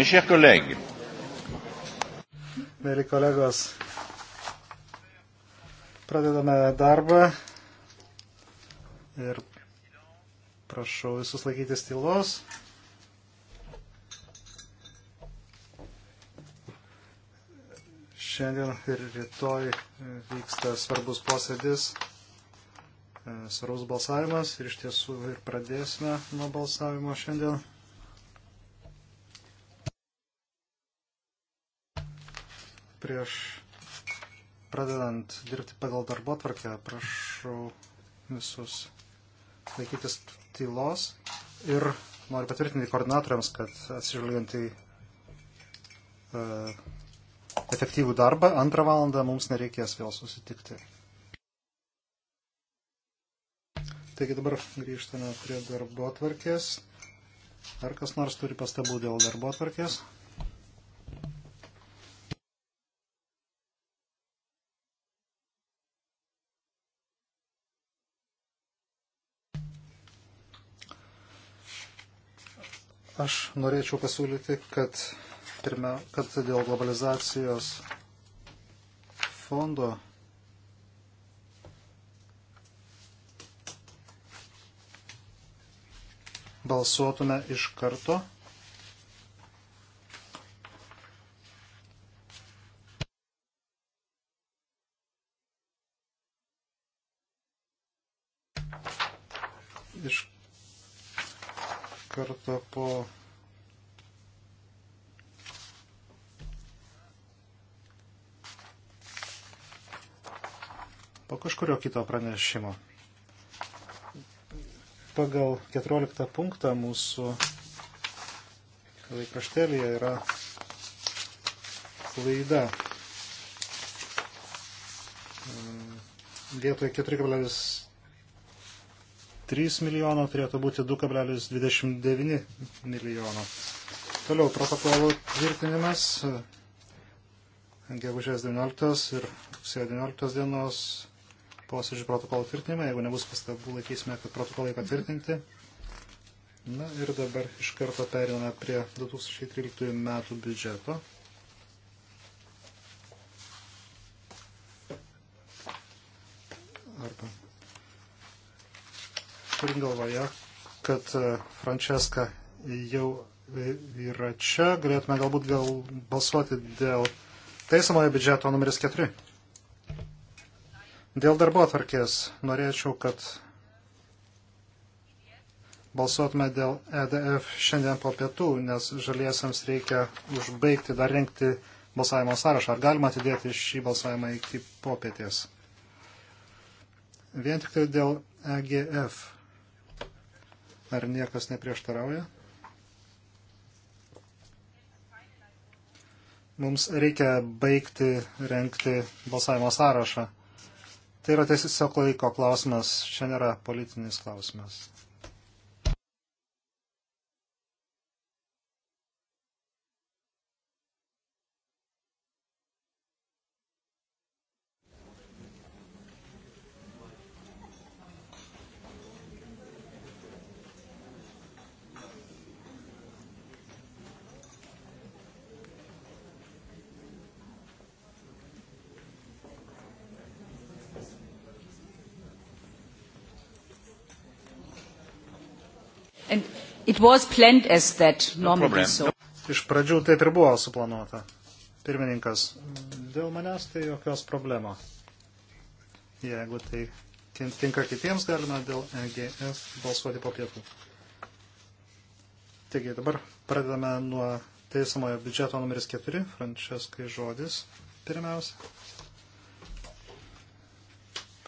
Mes chers collègues. Mėly kolegos, pradedame darbą ir prašau visus laikytis tylos. Šiandien ir rytoj vyksta svarbus posėdis e, svarbus balsavimas ir iš tiesų ir pradėsime nuo balsavimo šiandien. prieš pradedant dirbti pagal darbo tvarkę, prašau visus laikytis tylos ir noriu patvirtinti koordinatoriams, kad atsižvelgiant į uh, efektyvų darbą, antrą valandą mums nereikės vėl susitikti. Taigi dabar grįžtame prie darbo tvarkės. Ar kas nors turi pastabų dėl darbo tvarkės? Aš norėčiau pasiūlyti, kad, pirmia, kad dėl globalizacijos fondo balsuotume iš karto. Iš kartą po po kažkurio kito pranešimo. Pagal 14 punktą mūsų laikraštelėje yra klaida. Mm, vietoje 4,5 3 milijono turėtų būti 2,29 milijono. Toliau protokolų tvirtinimas gegužės 19 ir rugsėjo 19 dienos posėdžių protokolų tvirtinimą. Jeigu nebus pastabų, laikysime, kad protokolai patvirtinti. Na ir dabar iš karto periname prie 2013 metų biudžeto. Arba turint galvoje, kad e, Franceska jau e, yra čia, galėtume galbūt gal balsuoti dėl teisamojo biudžeto numeris 4. Dėl darbo atvarkės norėčiau, kad balsuotume dėl EDF šiandien po pietų, nes žaliesiams reikia užbaigti dar rinkti balsavimo sąrašą. Ar galima atidėti šį balsavimą iki popietės? Vien tik tai dėl EGF Ar niekas neprieštarauja? Mums reikia baigti renkti balsavimo sąrašą. Tai yra tiesiog laiko klausimas, čia nėra politinis klausimas. It was planned as that, normally so. Iš pradžių taip ir buvo suplanuota. Pirmininkas, dėl manęs tai jokios problemo. Jeigu tai tinka kitiems, galima dėl EGF balsuoti po pietų. Taigi, dabar pradedame nuo teismojo biudžeto numeris 4, Franceskai žodis pirmiausia.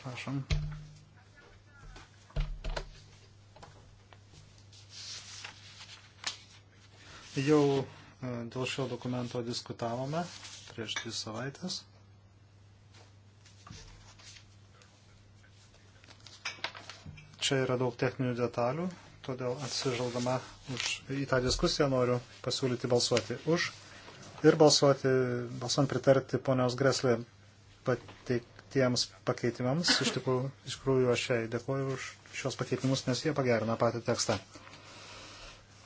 Prašom. Jau e, dėl šio dokumento diskutavome prieš dvi savaitės. Čia yra daug techninių detalių, todėl atsižaldama už, į tą diskusiją noriu pasiūlyti balsuoti už ir balsuoti, balsuant pritarti ponios Greslė pateiktiems pakeitimams. Iš tikrųjų, iš tikrųjų aš jai dėkuoju už šios pakeitimus, nes jie pagerina patį tekstą.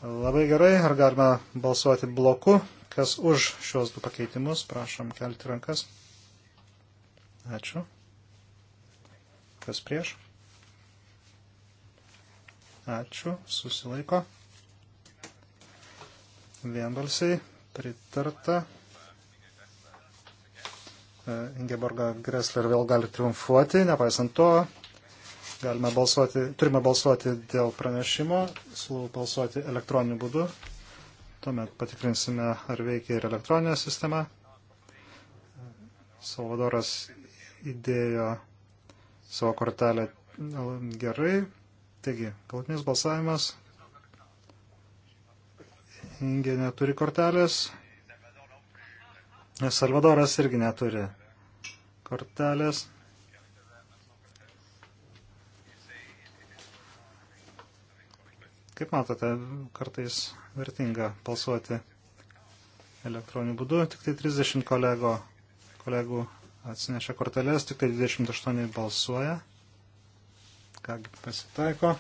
Labai gerai, ar galima balsuoti bloku, kas už šios du pakeitimus, prašom kelti rankas. Ačiū. Kas prieš? Ačiū, susilaiko. Vienbalsiai pritarta. E, Ingeborga Gressler vėl gali triumfuoti, nepaisant to, Galime balsuoti, turime balsuoti dėl pranešimo, siūlau balsuoti elektroniniu būdu. Tuomet patikrinsime, ar veikia ir elektroninė sistema. Salvadoras įdėjo savo kortelę gerai. Taigi, galutinis balsavimas. Ingė neturi kortelės. Salvadoras irgi neturi kortelės. Kaip matote, kartais vertinga balsuoti elektroniniu būdu, tik tai 30 kolego, kolegų atsineša korteles, tik tai 28 balsuoja. Kągi pasitaiko.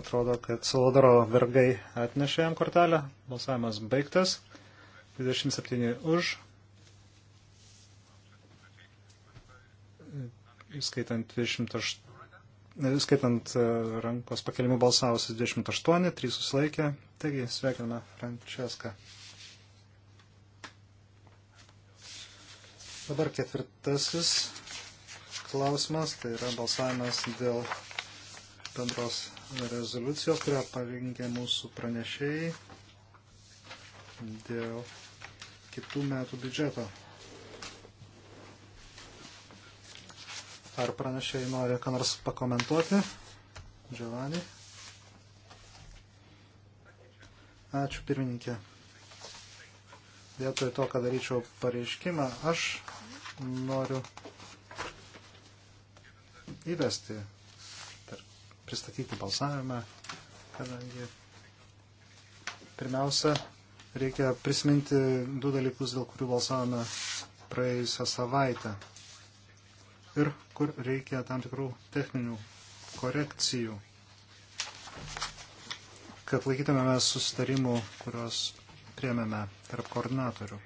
Atrodo, kad Salvadoro vergai atnešė jam kortelę. Balsavimas baigtas. 27 už, skaitant 28 skaitant e, rankos pakelimų balsavusius 28, 3 susilaikė. Taigi, sveikiname Frančeską. Dabar ketvirtasis klausimas, tai yra balsavimas dėl bendros rezoliucijos, kurią parinkė mūsų pranešėjai dėl kitų metų biudžeto. Ar pranešėjai nori ką nors pakomentuoti? Giovanni. Ačiū pirmininkė. Vietoj to, kad daryčiau pareiškimą, aš noriu įvesti, pristatyti balsavimą, kadangi pirmiausia, reikia prisiminti du dalykus, dėl kurių balsavome praėjusią savaitę. Ir kur reikia tam tikrų techninių korekcijų, kad laikytumėme susitarimų, kurios priemėme tarp koordinatorių.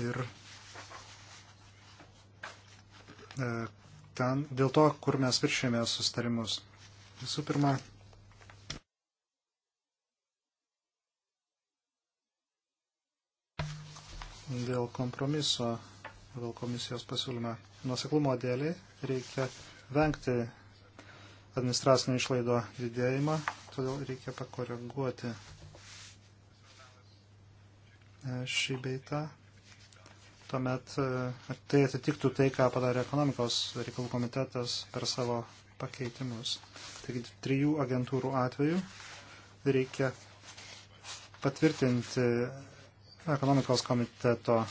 Ir e, ten, dėl to, kur mes viršėjome sustarimus. Visų pirma, dėl kompromiso, dėl komisijos pasiūlymą. Nuseklumo dėliai reikia vengti administracinių išlaido didėjimą, todėl reikia pakoreguoti e, šį beitą. Tuomet e, tai atitiktų tai, ką padarė ekonomikos reikalų komitetas per savo pakeitimus. Taigi trijų agentūrų atveju reikia patvirtinti ekonomikos komiteto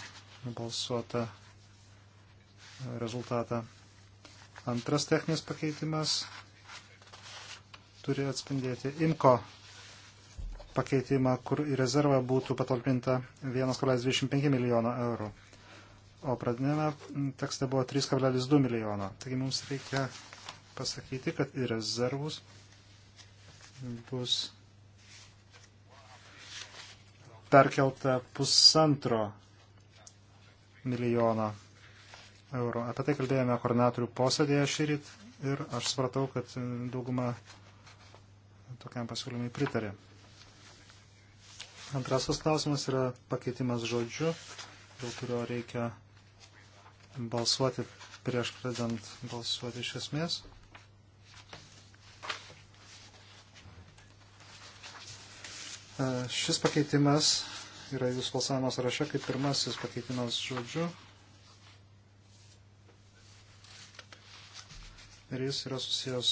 balsuotą rezultatą. Antras techninis pakeitimas turi atspindėti IMCO pakeitimą, kur į rezervą būtų patalpinta 1,25 milijono eurų. O pradinėme tekste buvo 3,2 milijono. Taigi mums reikia pasakyti, kad į rezervus bus perkelta pusantro milijono eurų. Apie tai kalbėjome koordinatorių posėdėje šįryt ir aš supratau, kad dauguma tokiam pasiūlymui pritarė. Antrasis klausimas yra pakeitimas žodžiu, dėl kurio reikia balsuoti prieš pradant balsuoti iš esmės. E, šis pakeitimas yra jūsų balsavimo sąraše kaip pirmasis pakeitimas žodžiu. Ir jis yra susijęs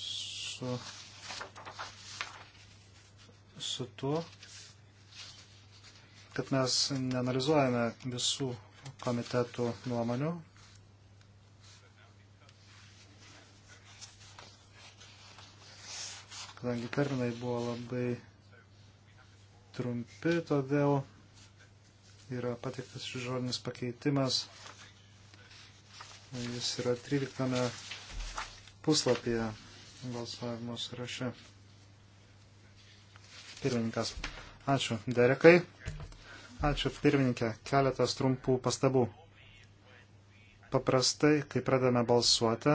su, su tuo, kad mes neanalizuojame visų komitetų nuomonių. Kadangi terminai buvo labai trumpi, todėl yra pateiktas šis žodinis pakeitimas. Jis yra 13 puslapyje balsavimo sąraše. Pirmininkas. Ačiū, Derekai. Ačiū, pirmininkė. Keletas trumpų pastabų. Paprastai, kai pradame balsuoti,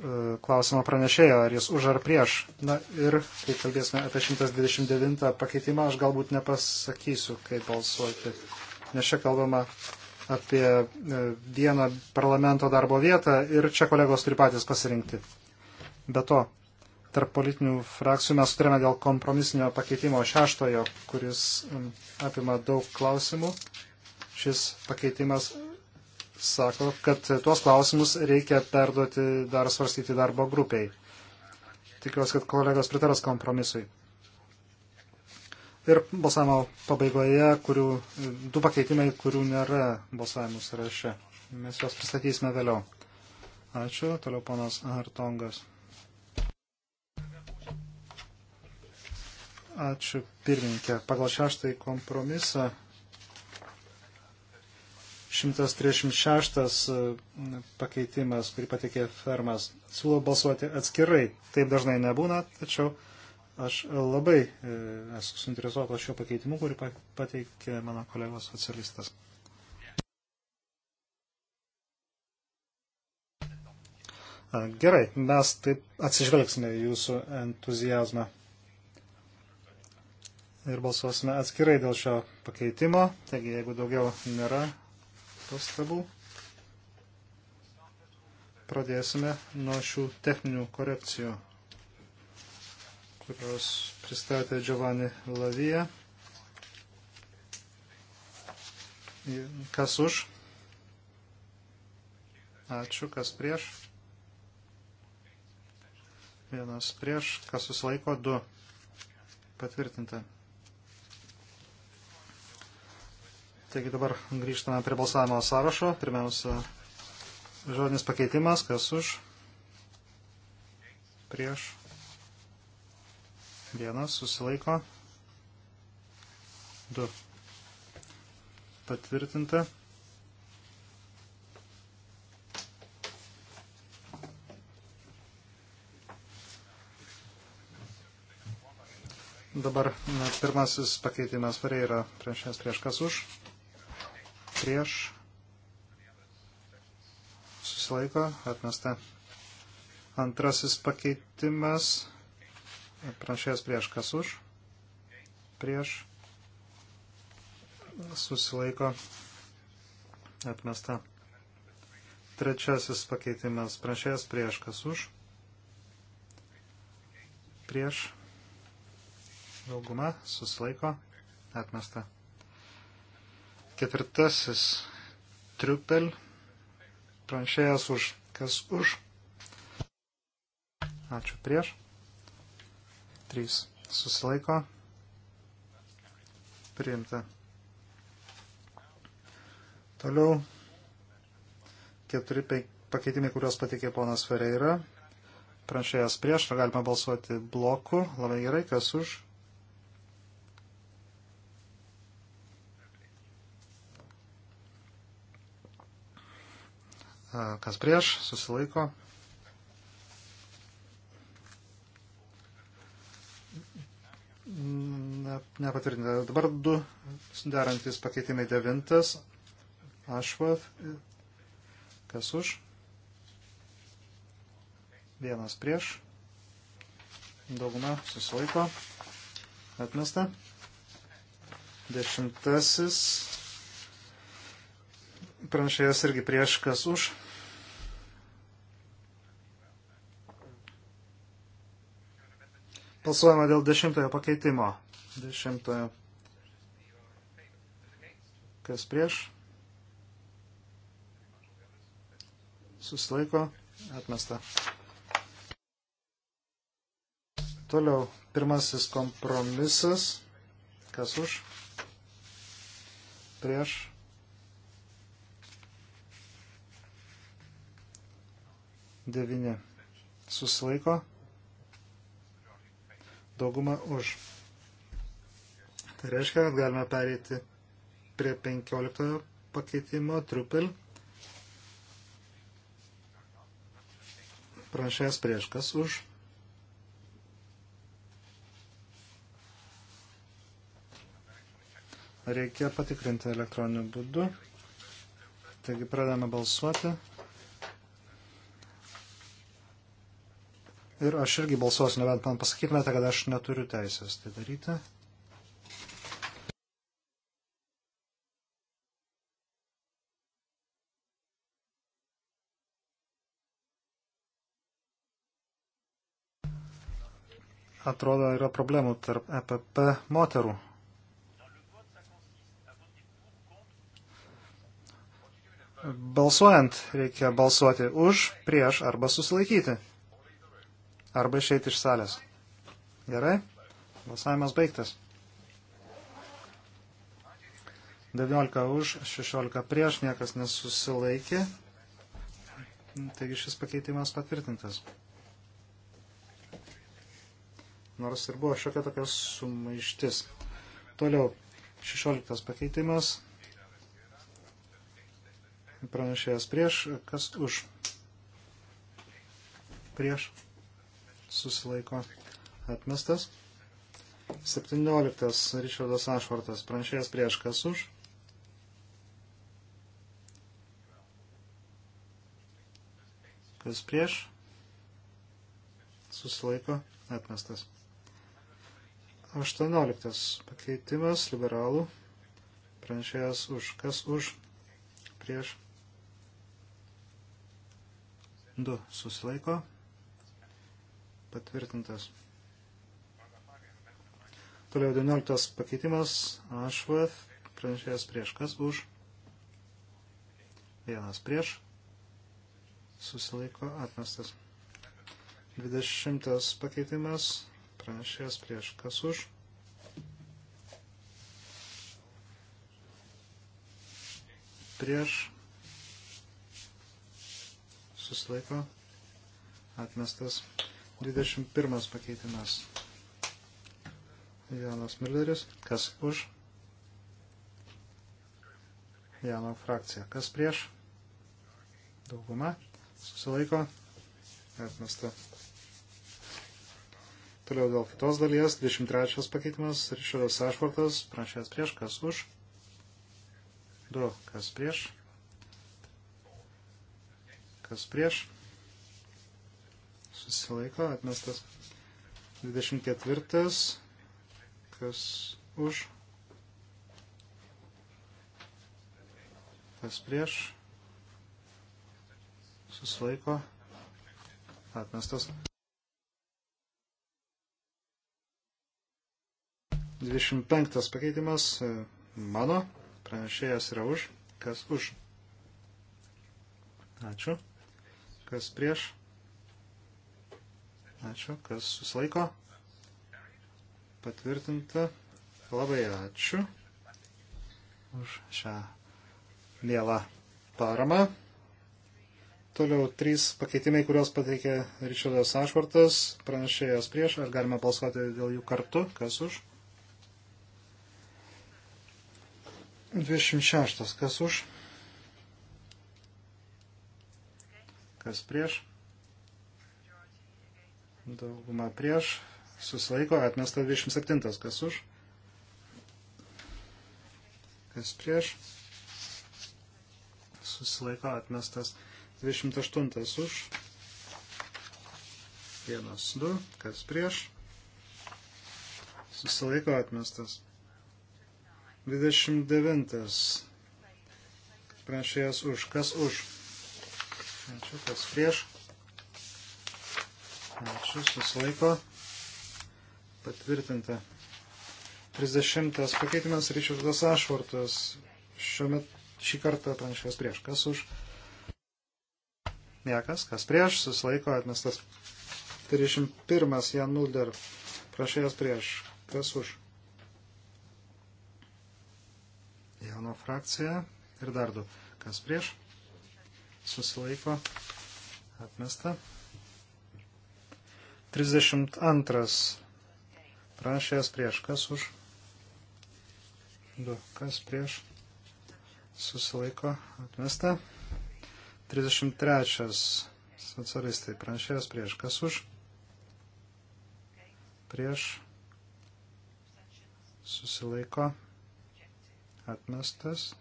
E, klausimo pranešėjo, ar jis už ar prieš. Na ir kai kalbėsime apie 129 pakeitimą, aš galbūt nepasakysiu, kaip balsuoti. Nes čia kalbama apie e, vieną parlamento darbo vietą ir čia kolegos turi patys pasirinkti. Be to, tarp politinių frakcijų mes sutarėme dėl kompromisinio pakeitimo šeštojo, kuris apima daug klausimų. Šis pakeitimas sako, kad tuos klausimus reikia perduoti dar svarstyti darbo grupiai. Tikiuosi, kad kolegos pritaras kompromisui. Ir balsavimo pabaigoje, kurių, du pakeitimai, kurių nėra balsavimų sąraše. Mes juos pristatysime vėliau. Ačiū. Toliau ponas Hartongas. Ačiū pirmininkė. Pagal šeštąjį kompromisą 136 e, pakeitimas, kurį patikė fermas. Siūlau balsuoti atskirai. Taip dažnai nebūna, tačiau aš labai e, esu suinteresuotas šio pakeitimu, kurį pateikė mano kolegos socialistas. Gerai, mes taip atsižvelgsime jūsų entuzijazmą ir balsuosime atskirai dėl šio pakeitimo. Taigi, jeigu daugiau nėra pastabų. Pradėsime nuo šių techninių korekcijų, kurios pristatė Giovanni Lavija. Kas už? Ačiū, kas prieš? Vienas prieš, kas susilaiko, du. Patvirtinta. Taigi dabar grįžtame prie balsavimo sąrašo. Pirmiausia, žodinis pakeitimas, kas už, prieš, vienas, susilaiko, du, patvirtinta. Dabar pirmasis pakeitimas, kurie yra prieš jas prieš kas už prieš, susilaiko, atmesta. Antrasis pakeitimas, pranšės prieš kas už, prieš, susilaiko, atmesta. Trečiasis pakeitimas, pranšės prieš kas už, prieš, dauguma, susilaiko, atmesta. Ketvirtasis triupel. Pranšėjas už. Kas už? Ačiū prieš. Trys. Susilaiko. Priimta. Toliau keturi pakeitimai, kuriuos patikė ponas Ferreira. Pranšėjas prieš, galima balsuoti bloku. Labai gerai, kas už, Kas prieš? Susilaiko. Ne, nepatvirtinta. Dabar du derantis pakeitimai devintas. Ašvath. Kas už? Vienas prieš. Dauguma susilaiko. Atmesta. Dešimtasis Pranešėjas irgi prieš, kas už. Balsuojama dėl dešimtojo pakeitimo. Dešimtojo. Kas prieš? Susilaiko. Atmesta. Toliau. Pirmasis kompromisas. Kas už? Prieš 9 susilaiko. Dauguma už. Tai reiškia, kad galime pereiti prie 15 pakeitimo trupel. Pranšės prieš kas už. Reikia patikrinti elektroniniu būdu. Taigi pradame balsuoti. Ir aš irgi balsuosiu, nebent man pasakytumėte, kad aš neturiu teisės tai daryti. Atrodo, yra problemų tarp EPP moterų. Balsuojant reikia balsuoti už, prieš arba susilaikyti arba išeiti iš salės. Gerai? Balsavimas baigtas. 19 už, 16 prieš, niekas nesusilaikė. Taigi šis pakeitimas patvirtintas. Nors ir buvo šiokia tokia sumaištis. Toliau, 16 pakeitimas. Pranešėjas prieš, kas už? Prieš susilaiko atmestas. 17. Ričardas Ašvartas, pranešėjas prieš kas už. Kas prieš? Susilaiko atmestas. 18. Pakeitimas liberalų. Pranešėjas už kas už. Prieš. 2. Susilaiko patvirtintas. Toliau 19 pakeitimas, Ašvaf, pranešėjas prieš, kas už, vienas prieš, susilaiko atmestas. 20 pakeitimas, pranešėjas prieš, kas už. Prieš susilaiko atmestas 21 pakeitimas. Janas Milleris. Kas už? Jano frakcija. Kas prieš? Dauguma. Susilaiko. Atmesta. Toliau dėl kitos dalies. 23 pakeitimas. Rišardas Ašvartas. Pranšės prieš. Kas už? Du. Kas prieš? Kas prieš? susilaiko, atmestas 24, kas už, kas prieš, susilaiko, atmestas 25 pakeitimas mano, pranešėjas yra už, kas už. Ačiū. Kas prieš? Ačiū, kas susilaiko. Patvirtinta. Labai ačiū už šią mielą paramą. Toliau trys pakeitimai, kuriuos pateikė Ričardas Ašvartas, pranešėjas prieš, ar galime balsuoti dėl jų kartu, kas už. 26, kas už, kas prieš dauguma prieš, susilaiko, atmesta 27, kas už, kas prieš, susilaiko, atmestas 28 už, 1, 2, kas prieš, susilaiko, atmestas 29, pranešėjas už, kas už, ačiū, kas prieš, Ačiū, susilaiko. Patvirtinta. 30 pakeitimas Ryčiardas Ašvartas. Šiuomet šį kartą pranešęs prieš. Kas už? Niekas, kas prieš, susilaiko atmestas. 31 Jan Mulder. Prašėjas prieš. Kas už? Jano frakcija ir dar du. Kas prieš? Susilaiko. Atmesta. 32. Prašęs prieš. Kas už? 2. Kas prieš? Susilaiko. Atmesta. 33. Socialistai. Prašęs prieš. Kas už? Prieš. Susilaiko. Atmestas.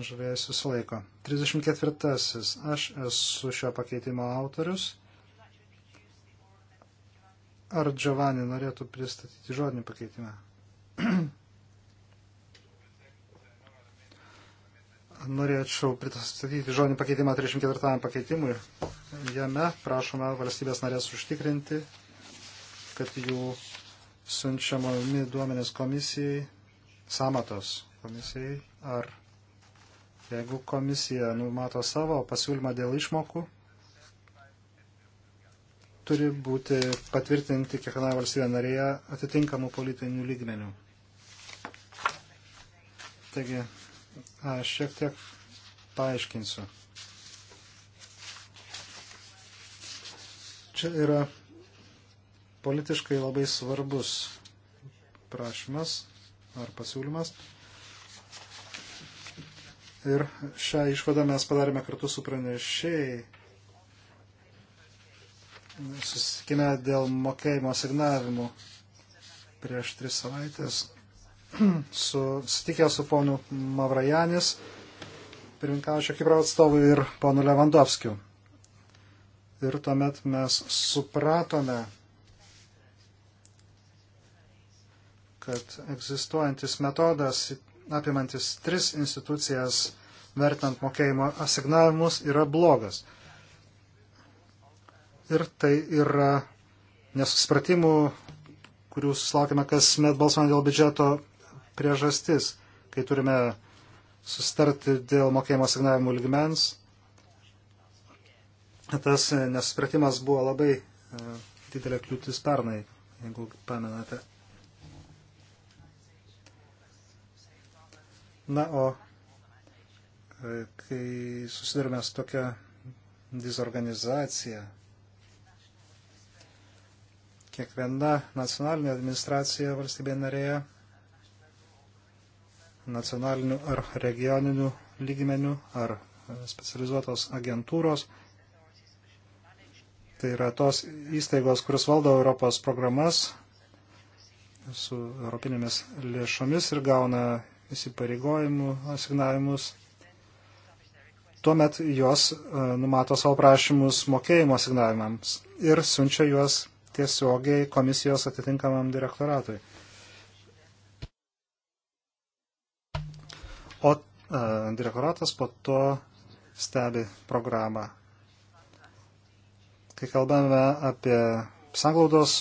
Žvėjai susilaiko. 34. Aš esu šio pakeitimo autorius. Ar Giovanni norėtų pristatyti žodinį pakeitimą? Norėčiau pristatyti žodinį pakeitimą 34 pakeitimui. Jame prašome valstybės narės užtikrinti, kad jų siunčiamomi duomenės komisijai, samatos komisijai, ar jeigu komisija numato savo pasiūlymą dėl išmokų, turi būti patvirtinti kiekvienoje valstybėje narėje atitinkamų politinių lygmenių. Taigi, aš šiek tiek paaiškinsiu. Čia yra politiškai labai svarbus prašymas ar pasiūlymas. Ir šią išvadą mes padarėme kartu su pranešėjai susitikime dėl mokėjimo signavimų prieš tris savaitės. Su, sutikė su ponu Mavrajanis, pirminkaučio Kipro atstovu ir ponu Levandovskiu. Ir tuomet mes supratome, kad egzistuojantis metodas apimantis tris institucijas vertinant mokėjimo asignavimus yra blogas ir tai yra nesusipratimų, kurių susilaukime kasmet balsuojant dėl biudžeto priežastis, kai turime susitarti dėl mokėjimo signavimų lygmens. Tas nesusipratimas buvo labai e, didelė kliūtis pernai, jeigu pamenate. Na, o e, kai susidurime su tokia dizorganizacija, kiekviena nacionalinė administracija valstybė narėje nacionaliniu ar regioniniu lygmeniu ar e, specializuotos agentūros. Tai yra tos įstaigos, kuris valdo Europos programas su europinėmis lėšomis ir gauna įsipareigojimų asignavimus. Tuomet jos e, numato savo prašymus mokėjimo asignavimams ir siunčia juos tiesiogiai komisijos atitinkamam direktoratui. O e, direktoratas po to stebi programą. Kai kalbame apie sanglaudos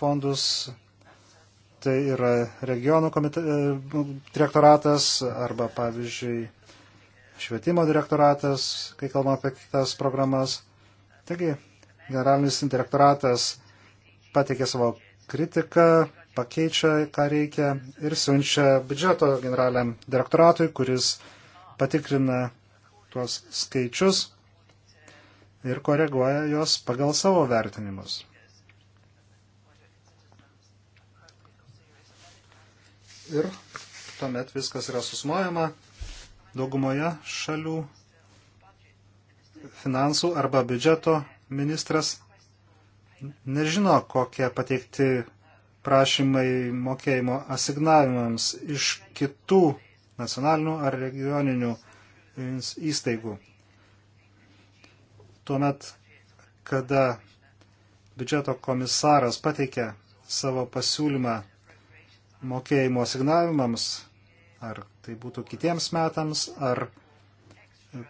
fondus, tai yra regionų komite, e, direktoratas arba, pavyzdžiui, švietimo direktoratas, kai kalbame apie kitas programas. Taigi, generalinis direktoratas pateikė savo kritiką, pakeičia, ką reikia ir siunčia biudžeto generaliam direktoratui, kuris patikrina tuos skaičius ir koreguoja juos pagal savo vertinimus. Ir tuomet viskas yra susmojama daugumoje šalių finansų arba biudžeto ministras nežino, kokie pateikti prašymai mokėjimo asignavimams iš kitų nacionalinių ar regioninių įstaigų. Tuomet, kada biudžeto komisaras pateikia savo pasiūlymą mokėjimo asignavimams, ar tai būtų kitiems metams, ar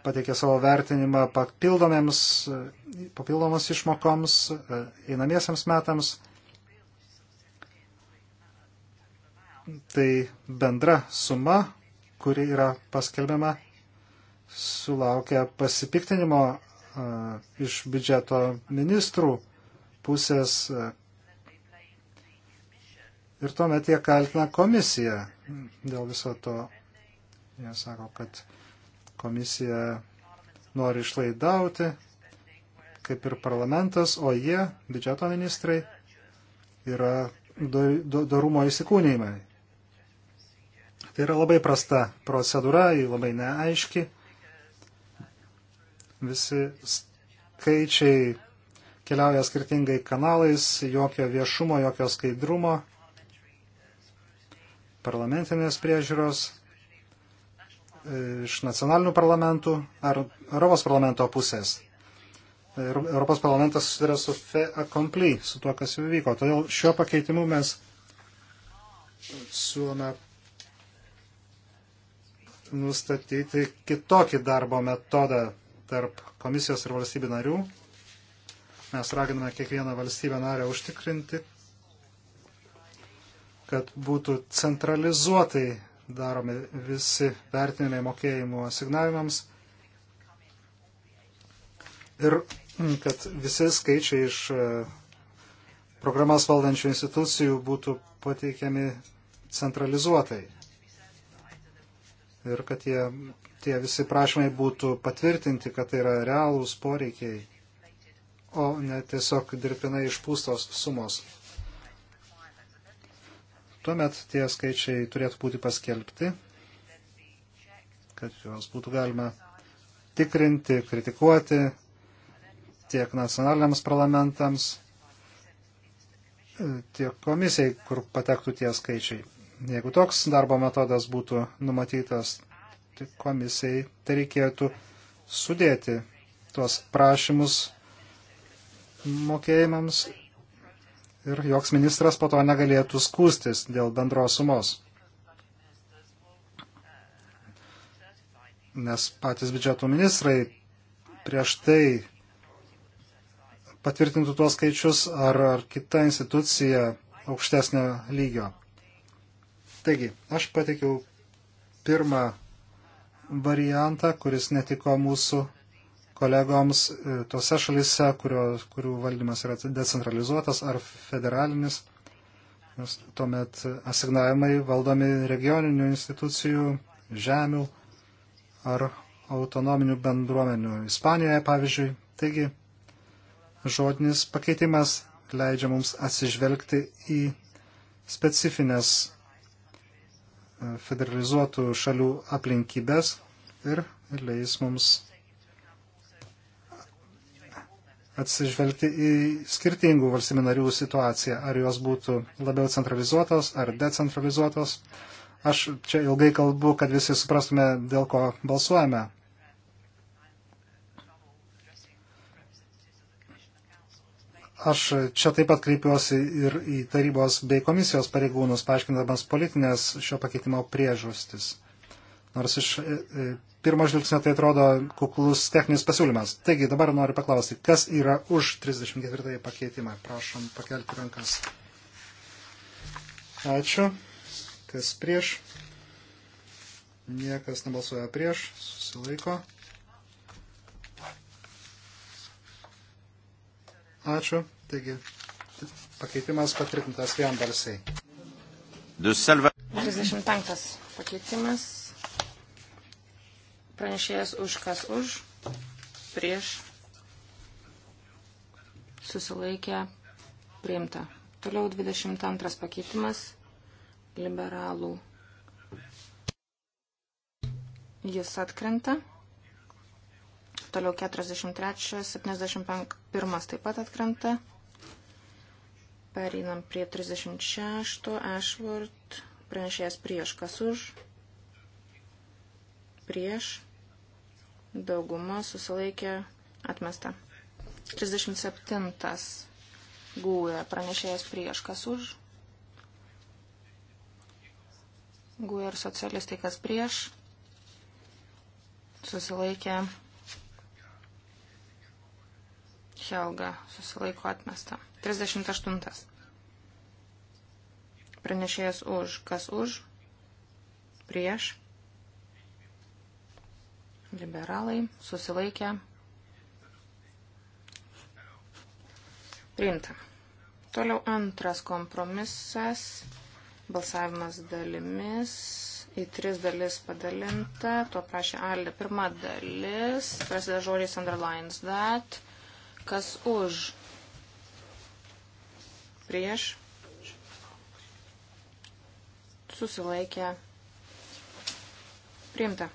pateikė savo vertinimą papildomams išmokoms e, einamiesiams metams. Tai bendra suma, kuri yra paskelbiama, sulaukia pasipiktinimo e, iš biudžeto ministrų pusės e, ir tuomet jie kaltina komisiją dėl viso to. Jie sako, kad Komisija nori išlaidauti, kaip ir parlamentas, o jie, biudžeto ministrai, yra darumo įsikūnymai. Tai yra labai prasta procedūra, ji labai neaiški. Visi skaičiai keliauja skirtingai kanalais, jokio viešumo, jokio skaidrumo, parlamentinės priežiūros iš nacionalinių parlamentų ar Europos parlamento pusės. Europos parlamentas susiduria su fe accompli, su tuo, kas jau vyko. Todėl šiuo pakeitimu mes siūlome nustatyti kitokį darbo metodą tarp komisijos ir valstybių narių. Mes raginame kiekvieną valstybę narę užtikrinti, kad būtų centralizuotai daromi visi vertinimai mokėjimų asignavimams ir mm, kad visi skaičiai iš e, programas valdančių institucijų būtų pateikiami centralizuotai ir kad jie, tie visi prašymai būtų patvirtinti, kad tai yra realūs poreikiai, o ne tiesiog dirbtinai išpūstos sumos. Tuomet tie skaičiai turėtų būti paskelbti, kad juos būtų galima tikrinti, kritikuoti tiek nacionaliniams parlamentams, tiek komisijai, kur patektų tie skaičiai. Jeigu toks darbo metodas būtų numatytas tik komisijai, tai reikėtų sudėti tuos prašymus mokėjimams ir joks ministras po to negalėtų skūstis dėl bendros sumos. Nes patys biudžeto ministrai prieš tai patvirtintų tuos skaičius ar, ar kita institucija aukštesnio lygio. Taigi, aš pateikiau pirmą variantą, kuris netiko mūsų kolegoms e, tose šalise, kurio, kurių valdymas yra decentralizuotas ar federalinis, nes tuomet asignavimai valdomi regioninių institucijų, žemių ar autonominių bendruomenių Ispanijoje, pavyzdžiui. Taigi, žodinis pakeitimas leidžia mums atsižvelgti į specifines e, federalizuotų šalių aplinkybės ir leis mums atsižvelgti į skirtingų valstybių narių situaciją, ar jos būtų labiau centralizuotos ar decentralizuotos. Aš čia ilgai kalbu, kad visi suprastume, dėl ko balsuojame. Aš čia taip pat kreipiuosi ir į tarybos bei komisijos pareigūnus, paaiškindamas politinės šio pakeitimo priežastis. Nors iš e, e, pirmo žvilgsnio tai atrodo kuklus techninis pasiūlymas. Taigi dabar noriu paklausti, kas yra už 34 pakeitimą. Prašom pakelti rankas. Ačiū. Kas prieš? Niekas nebalsuoja prieš. Susilaiko. Ačiū. Taigi pakeitimas patvirtintas vienbalsiai. 35 pakeitimas Pranešėjas už kas už, prieš, susilaikę, priimta. Toliau 22 pakeitimas liberalų. Jis atkrenta. Toliau 43, 71 taip pat atkrenta. Pereinam prie 36, Ashworth, pranešėjas prieš, kas už, prieš, dauguma susilaikė atmesta. 37. Gūja pranešėjas prieš kas už. Gūja ir socialistai kas prieš. Susilaikė Helga susilaiko atmesta. 38. Pranešėjas už, kas už, prieš, liberalai, susilaikę, priimta. Toliau antras kompromisas, balsavimas dalimis, į tris dalis padalinta, to prašė Alė, pirma dalis, prasideda žodžiais underlines that, kas už, prieš, susilaikę, priimta.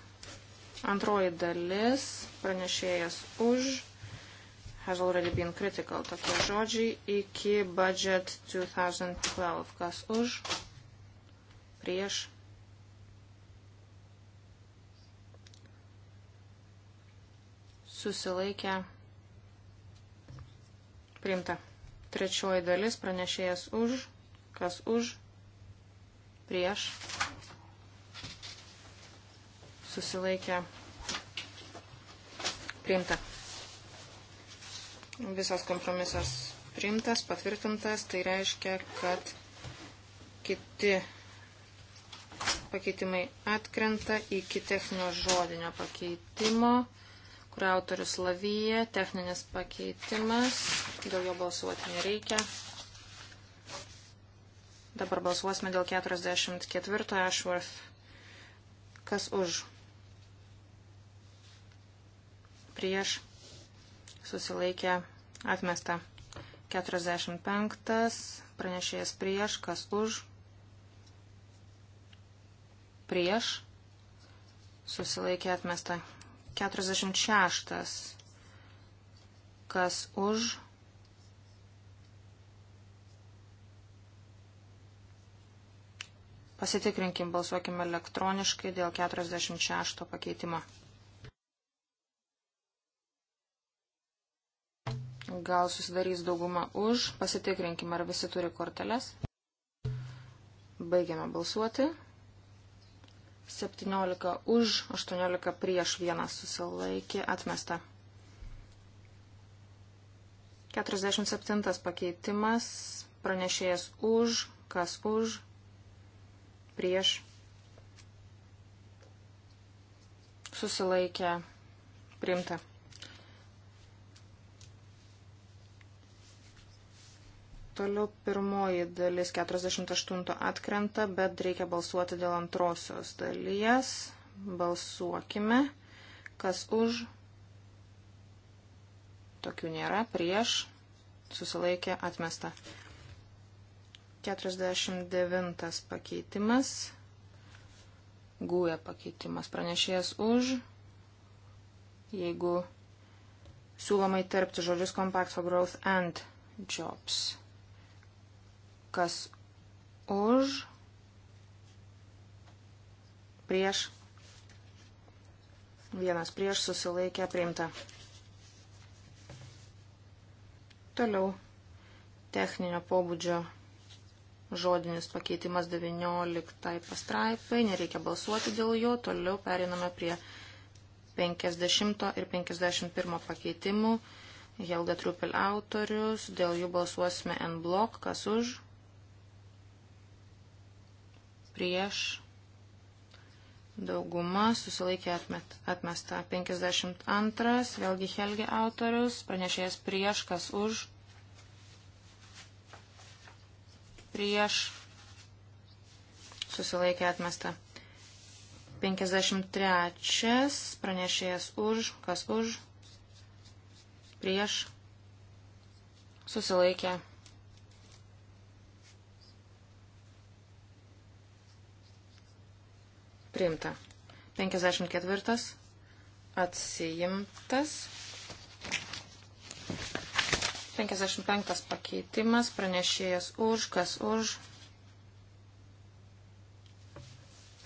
Antroji dalis, pranešėjas už, has already been critical, tokie žodžiai, iki budget 2012. Kas už? Prieš? Susilaikę? Priimta. Trečioji dalis, pranešėjas už, kas už? Prieš? Prieš? susilaikė priimta. Visas kompromisas priimtas, patvirtintas, tai reiškia, kad kiti pakeitimai atkrenta iki techninio žodinio pakeitimo, kurio autorius lavyje, techninis pakeitimas, dėl jo balsuoti nereikia. Dabar balsuosime dėl 44 Ashworth. Kas už? prieš susilaikė atmesta. 45 pranešėjas prieš, kas už, prieš, susilaikė atmesta. 46 kas už, pasitikrinkim, balsuokim elektroniškai dėl 46 pakeitimo. Gal susidarys dauguma už. Pasitikrinkime, ar visi turi korteles. Baigiame balsuoti. 17 už, 18 prieš vieną susilaikė atmesta. 47 pakeitimas, pranešėjas už, kas už, prieš, susilaikė, priimta. Toliau pirmoji dalis 48 atkrenta, bet reikia balsuoti dėl antrosios dalies. Balsuokime. Kas už? Tokių nėra. Prieš. Susilaikė atmesta. 49 pakeitimas. Gūja pakeitimas. Pranešėjas už. Jeigu siūloma įterpti žodžius Compact for Growth and Jobs kas už, prieš, vienas prieš susilaikę priimta. Toliau techninio pobūdžio žodinis pakeitimas 19 pastraipai, nereikia balsuoti dėl jo, toliau periname prie 50 ir 51 pakeitimų. Helga Trupel autorius, dėl jų balsuosime N blok, kas už, prieš, dauguma susilaikė atmet, atmesta. 52, vėlgi Helgi autorius, pranešėjas prieš, kas už, prieš, susilaikė atmesta. 53, pranešėjas už, kas už, prieš, susilaikė atmesta priimta. 54 atsiimtas. 55 pakeitimas, pranešėjas už, kas už,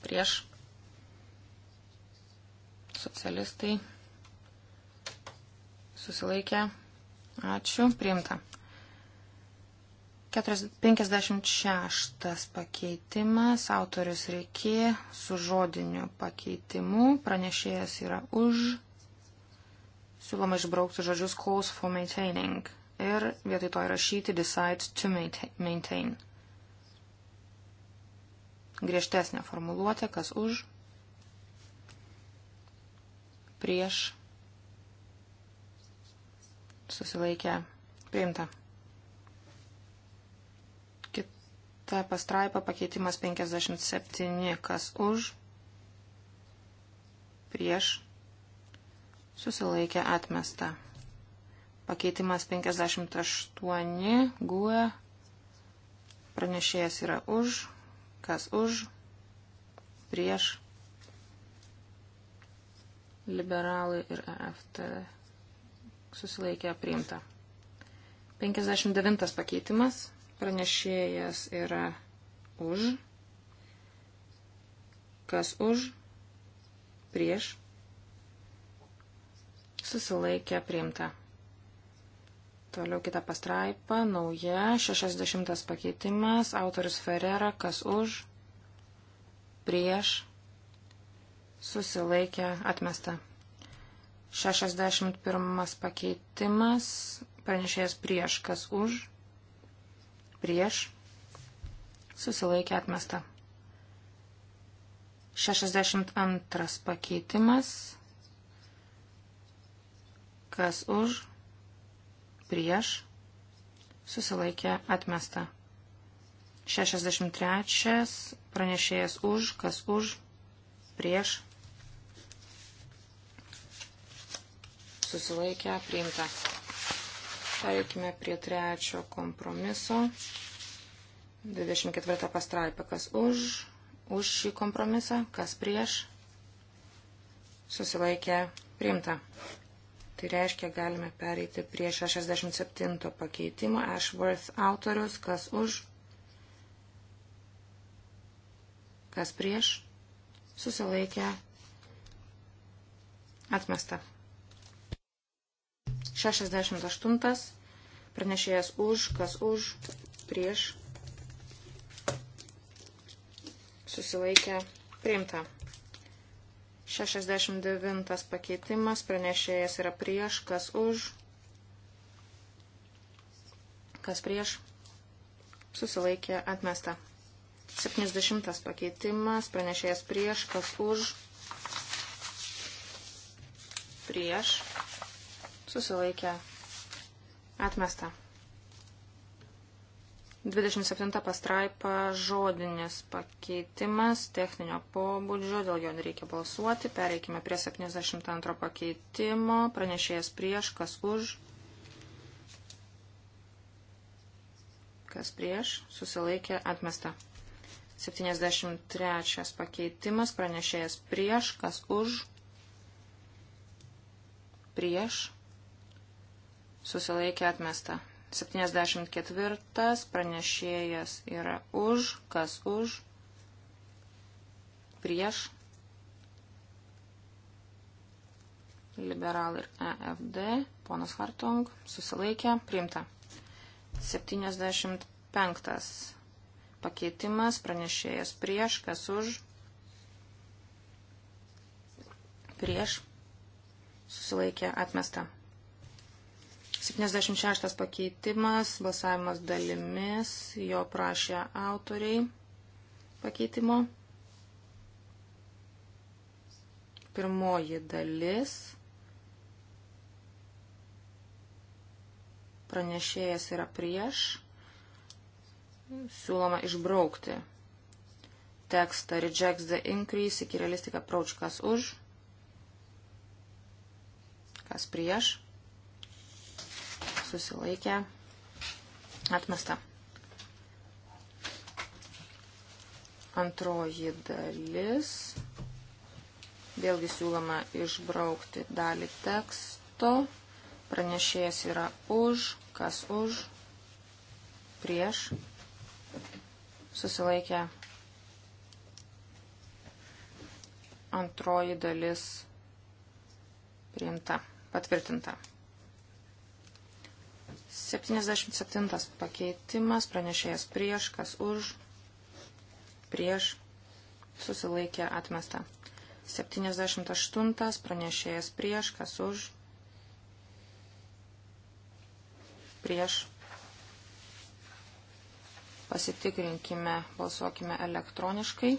prieš, socialistai, susilaikę, ačiū, priimta. 56 pakeitimas, autorius reikė su žodiniu pakeitimu, pranešėjas yra už, siūloma išbraukti žodžius calls for maintaining ir vietoj to įrašyti decide to maintain. Griežtesnė formuluotė, kas už, prieš, susilaikę, priimta. Kita pastraipa pakeitimas 57. Kas už? Prieš? Susilaikė atmesta. Pakeitimas 58. Guė. Pranešėjas yra už. Kas už? Prieš? liberalai ir EFT susilaikė priimta. 59 pakeitimas. Pranešėjas yra už. Kas už? Prieš. Susilaikė priimta. Toliau kita pastraipa, nauja, 60 pakeitimas, autorius Ferrera, kas už, prieš, susilaikė, atmesta. 61 pakeitimas, pranešėjas prieš, kas už, prieš, susilaikė atmesta. 62 pakeitimas, kas už, prieš, susilaikė atmesta. 63 pranešėjas už, kas už, prieš, susilaikė priimta. Pereikime prie trečio kompromiso. 24 pastraipė, kas už, už šį kompromisą, kas prieš, susilaikė priimta. Tai reiškia, galime pereiti prie 67 pakeitimo Ashworth autorius, kas už, kas prieš, susilaikė atmesta. 68. Pranešėjas už, kas už, prieš, susilaikė, priimta. 69 pakeitimas, pranešėjas yra prieš, kas už, kas prieš, susilaikė, atmesta. 70 pakeitimas, pranešėjas prieš, kas už, prieš, susilaikė, atmesta. 27 pastraipa žodinis pakeitimas techninio pobūdžio, dėl jo nereikia balsuoti. Pereikime prie 72 pakeitimo, pranešėjas prieš, kas už, kas prieš, susilaikė, atmesta. 73 pakeitimas, pranešėjas prieš, kas už, prieš, susilaikė atmesta. 74 pranešėjas yra už, kas už, prieš, liberal ir EFD, ponas Hartung, susilaikė, priimta. 75 pakeitimas, pranešėjas prieš, kas už, prieš, susilaikė, atmesta. 76 pakeitimas, balsavimas dalimis, jo prašė autoriai pakeitimo. Pirmoji dalis. Pranešėjas yra prieš. Siūloma išbraukti tekstą rejects the increase iki realistic approach, kas už, kas prieš susilaikė, atmesta. Antroji dalis. Vėlgi siūloma išbraukti dalį teksto. Pranešėjas yra už, kas už, prieš, susilaikė. Antroji dalis priimta, patvirtinta. 77 pakeitimas, pranešėjas prieš, kas už, prieš, susilaikė atmesta. 78 pranešėjas prieš, kas už, prieš. Pasitikrinkime, balsuokime elektroniškai.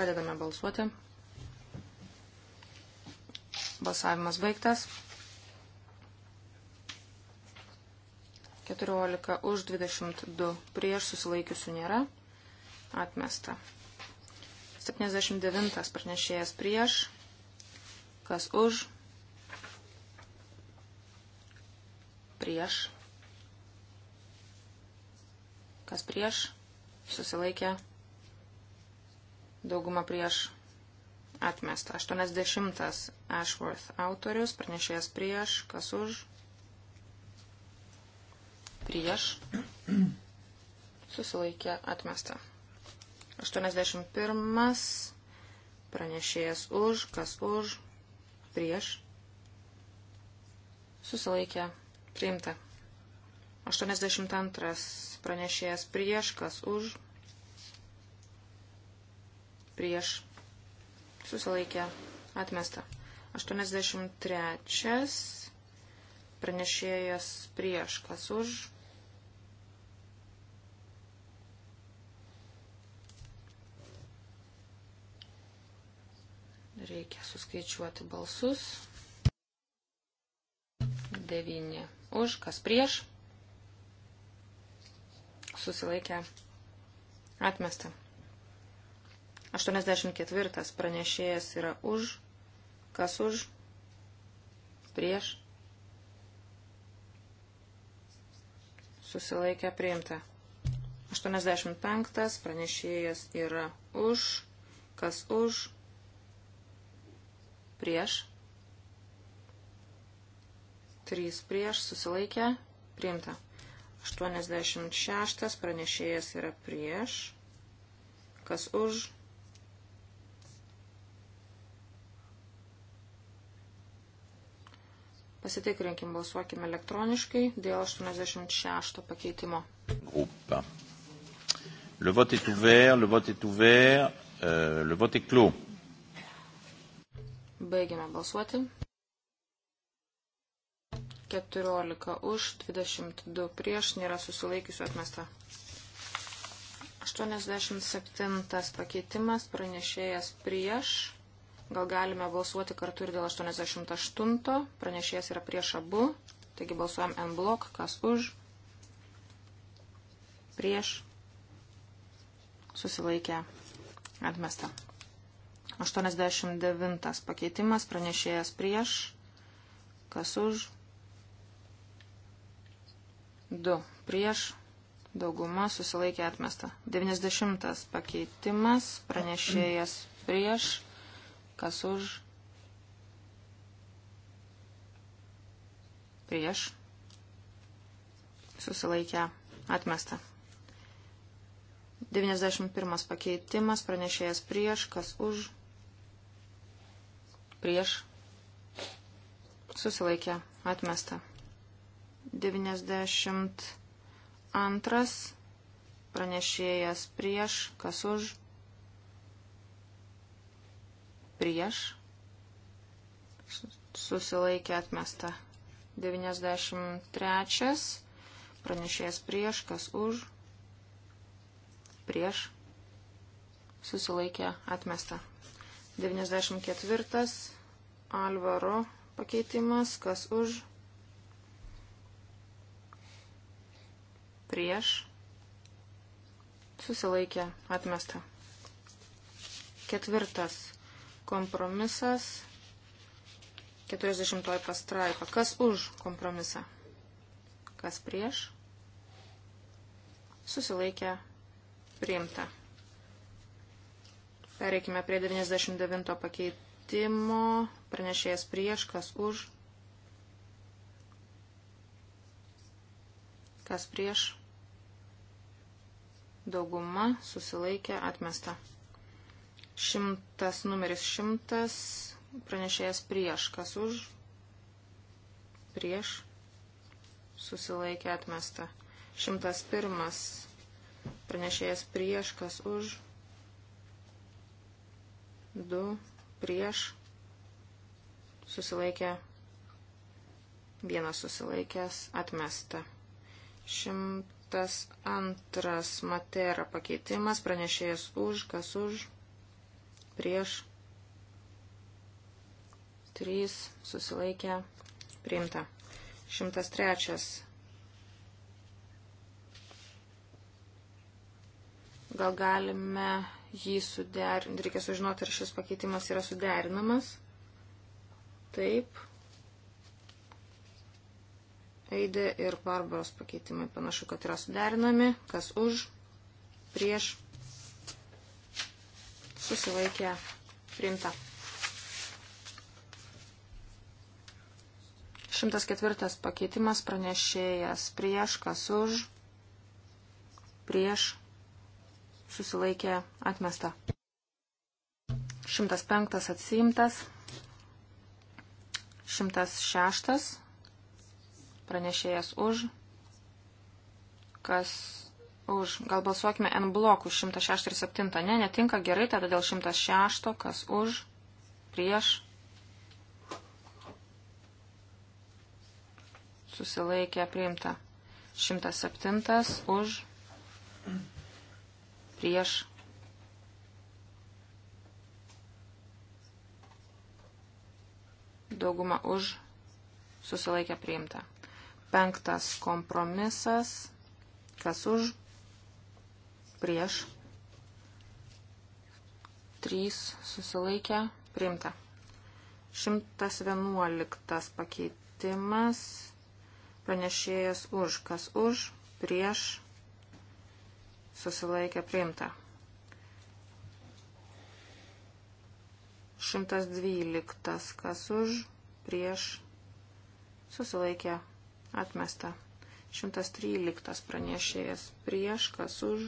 Pradedame balsuoti. Balsavimas baigtas. 14 už 22 prieš susilaikiusių nėra. Atmesta. 79 pranešėjas prieš. Kas už? Prieš. Kas prieš? Susilaikė dauguma prieš atmesta. 80 Ashworth autorius, pranešėjas prieš, kas už, prieš, susilaikė atmesta. 81 pranešėjas už, kas už, prieš, susilaikė priimta. 82 pranešėjas prieš, kas už, prieš prieš susilaikė atmesta. 83 pranešėjas prieš, kas už. Reikia suskaičiuoti balsus. 9 už, kas prieš. Susilaikė atmesta. 84 pranešėjas yra už, kas už, prieš, susilaikę priimta. 85 pranešėjas yra už, kas už, prieš, 3 prieš, susilaikę priimta. 86 pranešėjas yra prieš, kas už, prieš Pasitikrinkim, balsuokime elektroniškai dėl 86 pakeitimo. Groupe. Le vote est ouvert, le vote est ouvert, euh, le vote est clos. Baigiame balsuoti. 14 už, 22 prieš, nėra susilaikiusių atmesta. 87 pakeitimas, pranešėjas prieš, Gal galime balsuoti kartu ir dėl 88. Pranešėjas yra prieš abu. Taigi balsuojam N blok, kas už, prieš, susilaikė, atmesta. 89 pakeitimas, pranešėjas prieš, kas už, 2 prieš, dauguma susilaikė atmesta. 90 pakeitimas, pranešėjas prieš, Kas už? Prieš. Susilaikę. Atmesta. 91 pakeitimas, pranešėjas prieš, kas už, prieš, susilaikė, atmesta. 92 pranešėjas prieš, kas už, prieš, susilaikė atmesta 93, pranešėjas prieš, kas už, prieš, susilaikė atmesta 94, Alvaro pakeitimas, kas už, prieš, susilaikė atmesta. Ketvirtas Kompromisas. 40 pastraipa. Kas už kompromisą? Kas prieš? Susilaikė priimta. Pereikime prie 99 pakeitimo. Pranešėjas prieš, kas už. Kas prieš. Dauguma susilaikė atmesta. Šimtas numeris šimtas, pranešėjas prieš, kas už, prieš, susilaikė atmesta. Šimtas pirmas, pranešėjas prieš, kas už, du, prieš, susilaikė, vienas susilaikęs, atmesta. Šimtas antras matera pakeitimas, pranešėjas už, kas už, prieš prieš, trys susilaikę, priimta. Šimtas trečias. Gal galime jį suderinti, reikia sužinoti, ar šis pakeitimas yra suderinamas. Taip. Eidė ir Barbaros pakeitimai panašu, kad yra suderinami. Kas už, prieš, prieš susilaikė priimta. 104 pakeitimas pranešėjas prieš, kas už, prieš, susilaikė atmesta. 105 atsiimtas, 106 pranešėjas už, kas už. Gal balsuokime N blokų 106 ir 7. Ne, netinka gerai, tada dėl 106, kas už, prieš. Susilaikė priimta. 107 už, prieš. Dauguma už, susilaikė priimta. Penktas kompromisas, kas už, prieš, trys susilaikę, priimta. 111 pakeitimas, pranešėjas už, kas už, prieš, susilaikę, priimta. 112 kas už, prieš, susilaikė, atmesta. 113 pranešėjas prieš, kas už,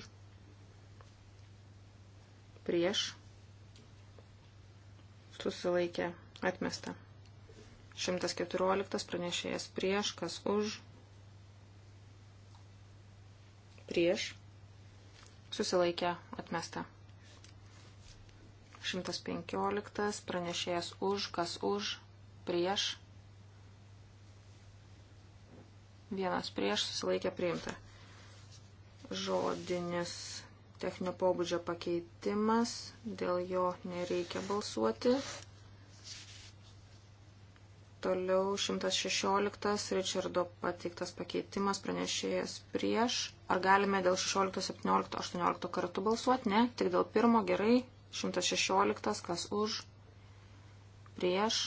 prieš, susilaikė, atmesta. 114 pranešėjas prieš, kas už, prieš, susilaikė, atmesta. 115 pranešėjas už, kas už, prieš, vienas prieš, susilaikė priimta. Žodinis techninio pobūdžio pakeitimas, dėl jo nereikia balsuoti. Toliau 116 Richardo pateiktas pakeitimas, pranešėjas prieš. Ar galime dėl 16, 17, 18 kartų balsuoti? Ne, tik dėl pirmo gerai. 116, kas už, prieš,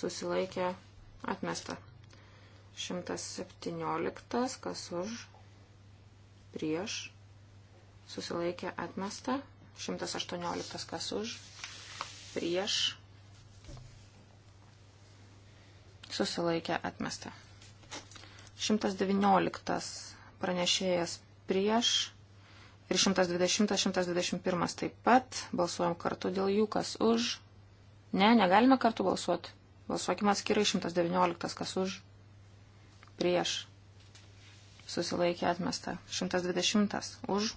susilaikė, atmesta. 117, kas už, prieš, susilaikė atmesta, 118 kas už, prieš, susilaikė atmesta. 119 pranešėjas prieš ir 120, 121 taip pat, balsuojam kartu dėl jų, kas už. Ne, negalime kartu balsuoti. Balsuokime atskirai 119, kas už, prieš, susilaikė atmesta. 120, už,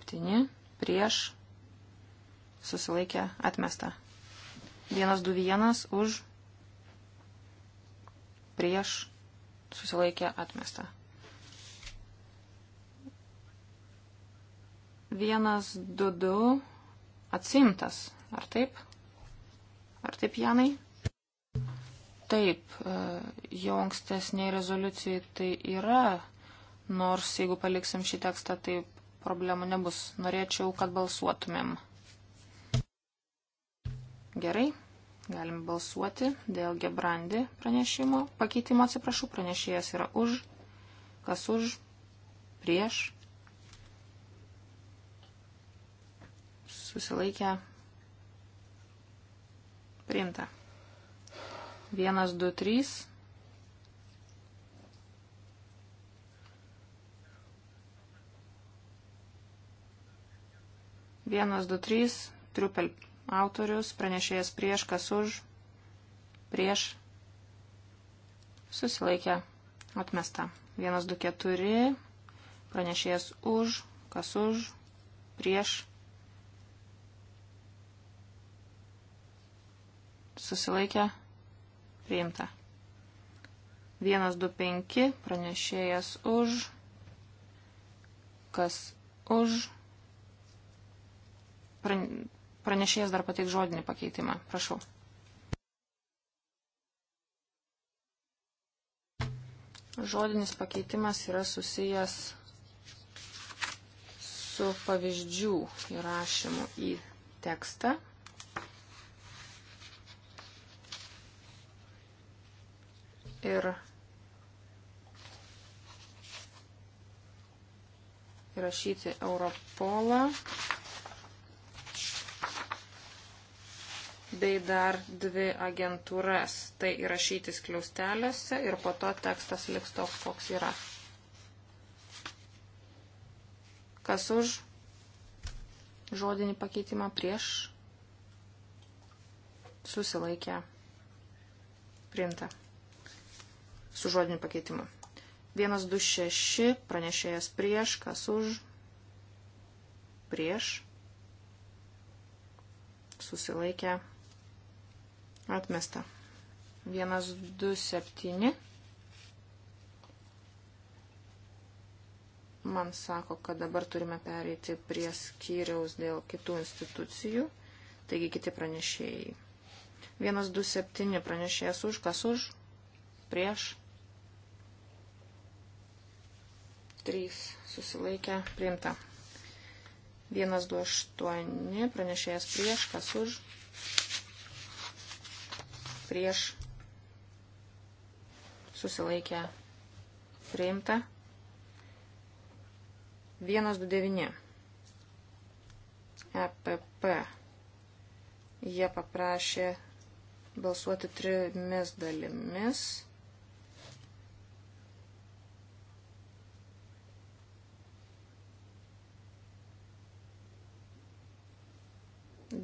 7 prieš susilaikė atmesta. 121 už prieš susilaikė atmesta. 122 atsimtas. Ar taip? Ar taip, Janai? Taip, e, jo ankstesniai rezoliucijai tai yra, nors jeigu paliksim šį tekstą, tai problemų nebus. Norėčiau, kad balsuotumėm. Gerai, galim balsuoti dėl Gebrandi pranešimo. Pakeitimo atsiprašau, pranešėjas yra už. Kas už? Prieš. Susilaikę. Priimta. 1, 2, 3. 1, 2, 3, triupel autorius, pranešėjas prieš, kas už, prieš, susilaikė, atmesta. 1, 2, 4, pranešėjas už, kas už, prieš, susilaikė, priimta. 1, 2, 5, pranešėjas už, kas už, prieš pranešėjas dar pateiks žodinį pakeitimą. Prašau. Žodinis pakeitimas yra susijęs su pavyzdžių įrašymu į tekstą. Ir įrašyti Europolą bei dar dvi agentūras. Tai įrašytis kliausteliuose ir po to tekstas liks toks, koks yra. Kas už žodinį pakeitimą prieš susilaikę priimta su žodiniu pakeitimu. 126 pranešėjas prieš, kas už, prieš, susilaikę, Atmesta. 127. Man sako, kad dabar turime pereiti prie skyriaus dėl kitų institucijų, taigi kiti pranešėjai. 127 pranešėjas už, kas už, prieš. 3 susilaikė, priimta. 128 pranešėjas prieš, kas už, prieš prieš susilaikę priimta. 129. EPP. Jie paprašė balsuoti trimis dalimis.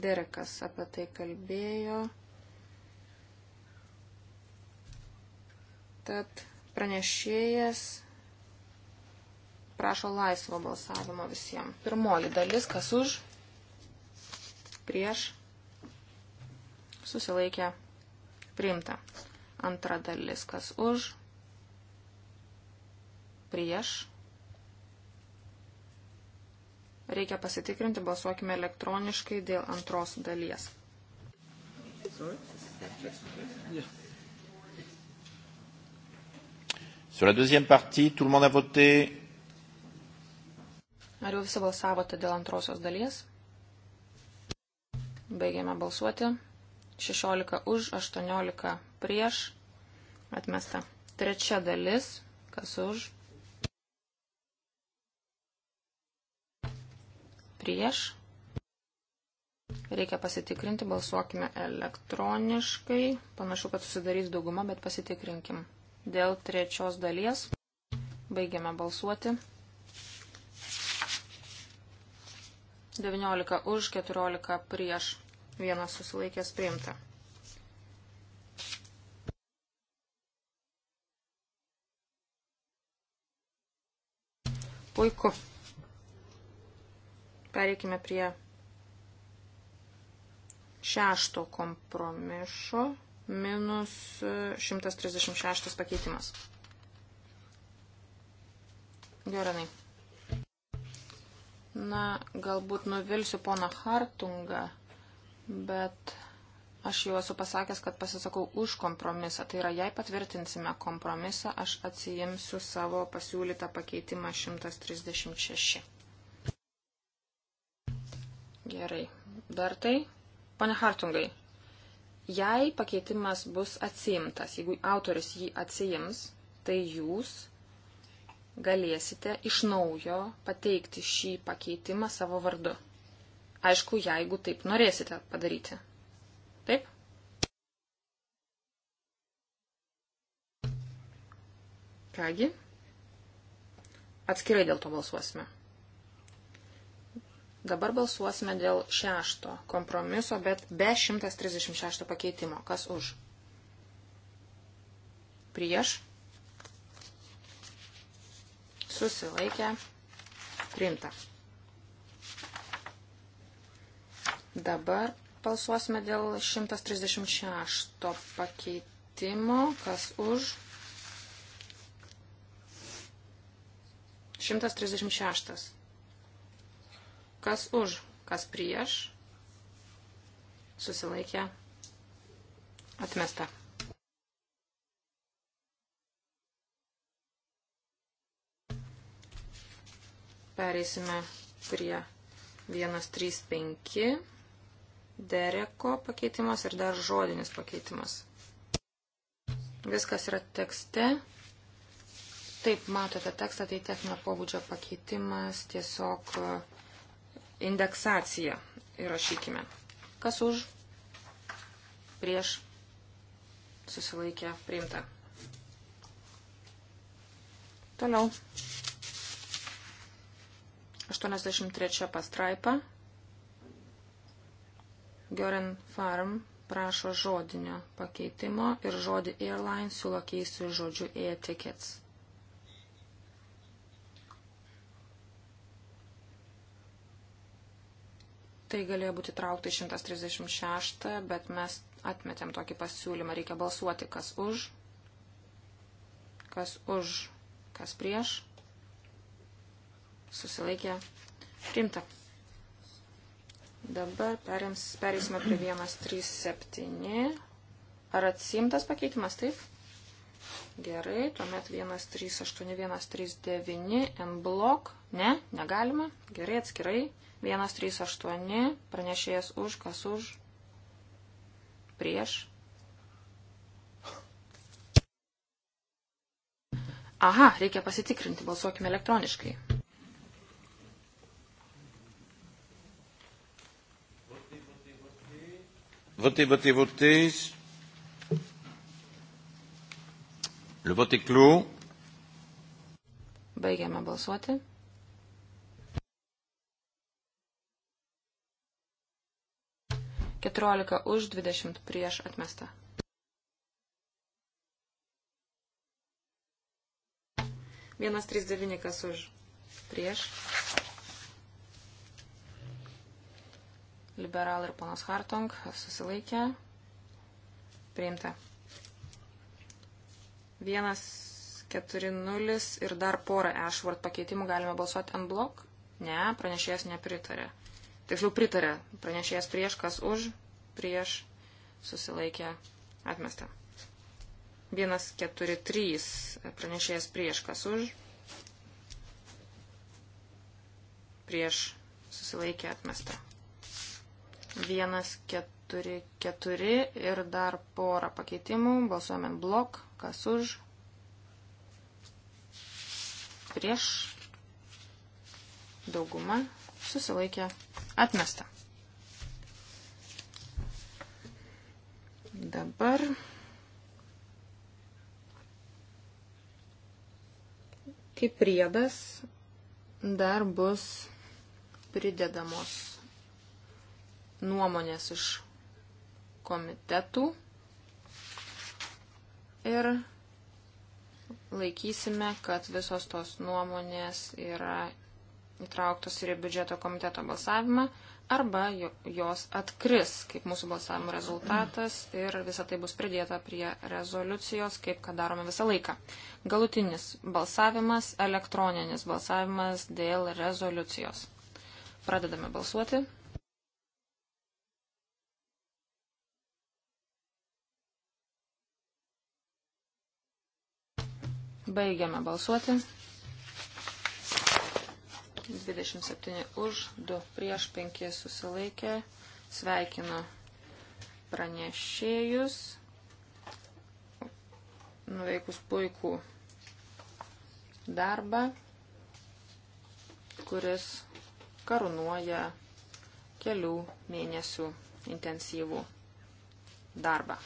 Derekas apie tai kalbėjo. Tad pranešėjas prašo laisvo balsavimo visiems. Pirmoji dalis, kas už, prieš, susilaikė, priimta. Antra dalis, kas už, prieš. Reikia pasitikrinti, balsuokime elektroniškai dėl antros dalies. Sorry? Yes. Sur la deuxième partie, tout le monde a voté. Ar jau visi balsavote dėl antrosios dalies? Baigėme balsuoti. 16 už, 18 prieš. Atmesta. Trečia dalis. Kas už? Prieš. Reikia pasitikrinti, balsuokime elektroniškai. Panašu, kad susidarys dauguma, bet pasitikrinkim dėl trečios dalies. Baigiame balsuoti. 19 už, 14 prieš, vienas susilaikęs priimta. Puiku. Pereikime prie šešto kompromiso minus 136 pakeitimas. Gerai. Na, galbūt nuvilsiu poną Hartungą, bet aš jau esu pasakęs, kad pasisakau už kompromisą. Tai yra, jei patvirtinsime kompromisą, aš atsijimsiu savo pasiūlytą pakeitimą 136. Gerai. Dar tai? Pane Hartungai, Jei pakeitimas bus atsimtas, jeigu autoris jį atsijims, tai jūs galėsite iš naujo pateikti šį pakeitimą savo vardu. Aišku, jeigu taip norėsite padaryti. Taip? Kągi, atskirai dėl to balsuosime. Dabar balsuosime dėl šešto kompromiso, bet be 136 pakeitimo. Kas už? Prieš? Susilaikę? Priimta. Dabar balsuosime dėl 136 pakeitimo. Kas už? 136. Kas už, kas prieš, susilaikė, atmesta. Pereisime prie 135 dereko pakeitimas ir dar žodinis pakeitimas. Viskas yra tekste. Taip, matote tekstą, tai techninio pobūdžio pakeitimas tiesiog indeksaciją įrašykime. Kas už, prieš, susilaikė, priimta. Toliau. 83 pastraipa. Gören Farm prašo žodinio pakeitimo ir žodį airline siūlo keisti žodžiu e-tickets. Tai galėjo būti traukta 136, bet mes atmetėm tokį pasiūlymą. Reikia balsuoti, kas už, kas už, kas prieš. Susilaikė. Primta. Dabar perims, perėsime prie 137. Ar atsimtas pakeitimas? Taip. Gerai, tuomet 138, 139, N blok. Ne, negalima. Gerai, atskirai. 138 pranešėjas už, kas už, prieš. Aha, reikia pasitikrinti, balsuokime elektroniškai. Votez, votez, votez. Le vote est clos. Baigiame balsuoti. 14 už 20 prieš atmestą. Vienas trys devynikas už prieš. Liberal ir ponas Hartong susilaikė. Priimta. Vienas keturi nulis ir dar porą Ashword pakeitimų galime balsuoti ant blok. Ne, pranešėjas nepritarė tiksliau pritarė pranešėjas prieš, kas už, prieš, susilaikė, atmesta. 1, 4, 3 pranešėjas prieš, kas už, prieš, susilaikė, atmesta. 1, 4, 4 ir dar porą pakeitimų, balsuojame blok, kas už, prieš, dauguma, susilaikė atmesta. Dabar kaip priedas dar bus pridedamos nuomonės iš komitetų ir laikysime, kad visos tos nuomonės yra įtrauktos ir į biudžeto komiteto balsavimą, arba jos atkris kaip mūsų balsavimo rezultatas ir visa tai bus pridėta prie rezoliucijos, kaip kad darome visą laiką. Galutinis balsavimas, elektroninis balsavimas dėl rezoliucijos. Pradedame balsuoti. Baigiame balsuoti. 27 už, 2 prieš 5 susilaikė. Sveikinu pranešėjus, nuveikus puikų darbą, kuris karūnuoja kelių mėnesių intensyvų darbą.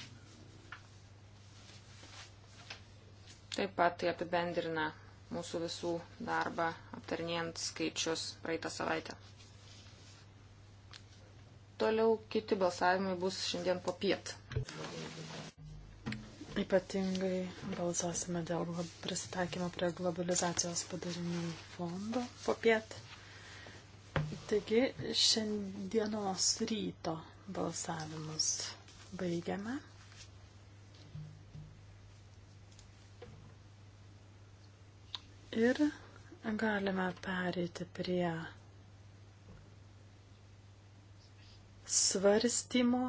Taip pat tai apibendrina mūsų visų darbą aptarnėjant skaičius praeitą savaitę. Toliau kiti balsavimai bus šiandien po piet. Ypatingai balsuosime dėl prisitaikymo prie globalizacijos padarinių fondo po piet. Taigi šiandienos ryto balsavimus baigiame. Ir galime pereiti prie svarstymo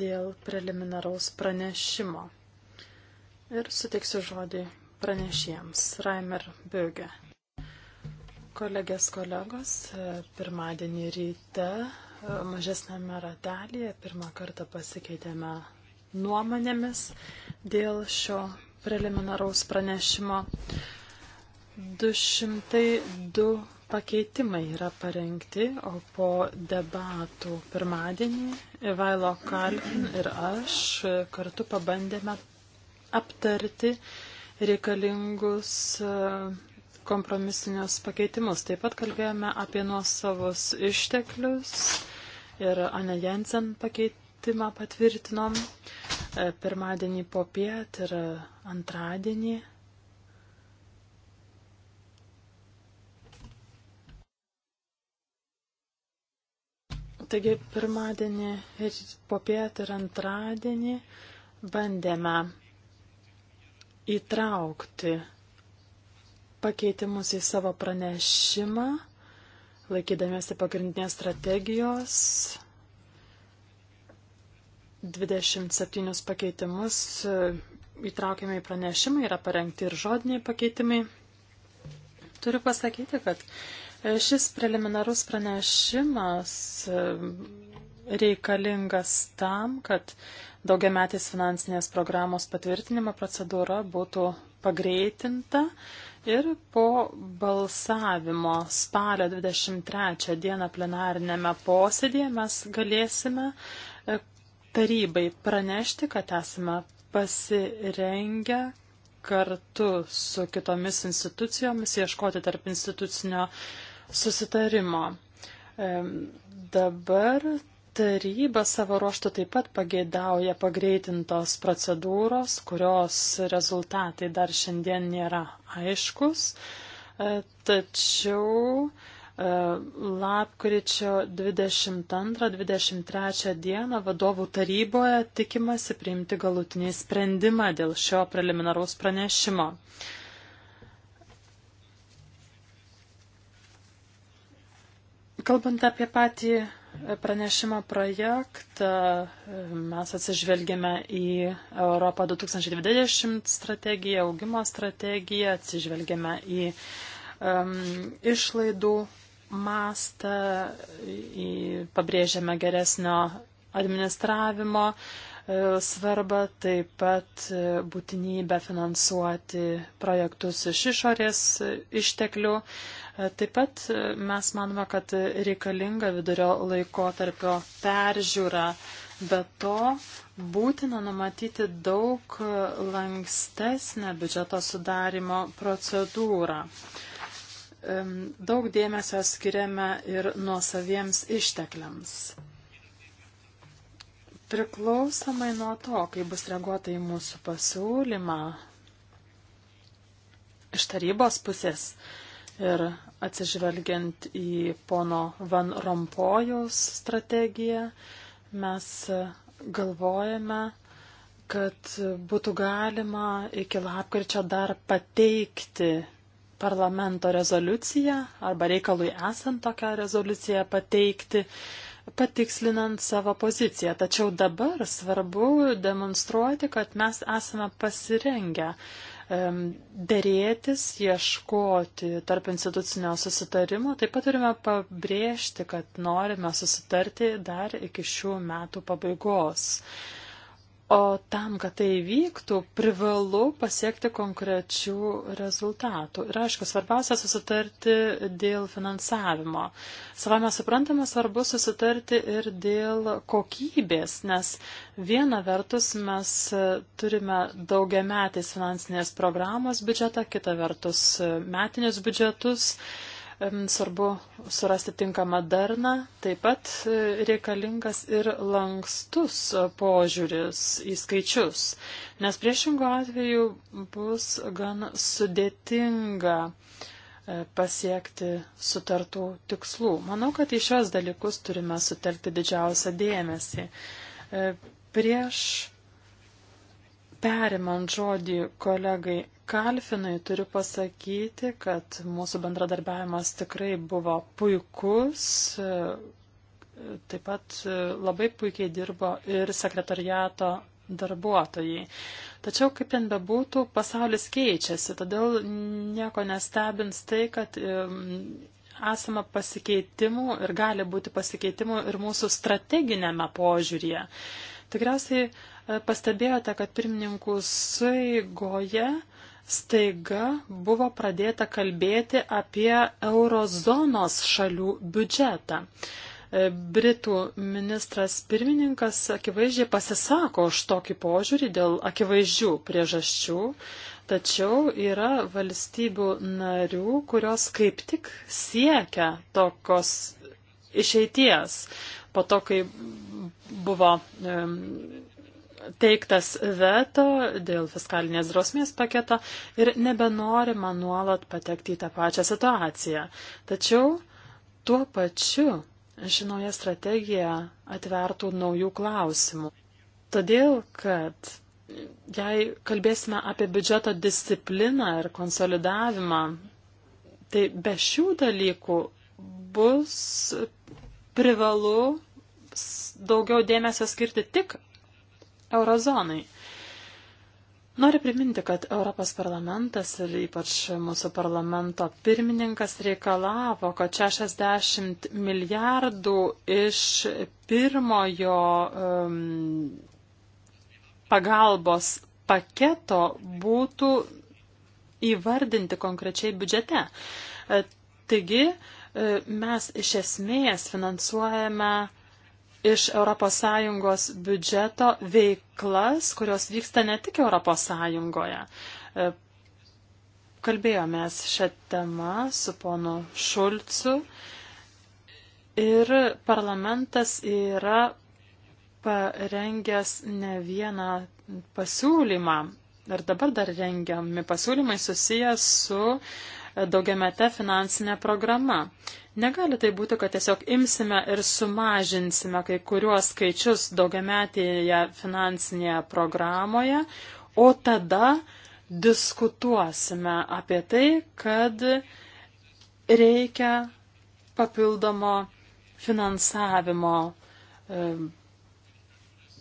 dėl preliminaraus pranešimo. Ir suteiksiu žodį pranešėjams. Raimer Böge. Kolegės kolegos, pirmadienį ryte e, mažesnėme ratelėje pirmą kartą pasikeitėme nuomonėmis dėl šio preliminaraus pranešimo. 202 pakeitimai yra parengti, o po debatų pirmadienį Vailo Kalin ir aš kartu pabandėme aptarti reikalingus e, kompromisinius pakeitimus. Taip pat kalbėjome apie nuosavus išteklius ir Anne Jensen pakeitimą patvirtinom e, pirmadienį po piet ir antradienį Taigi pirmadienį ir popiet ir antradienį bandėme įtraukti pakeitimus į savo pranešimą, laikydamėsi pagrindinės strategijos. 27 pakeitimus e, įtraukėme į pranešimą, yra parengti ir žodiniai pakeitimai. Turiu pasakyti, kad Šis preliminarus pranešimas e, reikalingas tam, kad daugiametės finansinės programos patvirtinimo procedūra būtų pagreitinta ir po balsavimo spalio 23 dieną plenarinėme posėdėje mes galėsime e, tarybai pranešti, kad esame pasirengę kartu su kitomis institucijomis ieškoti tarp institucinio uh, susitarimo. Dabar taryba savo ruoštų taip pat pageidauja pagreitintos procedūros, kurios rezultatai dar šiandien nėra aiškus. E, tačiau e, lapkričio 22-23 dieną vadovų taryboje tikimasi priimti galutinį sprendimą dėl šio preliminaraus pranešimo. Kalbant apie patį pranešimo projektą, mes atsižvelgėme į Europą 2020 strategiją, augimo strategiją, atsižvelgėme į um, išlaidų mastą, į, pabrėžėme geresnio administravimo e, svarbą, taip pat e, būtinybę finansuoti projektus iš išorės e, išteklių. Um, Taip pat e, mes manome, kad reikalinga vidurio laiko tarpio peržiūra, bet to būtina numatyti daug lankstesnę biudžeto sudarimo procedūrą. Daug dėmesio skiriame ir nuosaviems ištekliams. Priklausomai nuo to, kaip bus reaguota į mūsų pasiūlymą iš tarybos pusės, ir atsižvelgiant į pono Van Rompojaus strategiją, mes galvojame, kad būtų galima iki lapkričio dar pateikti parlamento rezoliuciją arba reikalui esant tokią rezoliuciją pateikti, patikslinant savo poziciją. Tačiau dabar svarbu demonstruoti, kad mes esame pasirengę dėrėtis, ieškoti tarp institucinio susitarimo. Taip pat turime pabrėžti, kad norime susitarti dar iki šių metų pabaigos. O tam, kad tai vyktų, privalu pasiekti konkrečių rezultatų. Ir aišku, svarbiausia susitarti dėl finansavimo. Savame suprantame, svarbu susitarti ir dėl kokybės, nes viena vertus mes turime daugiametės finansinės programos biudžetą, kita vertus metinius biudžetus. Svarbu surasti tinkamą darną, taip pat e, reikalingas ir lankstus e, požiūris į skaičius, nes priešingų atveju bus gan sudėtinga e, pasiekti sutartų tikslų. Manau, kad į šios dalykus turime sutelkti didžiausią dėmesį. Prieš Perimant žodį kolegai Kalfinai, turiu pasakyti, kad mūsų bendradarbiavimas tikrai buvo puikus. Taip pat labai puikiai dirbo ir sekretariato darbuotojai. Tačiau, kaip ten bebūtų, pasaulis keičiasi, todėl nieko nestebins tai, kad esama pasikeitimų ir gali būti pasikeitimų ir mūsų strateginėme požiūrėje. Tikriausiai pastebėjote, kad pirmininkų saigoje staiga buvo pradėta kalbėti apie eurozonos šalių biudžetą. E, Britų ministras pirmininkas akivaizdžiai pasisako už tokį požiūrį dėl akivaizdžių priežasčių, tačiau yra valstybių narių, kurios kaip tik siekia tokios išeities po to, kai buvo teiktas veto dėl fiskalinės drausmės paketo ir nebenorima nuolat patekti į tą pačią situaciją. Tačiau tuo pačiu ši nauja strategija atvertų naujų klausimų. Todėl, kad jei kalbėsime apie biudžeto discipliną ir konsolidavimą, tai be šių dalykų bus privalu daugiau dėmesio skirti tik eurozonai. Noriu priminti, kad Europos parlamentas ir ypač mūsų parlamento pirmininkas reikalavo, kad 60 milijardų iš pirmojo um, pagalbos paketo būtų įvardinti konkrečiai biudžete. E, taigi e, mes iš esmės finansuojame iš ES biudžeto veiklas, kurios vyksta ne tik ES. E, kalbėjomės šią temą su ponu Šulcu ir parlamentas yra parengęs ne vieną pasiūlymą ir dabar dar rengiami pasiūlymai susijęs su daugiamete finansinė programa. Negali tai būti, kad tiesiog imsime ir sumažinsime kai kuriuos skaičius daugiametėje finansinėje programoje, o tada diskutuosime apie tai, kad reikia papildomo finansavimo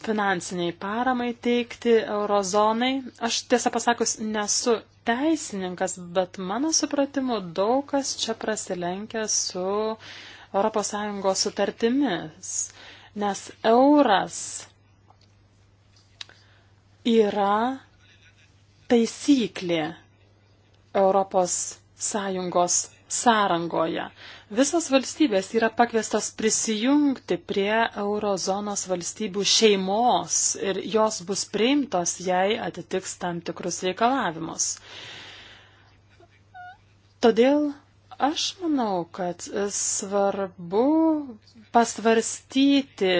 finansiniai paramai teikti eurozonai. Aš tiesą pasakus nesu teisininkas, bet mano supratimu daug kas čia prasilenkia su ES sutartimis, nes euras yra taisyklė Europos Sąjungos sąrangoje. Visos valstybės yra pakviestos prisijungti prie eurozonos valstybių šeimos ir jos bus priimtos, jei atitiks tam tikrus reikalavimus. Todėl aš manau, kad svarbu pasvarstyti,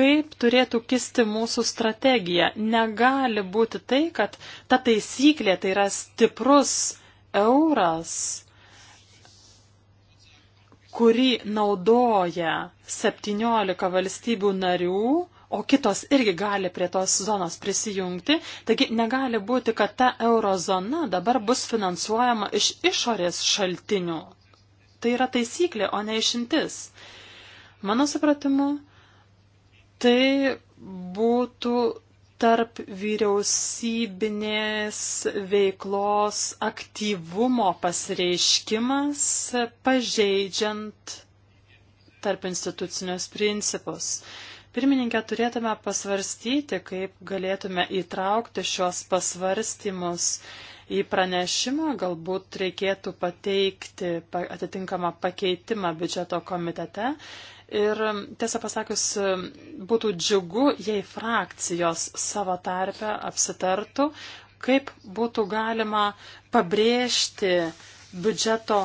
kaip turėtų kisti mūsų strategija. Negali būti tai, kad ta taisyklė tai yra stiprus euras kurį naudoja 17 valstybių narių, o kitos irgi gali prie tos zonos prisijungti. Taigi negali būti, kad ta eurozona dabar bus finansuojama iš išorės šaltinių. Tai yra taisyklė, o ne išimtis. Mano supratimu, tai būtų tarp vyriausybinės veiklos aktyvumo pasireiškimas pažeidžiant tarp institucinius principus. Pirmininkė, turėtume pasvarstyti, kaip galėtume įtraukti šios pasvarstymus į pranešimą, galbūt reikėtų pateikti atitinkamą pakeitimą biudžeto komitete Ir um, tiesą pasakius, um, būtų džiugu, jei frakcijos savo tarpę apsitartų, kaip būtų galima pabrėžti biudžeto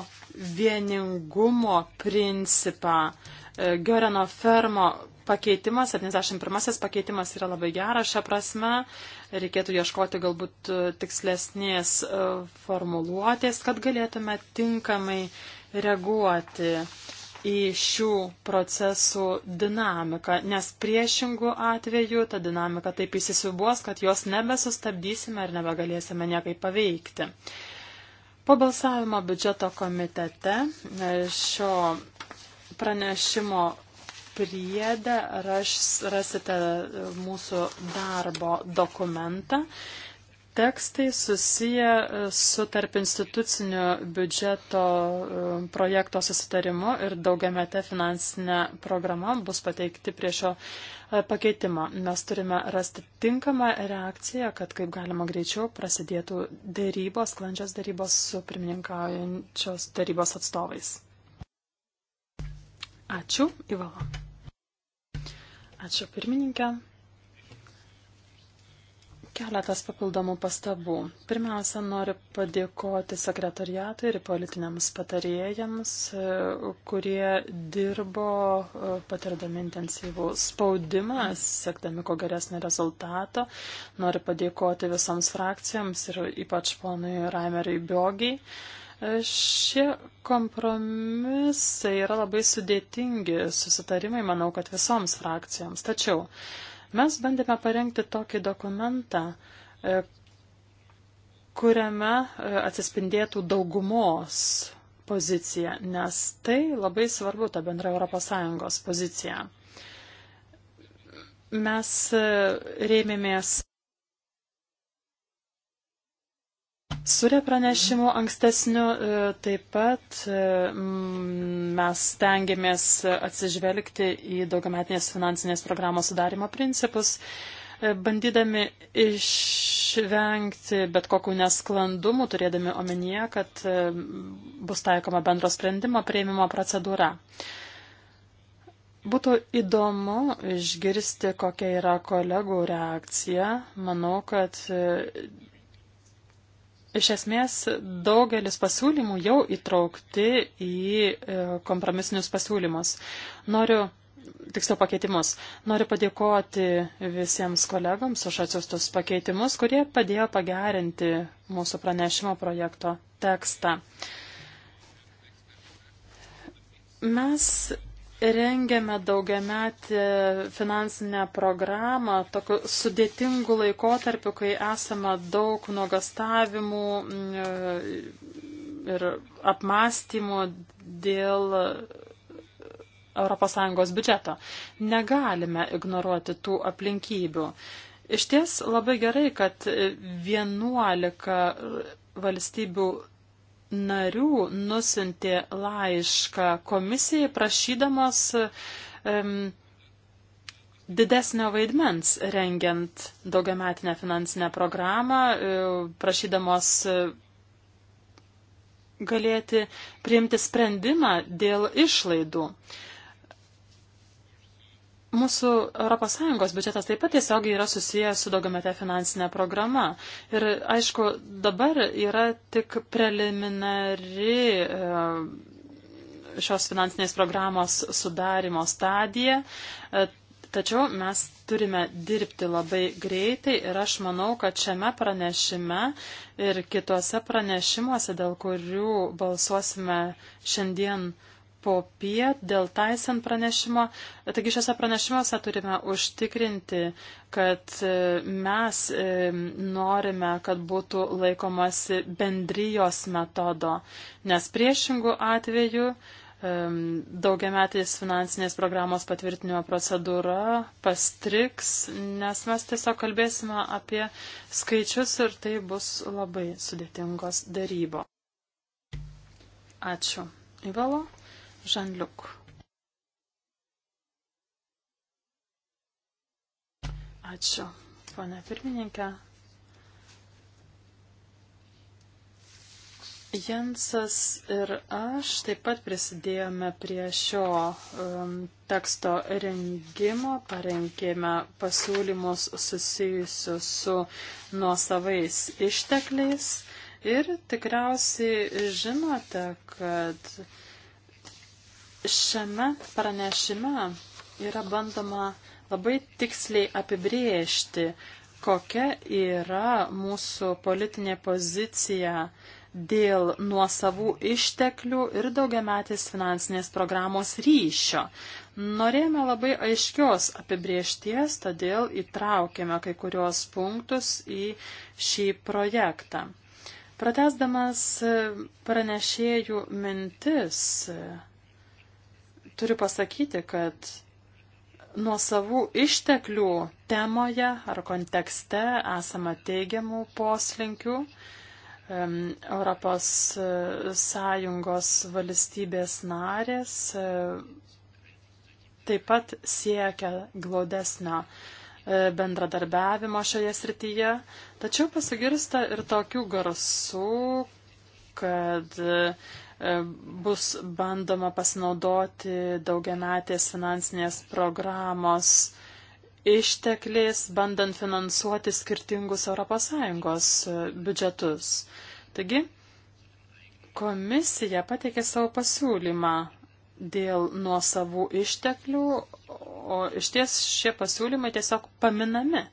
vieningumo principą. E, Gioreno Fermo pakeitimas, 71 pakeitimas yra labai geras šią prasme. Reikėtų ieškoti galbūt e, tikslesnės e, formuluotės, kad galėtume tinkamai reaguoti į šių procesų dinamiką, nes priešingų atveju ta dinamika taip įsisiubuos, kad jos nebesustabdysime ir nebegalėsime niekaip paveikti. Po balsavimo biudžeto komitete e, šio pranešimo priedę rasite e, mūsų darbo dokumentą tekstai susiję e, su tarp institucinio biudžeto e, projekto susitarimu ir daugiamete finansinė programa bus pateikti prie šio e, pakeitimo. Mes turime rasti tinkamą reakciją, kad kaip galima greičiau prasidėtų dėrybos, klandžios dėrybos su pirmininkaujančios dėrybos atstovais. Ačiū, Ivalo. Ačiū pirmininkė. Keletas papildomų pastabų. Pirmiausia, noriu padėkoti sekretariatui ir politiniams patarėjams, kurie dirbo e, patirdami intensyvų spaudimą, siekdami ko geresnį rezultatą. Noriu padėkoti visoms frakcijoms ir ypač ponui Raimeriai Biogiai. E, šie kompromisai yra labai sudėtingi susitarimai, manau, kad visoms frakcijoms. Tačiau Mes bandėme parengti tokį dokumentą, e, kuriame e, atsispindėtų daugumos pozicija, nes tai labai svarbu, ta bendra ES pozicija. Mes e, rėmėmės Surė pranešimu ankstesniu e, taip pat e, mes stengiamės atsižvelgti į daugiametinės finansinės programos sudarimo principus, e, bandydami išvengti bet kokių nesklandumų, turėdami omenyje, kad bus taikoma bendro sprendimo prieimimo procedūra. Būtų įdomu išgirsti, kokia yra kolegų reakcija. Manau, kad Iš esmės, daugelis pasiūlymų jau įtraukti į e, kompromisinius pasiūlymus. Noriu, tiksliau pakeitimus, noriu padėkoti visiems kolegams už atsiustus pakeitimus, kurie padėjo pagerinti mūsų pranešimo projekto tekstą. Mes rengiame daugiametį finansinę programą tokiu sudėtingu laikotarpiu, kai esama daug nuogastavimų mm, ir apmąstymų dėl ES biudžeto. Negalime ignoruoti tų aplinkybių. Iš ties labai gerai, kad 11 valstybių narių nusintė laišką komisijai prašydamos um, didesnio vaidmens rengiant daugiametinę finansinę programą, e, prašydamos e, galėti priimti sprendimą dėl išlaidų. Uh, Mūsų ES biudžetas taip pat tiesiogiai yra susijęs su daugiamete finansinė programa. Ir aišku, dabar yra tik preliminari e, šios finansinės programos sudarimo stadija. E, tačiau mes turime dirbti labai greitai ir aš manau, kad šiame pranešime ir kitose pranešimuose, dėl kurių balsuosime šiandien, uh, po piet dėl Tyson pranešimo. Taigi šiuose pranešimuose turime užtikrinti, kad e, mes e, norime, kad būtų laikomasi bendrijos metodo, nes priešingų atveju e, daugiametės finansinės programos patvirtinimo procedūra pastriks, nes mes tiesiog kalbėsime apie skaičius ir tai bus labai sudėtingos darybo. Ačiū. Ivalo. Žanliuk. Ačiū, ponė pirmininkė. Jensas ir aš taip pat prisidėjome prie šio um, teksto rengimo, parengėme pasiūlymus susijusius su nuosavais ištekliais ir tikriausiai žinote, kad uh, Šiame pranešime yra bandoma labai tiksliai apibriežti, kokia yra mūsų politinė pozicija dėl nuosavų išteklių ir daugiametės finansinės programos ryšio. Norėjome labai aiškios apibriešties, todėl įtraukėme kai kurios punktus į šį projektą. Pratesdamas pranešėjų mintis, turiu pasakyti, kad nuo savų išteklių temoje ar kontekste esama teigiamų poslinkių. Europos e, Sąjungos valstybės narės e, taip pat siekia glaudesnio e, bendradarbiavimo šioje srityje, tačiau pasigirsta ir tokių garsų, kad E, bus bandoma pasinaudoti daugiametės finansinės programos ištekliais, bandant finansuoti skirtingus ES e, biudžetus. Taigi, komisija pateikė savo pasiūlymą dėl nuosavų išteklių, o iš ties šie pasiūlymai tiesiog paminami.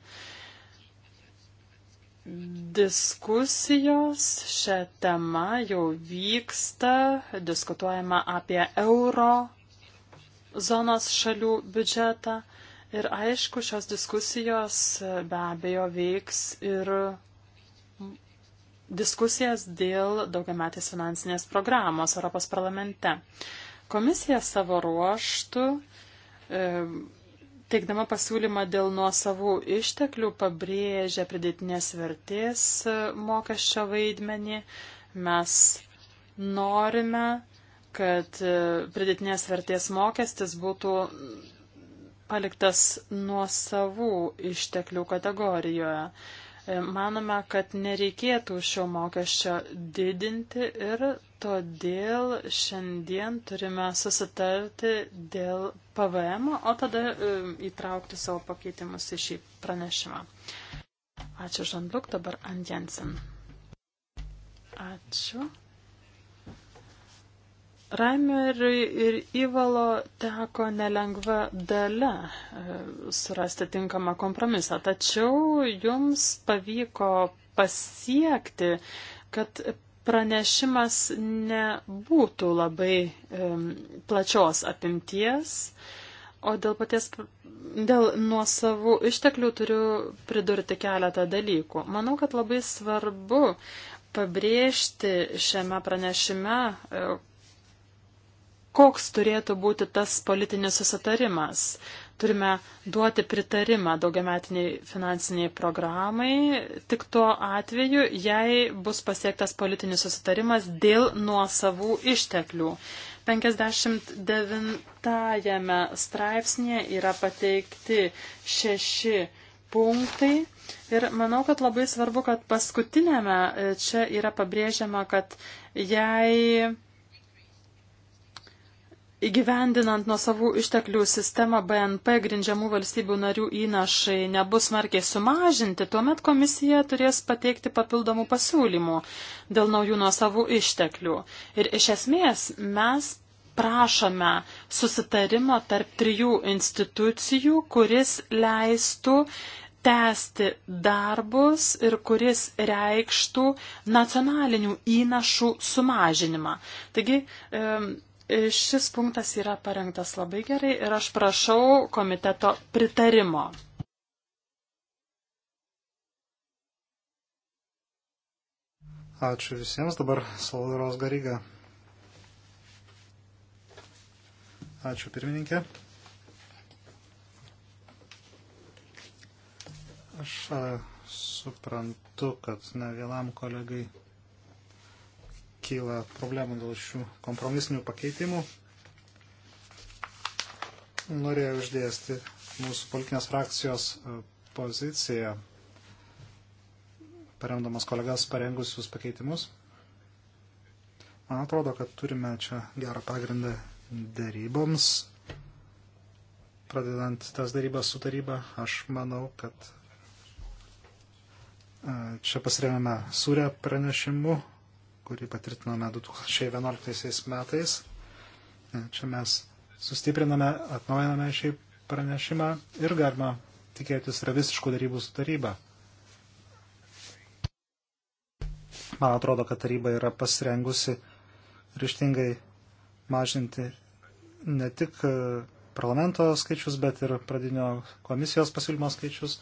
Diskusijos šią temą jau vyksta, diskutuojama apie euro zonos šalių biudžetą ir aišku, šios diskusijos e, be abejo veiks ir diskusijas dėl daugiametės finansinės programos Europos parlamente. Komisija savo ruoštų e, teikdama pasiūlymą dėl nuosavų išteklių pabrėžia pridėtinės vertės e, mokesčio vaidmenį. Mes norime, kad e, pridėtinės vertės mokestis būtų paliktas nuosavų išteklių kategorijoje. Manome, kad nereikėtų šio mokesčio didinti ir todėl šiandien turime susitarti dėl PVM, o tada e, įtraukti savo pakeitimus į šį pranešimą. Ačiū Žandluk, dabar Ant Jensen. Ačiū. Raimeriui ir Ivalo teko nelengva dalė e, surasti tinkamą kompromisą, tačiau jums pavyko pasiekti, kad pranešimas nebūtų labai um, plačios apimties, o dėl paties, dėl nuosavų išteklių turiu pridurti keletą dalykų. Manau, kad labai svarbu pabrėžti šiame pranešime, e, koks turėtų būti tas politinis susitarimas. Turime duoti pritarimą daugiametiniai finansiniai programai tik tuo atveju, jei bus pasiektas politinis susitarimas dėl nuosavų išteklių. 59 straipsnėje yra pateikti šeši punktai. Ir manau, kad labai svarbu, kad paskutinėme e, čia yra pabrėžiama, kad jei Įgyvendinant nuo savų išteklių sistemą BNP grindžiamų valstybių narių įnašai nebus smarkiai sumažinti, tuomet komisija turės pateikti papildomų pasiūlymų dėl naujų nuo savų išteklių. Ir iš esmės mes prašome susitarimo tarp trijų institucijų, kuris leistų tęsti darbus ir kuris reikštų nacionalinių įnašų sumažinimą. Taigi, e, Šis punktas yra parengtas labai gerai ir aš prašau komiteto pritarimo. Ačiū visiems, dabar Salvadoros Garyga. Ačiū pirmininkė. Aš a, e, suprantu, kad ne vienam kolegai kyla problemų dėl šių kompromisinių pakeitimų. Norėjau išdėsti mūsų politinės frakcijos e, poziciją, paremdamas kolegas parengusius pakeitimus. Man atrodo, kad turime čia gerą pagrindą daryboms. Pradedant tas darybas su taryba, aš manau, kad e, čia pasiremėme surę pranešimu kurį patvirtinome 2011 metais. E, čia mes sustipriname, atnaujiname šį pranešimą ir galima tikėtis revistiškų darybų su taryba. Man atrodo, kad taryba yra pasirengusi ryštingai mažinti ne tik e, parlamento skaičius, bet ir pradinio komisijos pasiūlymo skaičius.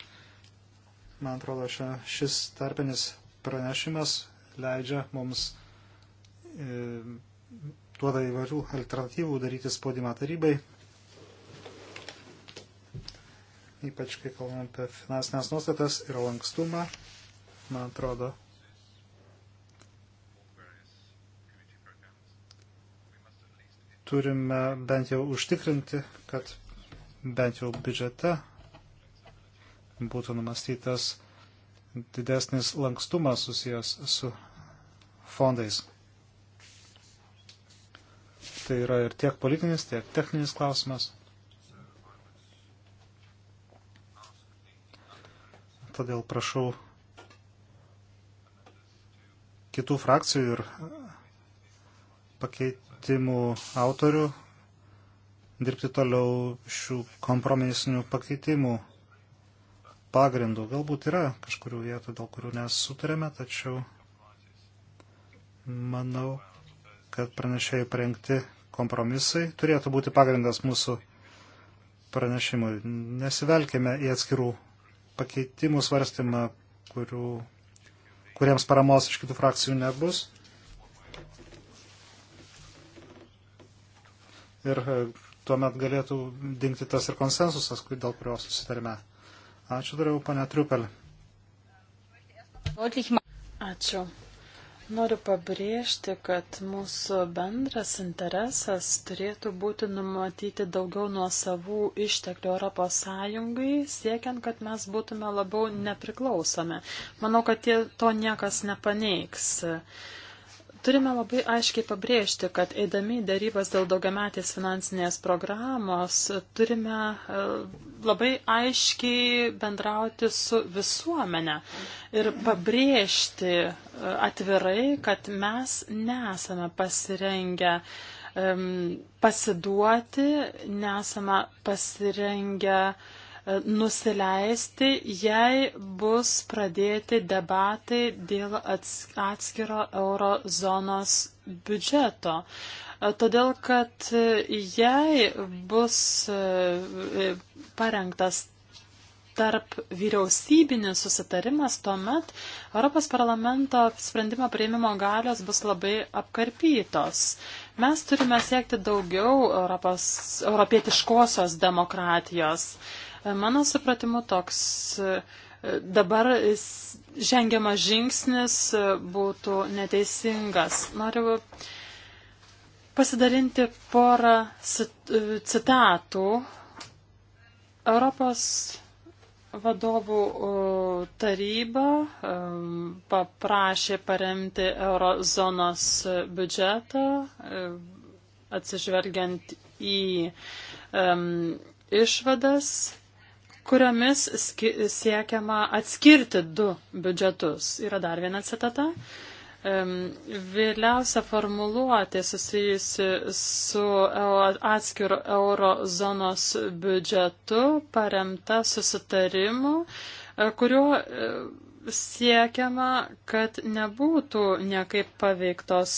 Man atrodo, šis tarpinis pranešimas leidžia mums e, duoda įvairių alternatyvų daryti spaudimą tarybai, ypač kai kalbam apie finansinės nuostatas ir lankstumą, man atrodo. Turime bent jau užtikrinti, kad bent jau biudžete būtų numastytas didesnis lankstumas susijęs su fondais. Tai yra ir tiek politinis, tiek techninis klausimas. Todėl prašau kitų frakcijų ir pakeitimų autorių dirbti toliau šių kompromisinių pakeitimų pagrindų. Galbūt yra kažkurių vietų, dėl kurių nesutarėme, tačiau Manau, kad pranešėjai parengti kompromisai turėtų būti pagrindas mūsų pranešimui. Nesivelkime į atskirų pakeitimų svarstymą, kurių, kuriems paramos iš kitų frakcijų nebus. Ir e, tuomet galėtų dingti tas ir konsensusas, dėl kurio susitarime. Ačiū, dariau, pane Triupelė. Ačiū. Noriu pabrėžti, kad mūsų bendras interesas turėtų būti numatyti daugiau nuo savų išteklių Europos Sąjungai, siekiant, kad mes būtume labiau nepriklausomi. Manau, kad to niekas nepaneiks. Turime labai aiškiai pabrėžti, kad eidami dėrybas dėl daugiametės finansinės programos turime e, labai aiškiai bendrauti su visuomenė ir pabrėžti e, atvirai, kad mes nesame pasirengę um, pasiduoti, nesame pasirengę uh, E, nusileisti, jei bus pradėti debatai dėl atskiro eurozonos biudžeto. E, todėl, kad e, jei bus parengtas tarp vyriausybinis susitarimas, tuomet Europos parlamento sprendimo prieimimo galios bus labai apkarpytos. Mes turime siekti daugiau Europos, europietiškosios demokratijos. Mano supratimu toks e, dabar žengiamas žingsnis būtų neteisingas. Noriu pasidalinti porą e, citatų Europos vadovų taryba e, paprašė paremti eurozonos biudžetą atsižvelgiant į um, išvadas kuriomis siekiama atskirti du biudžetus. Yra dar viena citata. Vėliausia formuluotė susijusi su atskiru eurozonos biudžetu paremta susitarimu, e, kuriuo e, siekiama, kad nebūtų niekaip paveiktos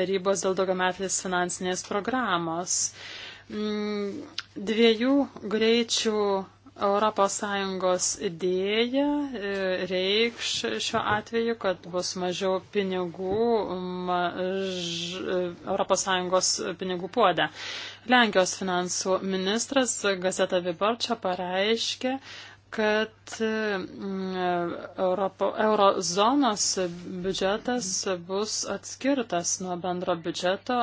darybos dėl daugiametės finansinės programos. Mm, dviejų greičių ES idėja e, reikš šiuo atveju, kad bus mažiau pinigų maž, ES pinigų puodę. Lenkijos finansų ministras Gazeta Viborčia pareiškė, kad e, Europo, eurozonos biudžetas bus atskirtas nuo bendro biudžeto,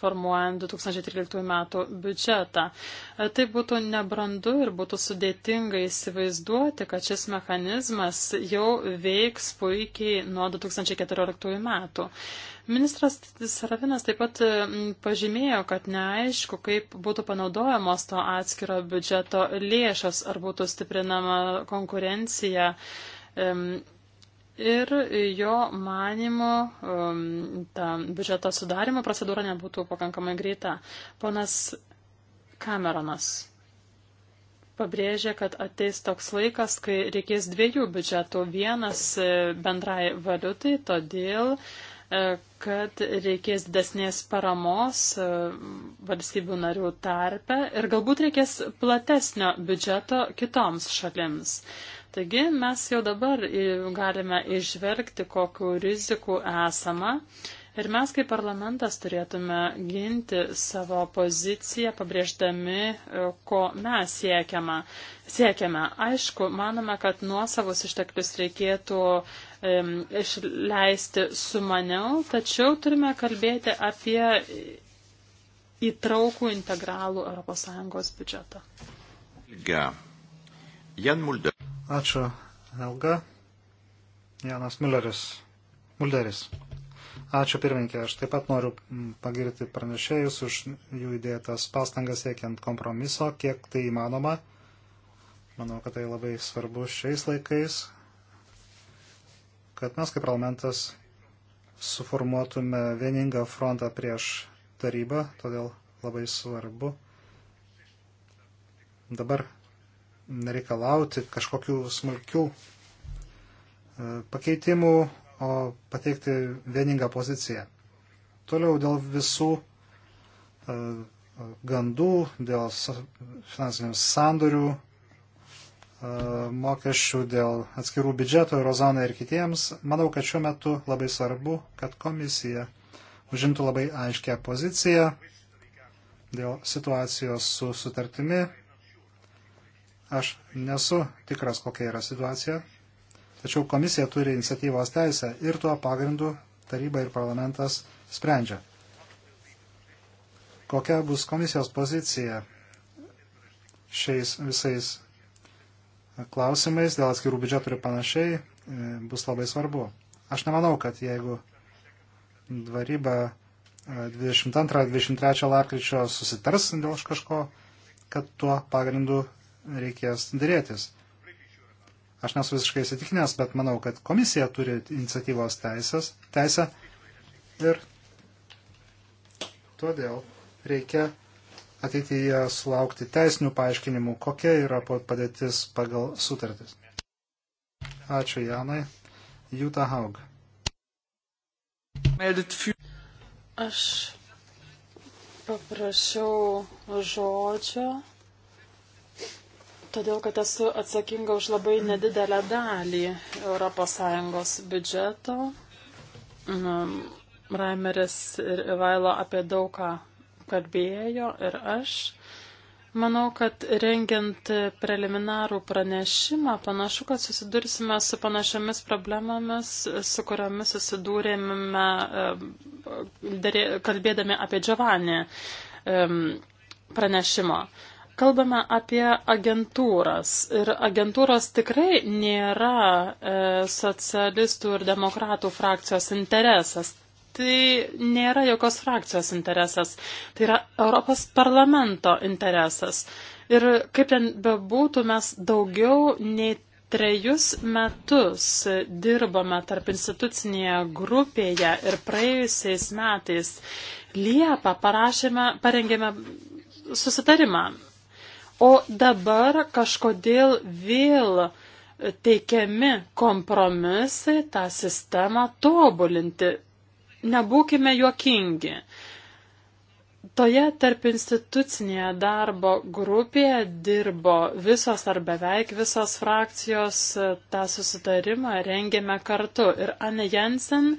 formuojant 2013 metų biudžetą. E, tai būtų nebrandu ir būtų sudėtinga įsivaizduoti, kad šis mechanizmas jau veiks puikiai nuo 2014 metų. Ministras Saravinas taip pat pažymėjo, kad neaišku, kaip būtų panaudojamos to atskiro biudžeto lėšas, ar būtų stiprinama konkurencija. Ir jo manimo ta biudžeto sudarimo procedūra nebūtų pakankamai greita. Ponas Kameronas pabrėžė, kad ateis toks laikas, kai reikės dviejų biudžetų. Vienas e, bendrai valiutai, todėl uh, kad reikės didesnės paramos e, valstybių narių tarpe ir galbūt reikės platesnio biudžeto kitoms šalims. Taigi mes jau dabar galime išvelgti, kokiu riziku esama. Ir mes kaip parlamentas turėtume ginti savo poziciją, pabrėždami, e, ko mes siekiame. siekiame. Aišku, manome, kad nuosavus išteklius reikėtų uh, išleisti sumaniau, tačiau turime kalbėti apie įtraukų integralų ES biudžetą. Ačiū, Elga. Janas Mülleris. Mulderis. Ačiū pirminkė, aš taip pat noriu pagirti pranešėjus už jų įdėtas pastangas siekiant kompromiso, kiek tai įmanoma. Manau, kad tai labai svarbu šiais laikais, kad mes kaip parlamentas suformuotume vieningą frontą prieš tarybą, todėl labai svarbu dabar nereikalauti kažkokių smulkių e, pakeitimų, o pateikti vieningą poziciją. Toliau dėl visų e, gandų, dėl finansinių sandorių E, mokesčių dėl atskirų biudžetų eurozonai ir kitiems, manau, kad šiuo metu labai svarbu, kad komisija užimtų labai aiškę poziciją dėl situacijos su sutartimi. Aš nesu tikras, kokia yra situacija, tačiau komisija turi iniciatyvos teisę ir tuo pagrindu taryba ir parlamentas sprendžia. Kokia bus komisijos pozicija šiais visais klausimais, dėl atskirų biudžetų ir panašiai, e, bus labai svarbu. Aš nemanau, kad jeigu dvaryba 22-23 e, lapkričio susitars dėl kažko, kad tuo pagrindu reikės dėrėtis. Aš nesu visiškai įsitikinęs, bet manau, kad komisija turi iniciatyvos teisės, teisę ir todėl reikia ateityje sulaukti teisinių paaiškinimų, kokia yra padėtis pagal sutartis. Ačiū Janai. Jūta Haug. Aš paprašiau žodžio, todėl kad esu atsakinga už labai nedidelę dalį ES biudžeto. Raimeris ir Ivailo apie daugą kalbėjo ir aš. Manau, kad rengiant preliminarų pranešimą, panašu, kad susidursime su panašiamis problemomis, su kuriomis susidūrėme, e, kalbėdami apie Giovanni e, pranešimą. Kalbame apie agentūras ir agentūros tikrai nėra e, socialistų ir demokratų frakcijos interesas tai nėra jokios frakcijos interesas, tai yra Europos parlamento interesas. Ir kaip ten bebūtų, mes daugiau nei trejus metus dirbame tarp institucinėje grupėje ir praėjusiais metais Liepą parašėme, parengėme susitarimą. O dabar kažkodėl vėl teikiami kompromisai tą sistemą tobulinti. Nebūkime juokingi. Toje tarp institucinėje darbo grupėje dirbo visos ar beveik visos frakcijos, tą susitarimą rengėme kartu. Ir Anne Jensen,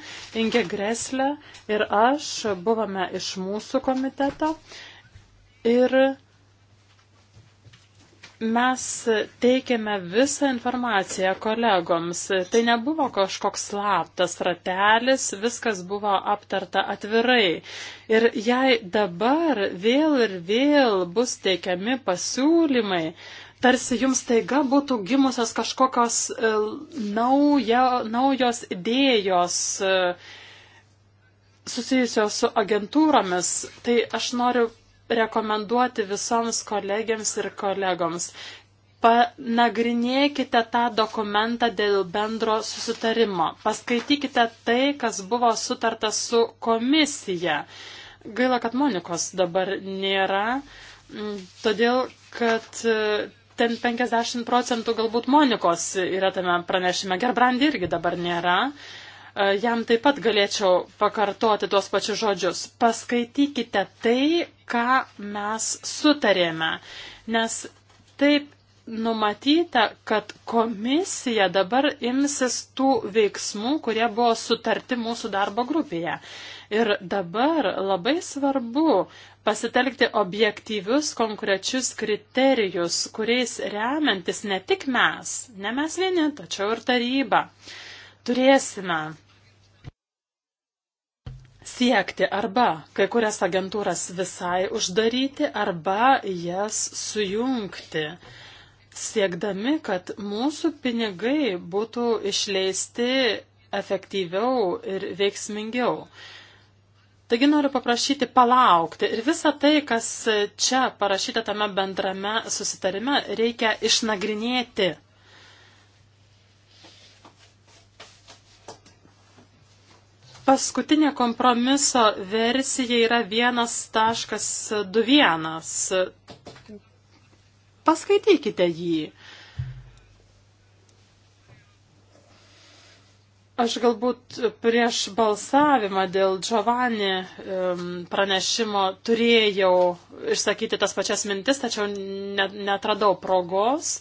Inge Greslė ir aš buvome iš mūsų komiteto. Ir Mes teikėme visą informaciją kolegoms. Tai nebuvo kažkoks slaptas ratelis, viskas buvo aptarta atvirai. Ir jei dabar vėl ir vėl bus teikiami pasiūlymai, tarsi jums taiga būtų gimusios kažkokios e, nauja, naujos idėjos e, susijusios su agentūromis, tai aš noriu rekomenduoti visoms kolegiams ir kolegoms. Panagrinėkite tą dokumentą dėl bendro susitarimo. Paskaitykite tai, kas buvo sutarta su komisija. Gaila, kad Monikos dabar nėra, todėl kad e, ten 50 procentų galbūt Monikos yra tame pranešime. Gerbrandi irgi dabar nėra e, jam taip pat galėčiau pakartoti tuos pačius žodžius. Paskaitykite tai, ką mes sutarėme, nes taip numatyta, kad komisija dabar imsis tų veiksmų, kurie buvo sutarti mūsų darbo grupėje. Ir dabar labai svarbu pasitelkti objektyvius konkrečius kriterijus, kuriais remiantis ne tik mes, ne mes vieni, tačiau ir taryba. Turėsime siekti arba kai kurias agentūras visai uždaryti, arba jas sujungti, siekdami, kad mūsų pinigai būtų išleisti efektyviau ir veiksmingiau. Taigi noriu paprašyti palaukti ir visą tai, kas čia parašyta tame bendrame susitarime, reikia išnagrinėti. Paskutinė kompromiso versija yra 1.21. Paskaitykite jį. Aš galbūt prieš balsavimą dėl Giovanni pranešimo turėjau išsakyti tas pačias mintis, tačiau netradau progos.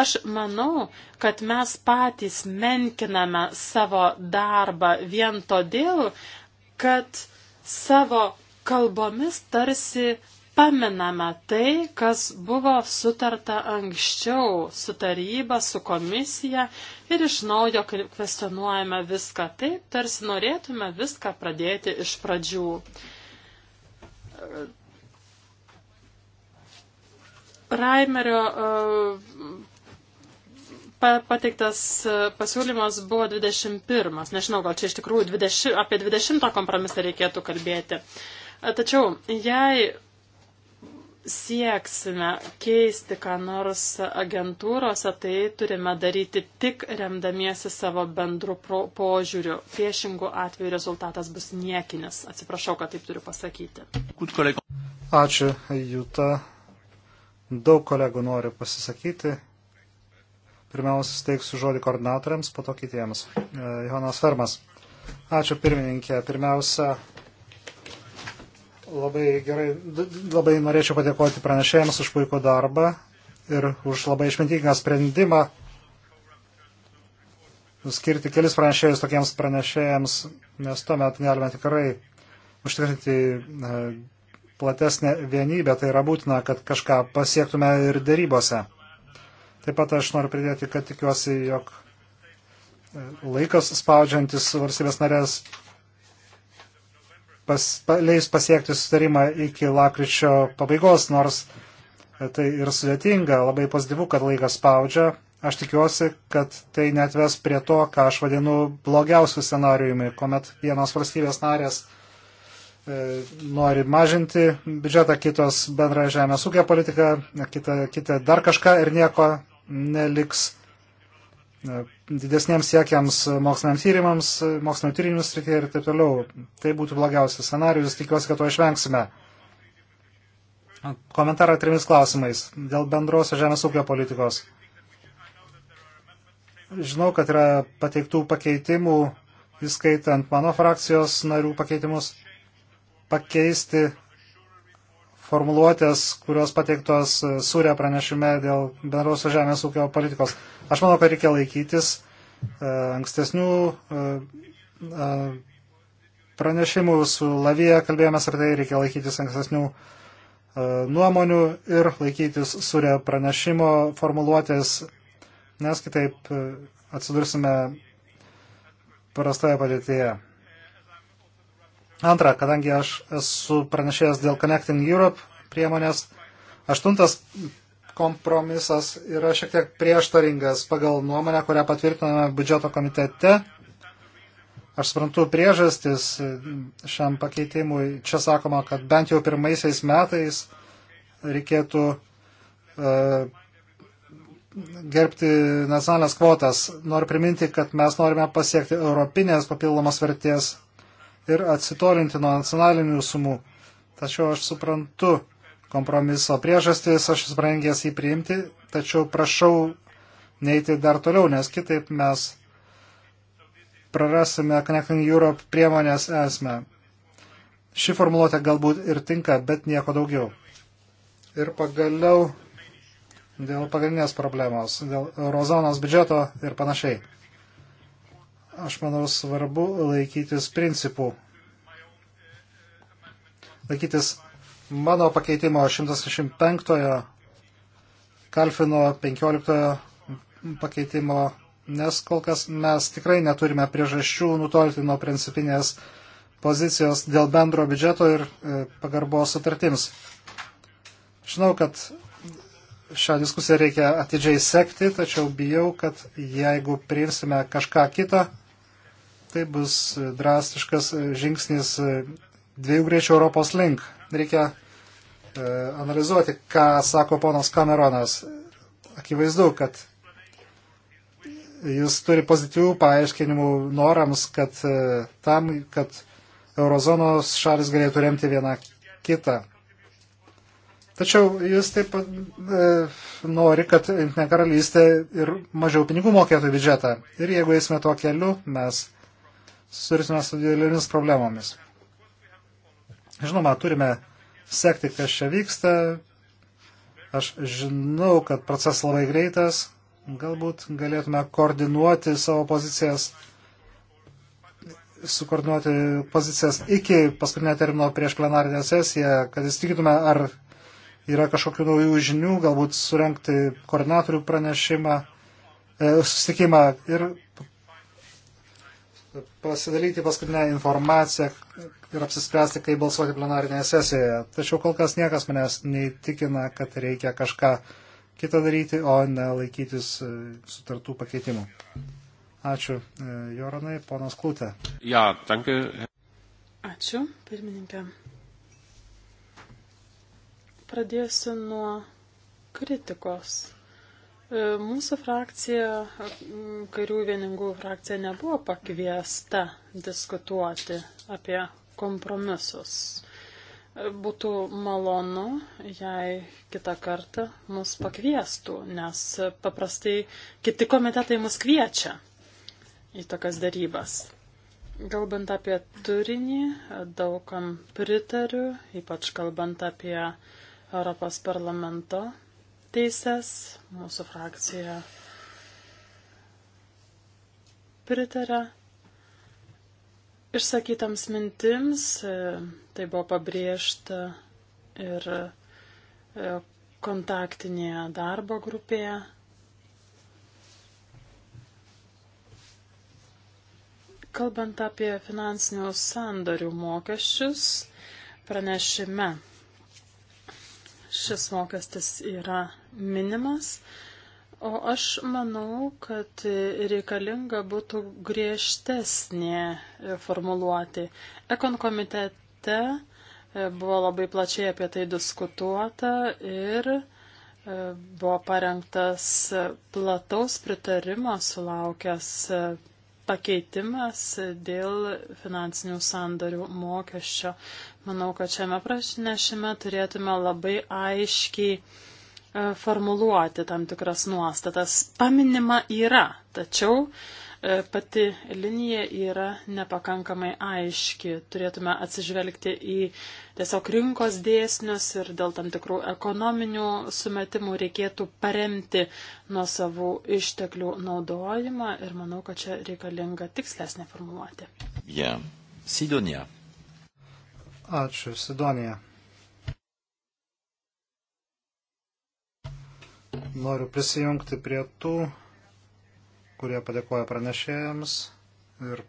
Aš manau, kad mes patys menkiname savo darbą vien todėl, kad savo kalbomis tarsi paminame tai, kas buvo sutarta anksčiau su taryba, su komisija ir iš naujo kvestionuojame viską taip, tarsi norėtume viską pradėti iš pradžių Raimerio pateiktas e, pasiūlymas buvo 21. Nežinau, gal čia iš tikrųjų 20, apie 20 kompromisą reikėtų kalbėti. E, tačiau, jei sieksime keisti ką nors agentūrose, tai turime daryti tik remdamiesi savo bendru požiūriu. Priešingų atveju rezultatas bus niekinis. Atsiprašau, kad taip turiu pasakyti. Ačiū, Juta. Daug kolegų nori pasisakyti. Pirmiausia, steiksiu žodį koordinatoriams, po to kitiems. E, Jonas Fermas. Ačiū pirmininkė. Pirmiausia, labai gerai, labai norėčiau padėkoti pranešėjams už puikų darbą ir už labai išmintingą sprendimą skirti kelis pranešėjus tokiems pranešėjams, nes tuomet galime tikrai užtikrinti e, platesnę vienybę, tai yra būtina, kad kažką pasiektume ir darybose. Taip pat aš noriu pridėti, kad tikiuosi, jog e, laikas spaudžiantis valstybės narės pas, pa, leis pasiekti sustarimą iki lakryčio pabaigos, nors e, tai ir sudėtinga, labai pozityvu, kad laikas spaudžia. Aš tikiuosi, kad tai netves prie to, ką aš vadinu blogiausių scenariumi, kuomet vienos valstybės narės e, nori mažinti biudžetą, kitos bendrą žemės ūkio politiką, kita, kita dar kažką ir nieko neliks e, didesniems siekiams moksliniams tyrimams, mokslinio tyrimų srityje ir taip toliau. Tai būtų blogiausias scenarius, tikiuosi, kad to išvengsime. Komentarą trimis klausimais dėl bendrosios žemės ūkio politikos. Žinau, kad yra pateiktų pakeitimų, įskaitant mano frakcijos narių pakeitimus, pakeisti formuluotės, kurios pateiktos surė pranešime dėl bendros žemės ūkio politikos. Aš manau, kad reikia laikytis e, ankstesnių e, e, pranešimų su Lavija, kalbėjomės apie tai, reikia laikytis ankstesnių nuomonių ir laikytis surė pranešimo formuluotės, nes kitaip atsidursime prastoje padėtėje. Antra, kadangi aš esu pranešėjęs dėl Connecting Europe priemonės, aštuntas kompromisas yra šiek tiek prieštaringas pagal nuomonę, kurią patvirtiname biudžeto komitete. Aš suprantu priežastis šiam pakeitimui. Čia sakoma, kad bent jau pirmaisiais metais reikėtų uh, gerbti nacionalinės kvotas. Noriu priminti, kad mes norime pasiekti europinės papildomos vertės ir atsitolinti nuo nacionalinių sumų. Tačiau aš suprantu kompromiso priežastis, aš sprendęs jį priimti, tačiau prašau neiti dar toliau, nes kitaip mes prarasime Connecting Europe priemonės esmę. Ši formuluotė galbūt ir tinka, bet nieko daugiau. Ir pagaliau dėl pagrindinės problemos, dėl eurozonos biudžeto ir panašiai aš manau, svarbu laikytis principų. Laikytis mano pakeitimo 165-ojo, Kalfino 15-ojo pakeitimo, nes kol kas mes tikrai neturime priežasčių nutolti nuo principinės pozicijos dėl bendro biudžeto ir e, pagarbos sutartims. Žinau, kad šią diskusiją reikia atidžiai sekti, tačiau bijau, kad jeigu priimsime kažką kitą, Tai bus drastiškas žingsnis dviejų greičių Europos link. Reikia e, analizuoti, ką sako ponas Kameronas. Akivaizdu, kad jis turi pozityvių paaiškinimų norams, kad e, tam, kad eurozonos šalis galėtų remti vieną kitą. Tačiau jis taip pat e, nori, kad Junktinė karalystė ir mažiau pinigų mokėtų biudžetą. Ir jeigu eisime tuo keliu, mes susidursime su didelėmis problemomis. Žinoma, turime sekti, kas čia vyksta. Aš žinau, kad procesas labai greitas. Galbūt galėtume koordinuoti savo pozicijas, sukoordinuoti pozicijas iki paskutinio termino prieš plenarinę sesiją, kad įstikytume, ar yra kažkokių naujų žinių, galbūt surenkti koordinatorių pranešimą, e, susitikimą ir pasidalyti paskutinę informaciją ir apsispręsti, kaip balsuoti plenarinėje sesijoje. Tačiau kol kas niekas manęs neįtikina, kad reikia kažką kitą daryti, o ne laikytis e, sutartų pakeitimų. Ačiū, e, Joranai, ponas Klūtė. Ja, danke. Ačiū, pirmininkė. Pradėsiu nuo kritikos E, mūsų frakcija, karių vieningų frakcija nebuvo pakviesta diskutuoti apie kompromisus. E, būtų malonu, jei kitą kartą mus pakviestų, nes paprastai kiti komitetai mus kviečia į tokias darybas. Kalbant apie turinį, daugam pritariu, ypač kalbant apie Europos parlamento teises. Mūsų frakcija pritarė išsakytams mintims. Tai buvo pabrėžta ir e, kontaktinėje darbo grupėje. Kalbant apie finansinių sandarių mokesčius, pranešime šis mokestis yra minimas. O aš manau, kad reikalinga būtų griežtesnė formuluoti. Ekon komitete e, buvo labai plačiai apie tai diskutuota ir e, buvo parengtas plataus pritarimo sulaukęs e, pakeitimas dėl finansinių sandarių mokesčio. Manau, kad šiame pranešime turėtume labai aiškiai e, formuluoti tam tikras nuostatas. Paminima yra, tačiau e, pati linija yra nepakankamai aiški. Turėtume atsižvelgti į tiesiog rinkos dėsnius ir dėl tam tikrų ekonominių sumetimų reikėtų paremti nuo savų išteklių naudojimą ir manau, kad čia reikalinga tikslesnė formuluoti. Yeah. Sidonija. Ačiū, Sidonija. Noriu prisijungti prie tų, kurie padėkoja pranešėjams ir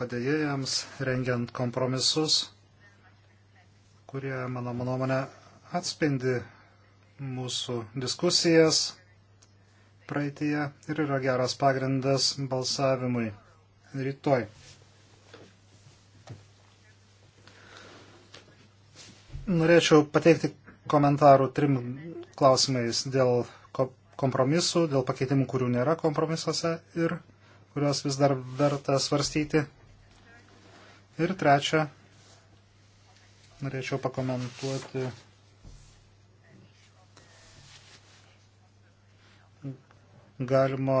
padėjėjams, rengiant kompromisus, kurie, mano nuomonė, atspindi mūsų diskusijas praeitie ir yra geras pagrindas balsavimui rytoj. Norėčiau pateikti komentarų trim klausimais dėl kompromisų, dėl pakeitimų, kurių nėra kompromisuose ir kuriuos vis dar verta svarstyti. Ir trečia, norėčiau pakomentuoti galimo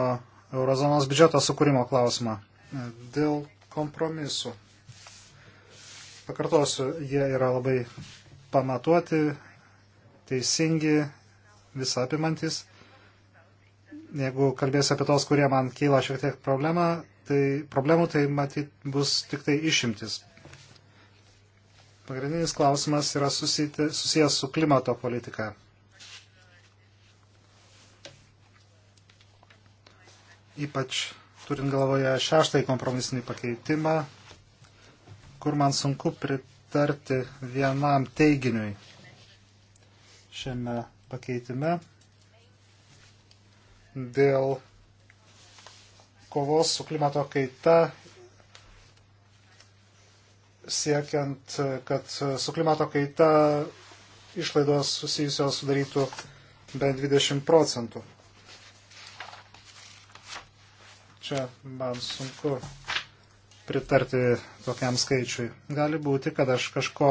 eurozonos biudžeto sukūrimo klausimą dėl kompromisų. Pakartosiu, jie yra labai pamatuoti, teisingi, visapimantis. Jeigu kalbėsiu apie tos, kurie man kyla šiek tiek problema, tai, problemų, tai matyt bus tik tai išimtis. Pagrindinis klausimas yra susijęs su klimato politika. Ypač turint galvoje šeštąjį kompromisinį pakeitimą, kur man sunku pritarti pritarti vienam teiginiui šiame pakeitime dėl kovos su klimato kaita siekiant, kad su klimato kaita išlaidos susijusios sudarytų bent 20 procentų. Čia man sunku pritarti tokiam skaičiui. Gali būti, kad aš kažko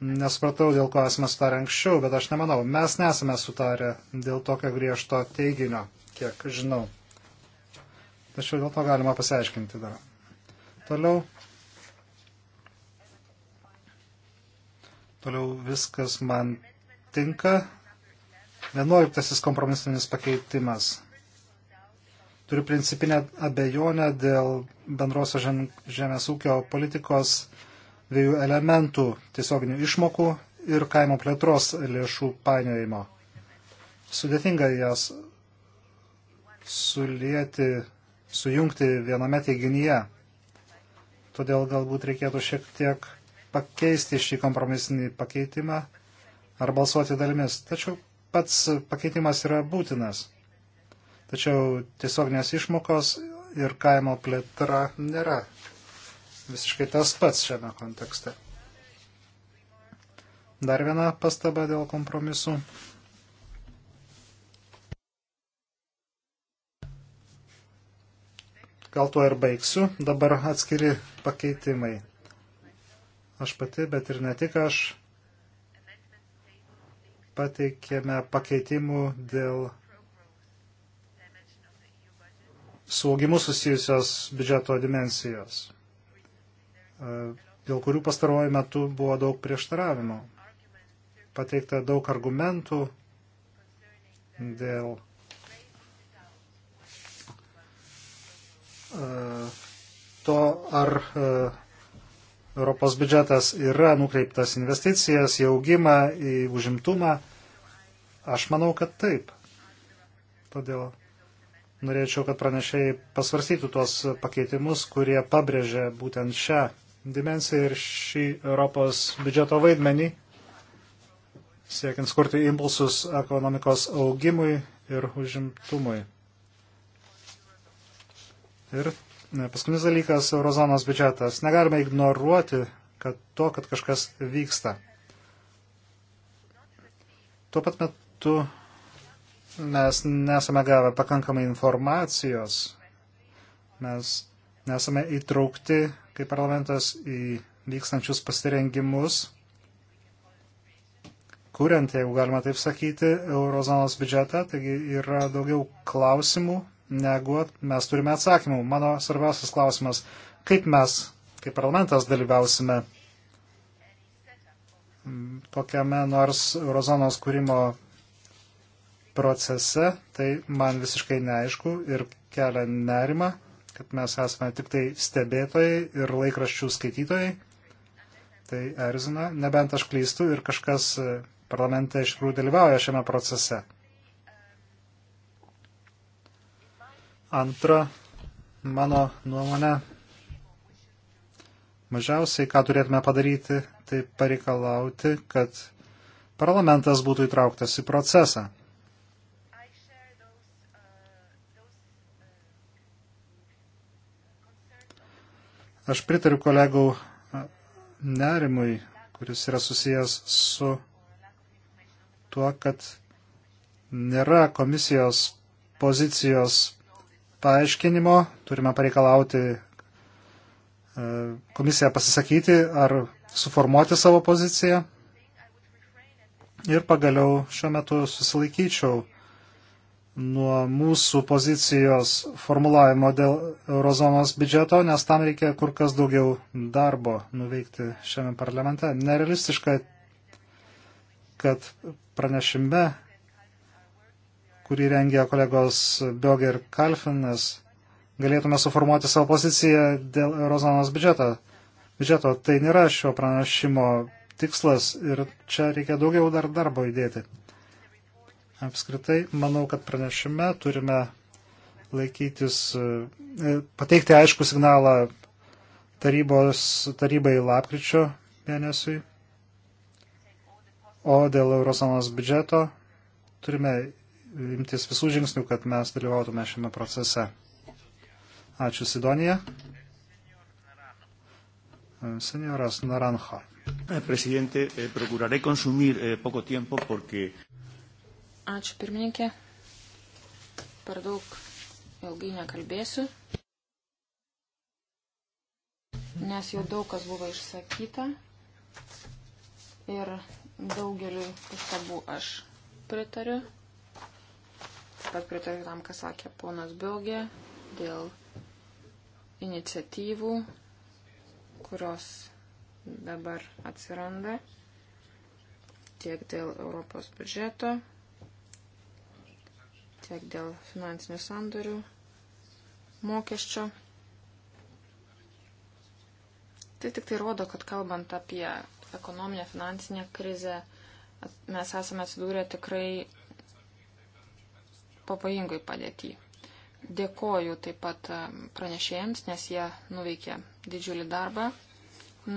nesupratau, dėl ko esame sutarę anksčiau, bet aš nemanau. Mes nesame sutarę dėl tokio griežto teiginio, kiek žinau. Tačiau dėl to galima pasiaiškinti dar. Toliau. Toliau viskas man tinka. 11 kompromisinis pakeitimas turiu principinę abejonę dėl bendrosios žemės ūkio politikos dviejų elementų - tiesioginių išmokų ir kaimo plėtros lėšų painiojimo. Sudėtinga jas sulėti, sujungti viename teiginyje. Todėl galbūt reikėtų šiek tiek pakeisti šį kompromisinį pakeitimą ar balsuoti dalimis. Tačiau pats pakeitimas yra būtinas Tačiau tiesioginės išmokos ir kaimo plėtra nėra visiškai tas pats šiame kontekste. Dar viena pastaba dėl kompromisų. Gal tuo ir baigsiu. Dabar atskiri pakeitimai. Aš pati, bet ir ne tik aš pateikėme pakeitimų dėl su augimu susijusios biudžeto dimensijos, e, dėl kurių pastaruoju metu buvo daug prieštaravimų. Pateikta daug argumentų dėl e, to, ar e, Europos biudžetas yra nukreiptas investicijas į augimą, į užimtumą. Aš manau, kad taip. Todėl norėčiau, kad pranešėjai pasvarstytų tuos pakeitimus, kurie pabrėžia būtent šią dimensiją ir šį Europos biudžeto vaidmenį, siekiant skurti impulsus ekonomikos augimui ir užimtumui. Ir e, paskutinis dalykas - eurozonos biudžetas. Negalime ignoruoti kad to, kad kažkas vyksta. Tuo pat metu mes nesame gavę pakankamai informacijos, mes nesame įtraukti kaip parlamentas į vykstančius pasirengimus, kuriant, jeigu galima taip sakyti, eurozonos biudžetą, taigi yra daugiau klausimų negu mes turime atsakymų. Mano svarbiausias klausimas, kaip mes, kaip parlamentas, dalyvausime kokiame nors eurozonos kūrimo procese, tai man visiškai neaišku ir kelia nerima, kad mes esame tik tai stebėtojai ir laikraščių skaitytojai. Tai erzina, nebent aš klystu ir kažkas e, parlamente iš tikrųjų dalyvauja šiame procese. Antra, mano nuomonė, mažiausiai, ką turėtume padaryti, tai pareikalauti, kad parlamentas būtų įtrauktas į procesą. Aš pritariu kolegų nerimui, kuris yra susijęs su tuo, kad nėra komisijos pozicijos paaiškinimo, turime pareikalauti e, komisiją pasisakyti ar suformuoti savo poziciją. Ir pagaliau šiuo metu susilaikyčiau nuo mūsų pozicijos formulavimo dėl eurozonos biudžeto, nes tam reikia kur kas daugiau darbo nuveikti šiame parlamente. Nerealistiška, kad pranešime, kurį rengė kolegos Bioger Kalfinas, galėtume suformuoti savo poziciją dėl eurozonos biudžeto. biudžeto. Tai nėra šio pranešimo tikslas ir čia reikia daugiau dar darbo įdėti. Apskritai, manau, kad pranešime turime laikytis, e, pateikti aišku signalą tarybos, tarybai lapkričio mėnesiui. O dėl eurozonos biudžeto turime imtis visų žingsnių, kad mes dalyvautume šiame procese. Ačiū Sidonija. E, Senioras Naranjo. Presidente, eh, procuraré consumir eh, poco tiempo porque. Ačiū pirmininkė. Per daug ilgai nekalbėsiu, nes jau daug kas buvo išsakyta ir daugeliu pastabų aš pritariu. Taip pat pritariu tam, ką sakė ponas Biogė dėl iniciatyvų, kurios dabar atsiranda tiek dėl Europos biudžeto tiek dėl finansinių sandorių mokesčio. Tai tik tai rodo, kad kalbant apie ekonominę finansinę krizę, mes esame atsidūrę tikrai papajingui padėti. Dėkoju taip pat pranešėjams, nes jie nuveikė didžiulį darbą.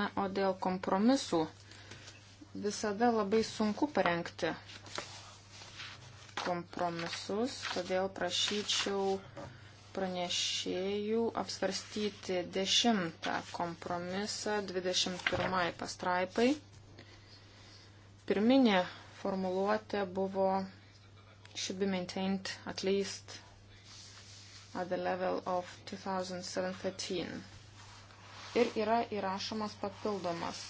Na, o dėl kompromisų visada labai sunku parengti kompromisus, todėl prašyčiau pranešėjų apsvarstyti dešimtą kompromisą 21 pastraipai. Pirminė formuluotė buvo should be maintained at least at the level of 2013. Ir yra įrašomas papildomas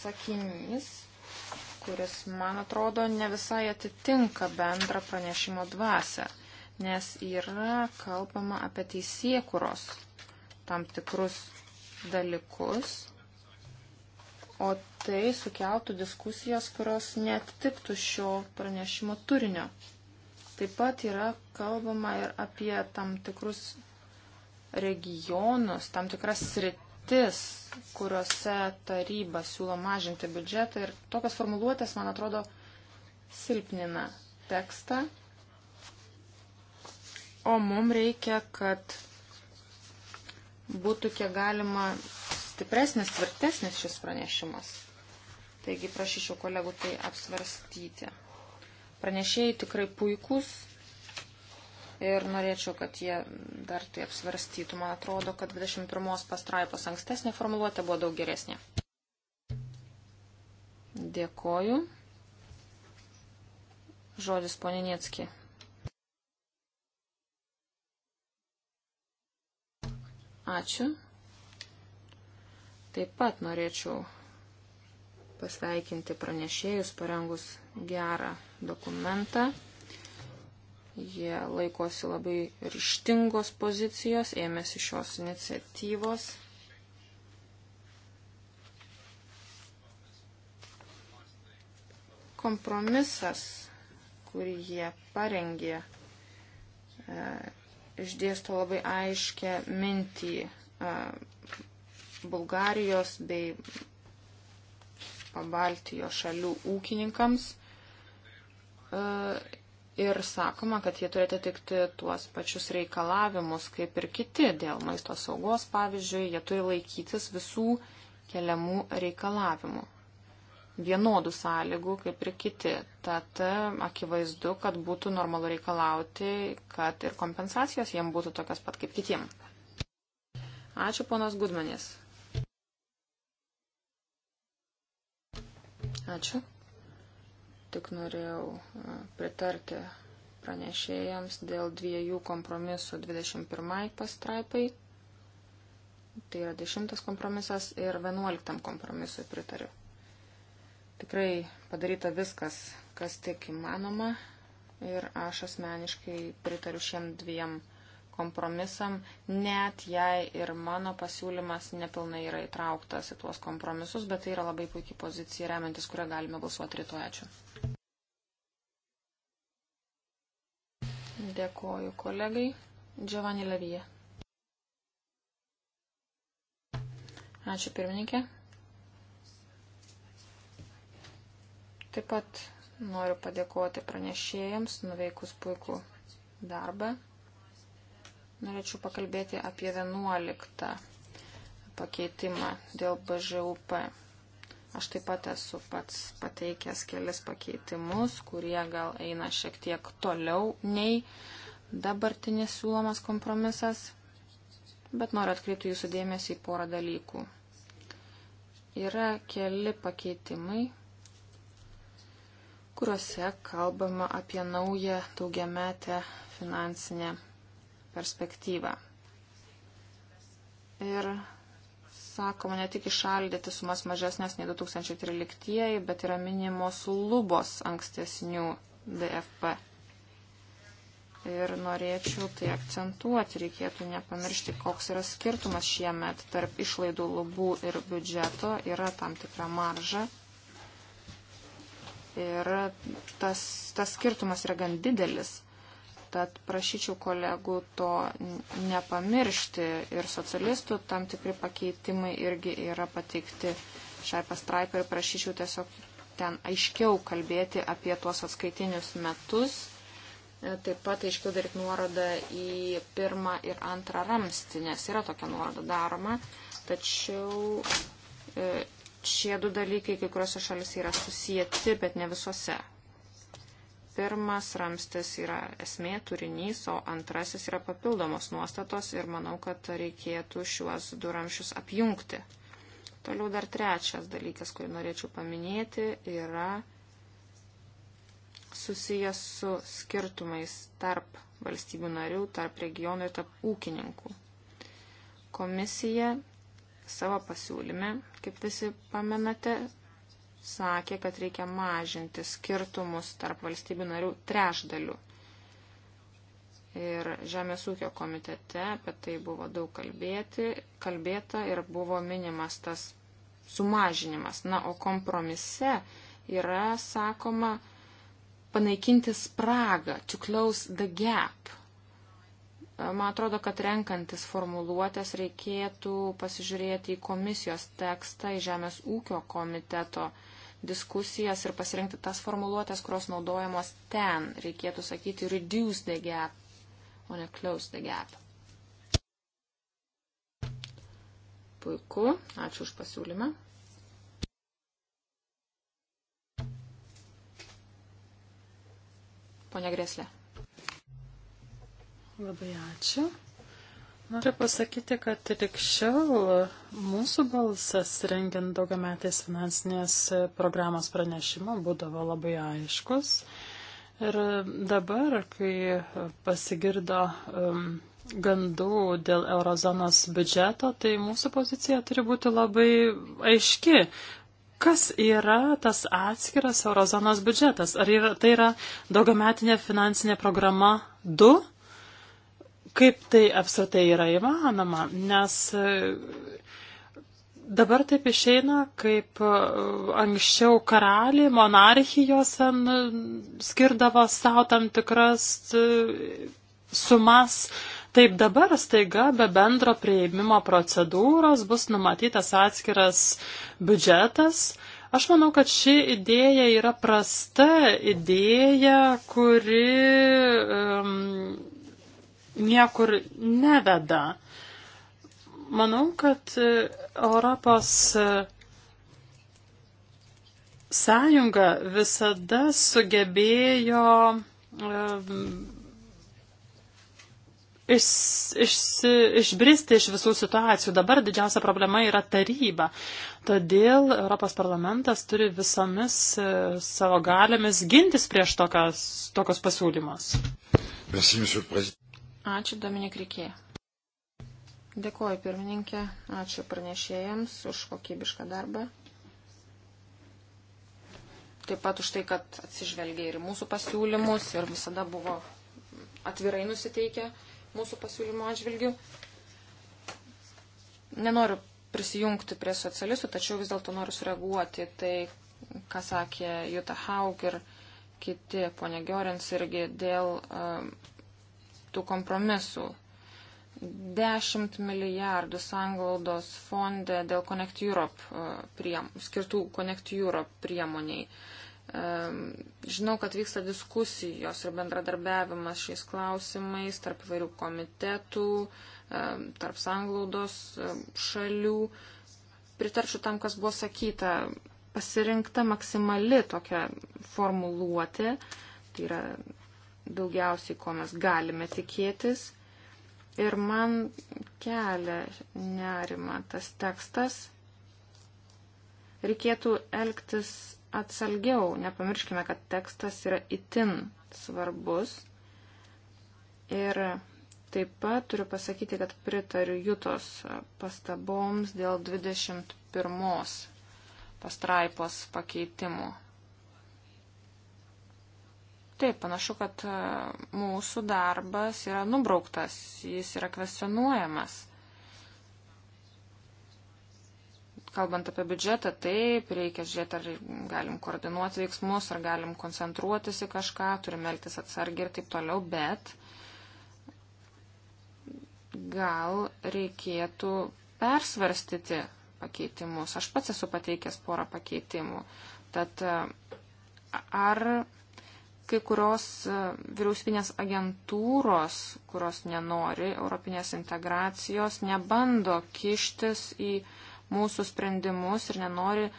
sakinys kuris, man atrodo, ne visai atitinka bendrą pranešimo dvasę, nes yra kalbama apie teisėkuros tam tikrus dalykus, o tai sukeltų diskusijos, kurios netitiktų šio pranešimo turinio. Taip pat yra kalbama ir apie tam tikrus regionus, tam tikras sritis sritis, kuriuose taryba siūlo mažinti biudžetą ir tokios formuluotės, man atrodo, silpnina tekstą. O mums reikia, kad būtų kiek galima stipresnis, tvirtesnis šis pranešimas. Taigi prašyčiau kolegų tai apsvarstyti. Pranešėjai tikrai puikus, ir norėčiau, kad jie dar tai apsvarstytų. Man atrodo, kad 21 pastraipos ankstesnė formuluotė buvo daug geresnė. Dėkoju. Žodis poniniecki. Ačiū. Taip pat norėčiau pasveikinti pranešėjus parengus gerą dokumentą. Jie laikosi labai ryštingos pozicijos, ėmėsi šios iniciatyvos. Kompromisas, kurį jie parengė, e, išdėsto labai aiškę mintį e, Bulgarijos bei Pabaltijo šalių ūkininkams. E, ir sakoma, kad jie turėtų tikti tuos pačius reikalavimus kaip ir kiti dėl maisto saugos, pavyzdžiui, jie turi laikytis visų keliamų reikalavimų. Vienodų sąlygų kaip ir kiti. Tad e, akivaizdu, kad būtų normalu reikalauti, kad ir kompensacijos jiem būtų tokios pat kaip kitiem. Ačiū ponas Gudmanis. Ačiū. Tik norėjau e, pritarti pranešėjams dėl dviejų kompromisų 21 pastraipai. Tai yra 10 kompromisas ir 11 kompromisui pritariu. Tikrai padaryta viskas, kas tik įmanoma ir aš asmeniškai pritariu šiem dviem kompromisam, net jei ir mano pasiūlymas nepilnai yra įtrauktas į tuos kompromisus, bet tai yra labai puikiai pozicija, remiantis kurią galime balsuoti rytoj. Ačiū. Dėkoju kolegai Giovanni Lavija. Ačiū pirmininkė. Taip pat noriu padėkoti pranešėjams, nuveikus puikų darbą. Norėčiau pakalbėti apie 11 pakeitimą dėl BŽUP. Aš taip pat esu pats pateikęs kelis pakeitimus, kurie gal eina šiek tiek toliau nei dabartinis siūlomas kompromisas, bet noriu atkreipti jūsų dėmesį į porą dalykų. Yra keli pakeitimai, kuriuose kalbama apie naują daugiametę finansinę perspektyvą. Ir sakoma ne tik išaldyti sumas mažesnės nei 2013, bet yra minimos lubos ankstesnių DFP. Ir norėčiau tai akcentuoti, reikėtų nepamiršti, koks yra skirtumas šiemet tarp išlaidų lubų ir biudžeto, yra tam tikra marža. Ir tas, tas skirtumas yra gan didelis. Tad prašyčiau kolegų to nepamiršti ir socialistų tam tikri pakeitimai irgi yra pateikti šiai pastraipai ir prašyčiau tiesiog ten aiškiau kalbėti apie tuos atskaitinius metus. E, taip pat aiškiau daryti nuorodą į pirmą ir antrą ramstį, nes yra tokia nuoroda daroma, tačiau e, šie du dalykai kai kuriuose šalise yra susijęti, bet ne visuose. Pirmas ramstis yra esmė, turinys, o antrasis yra papildomos nuostatos ir manau, kad reikėtų šiuos du ramšius apjungti. Toliau dar trečias dalykas, kurį norėčiau paminėti, yra susijęs su skirtumais tarp valstybių narių, tarp regionų ir tarp ūkininkų. Komisija savo pasiūlyme, kaip visi pamenate, sakė, kad reikia mažinti skirtumus tarp valstybių narių trešdalių. Ir Žemės ūkio komitete apie tai buvo daug kalbėti, kalbėta ir buvo minimas tas sumažinimas. Na, o kompromise yra sakoma panaikinti spragą, to close the gap. Man atrodo, kad renkantis formuluotės reikėtų pasižiūrėti į komisijos tekstą, į Žemės ūkio komiteto tekstą diskusijas ir pasirinkti tas formuluotės, kurios naudojamos ten. Reikėtų sakyti reduce the gap, o ne close the gap. Puiku, ačiū už pasiūlymą. Pone Greslė. Labai ačiū. Noriu pasakyti, kad tik šiol mūsų balsas rengiant daugiametės finansinės programos pranešimą būdavo labai aiškus. Ir dabar, kai pasigirdo um, gandų dėl eurozonos biudžeto, tai mūsų pozicija turi būti labai aiški. Kas yra tas atskiras eurozonos biudžetas? Ar yra, tai yra daugiametinė finansinė programa 2? kaip tai apsratai yra įmanoma, nes e, dabar taip išeina, kaip e, anksčiau karaliai monarchijose skirdavo savo tam tikras e, sumas. Taip dabar staiga be bendro prieimimo procedūros bus numatytas atskiras biudžetas. Aš manau, kad ši idėja yra prasta idėja, kuri um, niekur neveda. Manau, kad e, Europos e, sąjunga visada sugebėjo e, iš, iš, išbristi iš visų situacijų. Dabar didžiausia problema yra taryba. Todėl Europos parlamentas turi visomis savo galėmis gintis prieš tokios, tokios pasiūlymus. Merci, Ačiū, Dominik Rikė. Dėkuoju, pirmininkė. Ačiū pranešėjams už kokybišką darbą. Taip pat už tai, kad atsižvelgia ir mūsų pasiūlymus ir visada buvo atvirai nusiteikę mūsų pasiūlymo atžvilgių. Nenoriu prisijungti prie socialistų, tačiau vis dėlto noriu sureaguoti tai, ką sakė Jutta Haug ir kiti, ponia Giorins, irgi dėl uh, tų kompromisų. 10 milijardų sanglaudos fonde dėl Connect Europe e, priem, skirtų Connect Europe priemoniai. E, žinau, kad vyksta diskusijos ir bendradarbiavimas šiais klausimais tarp įvairių komitetų, e, tarp sanglaudos šalių. Pritarčiau tam, kas buvo sakyta, pasirinkta maksimali tokia formuluotė, tai yra daugiausiai, ko mes galime tikėtis. Ir man kelia nerima tas tekstas. Reikėtų elgtis atsalgiau. Nepamirškime, kad tekstas yra itin svarbus. Ir taip pat turiu pasakyti, kad pritariu Jutos pastaboms dėl 21 pastraipos pakeitimų. Taip, panašu, kad e, mūsų darbas yra nubrauktas, jis yra kvestionuojamas. Kalbant apie biudžetą, taip, reikia žiūrėti, ar galim koordinuoti veiksmus, ar galim koncentruotis į kažką, turime elgtis atsargiai ir taip toliau, bet gal reikėtų persvarstyti pakeitimus. Aš pats esu pateikęs porą pakeitimų. Tad e, ar kai kurios e, vyriausybinės agentūros, kurios nenori europinės integracijos, nebando kištis į mūsų sprendimus ir nenori e,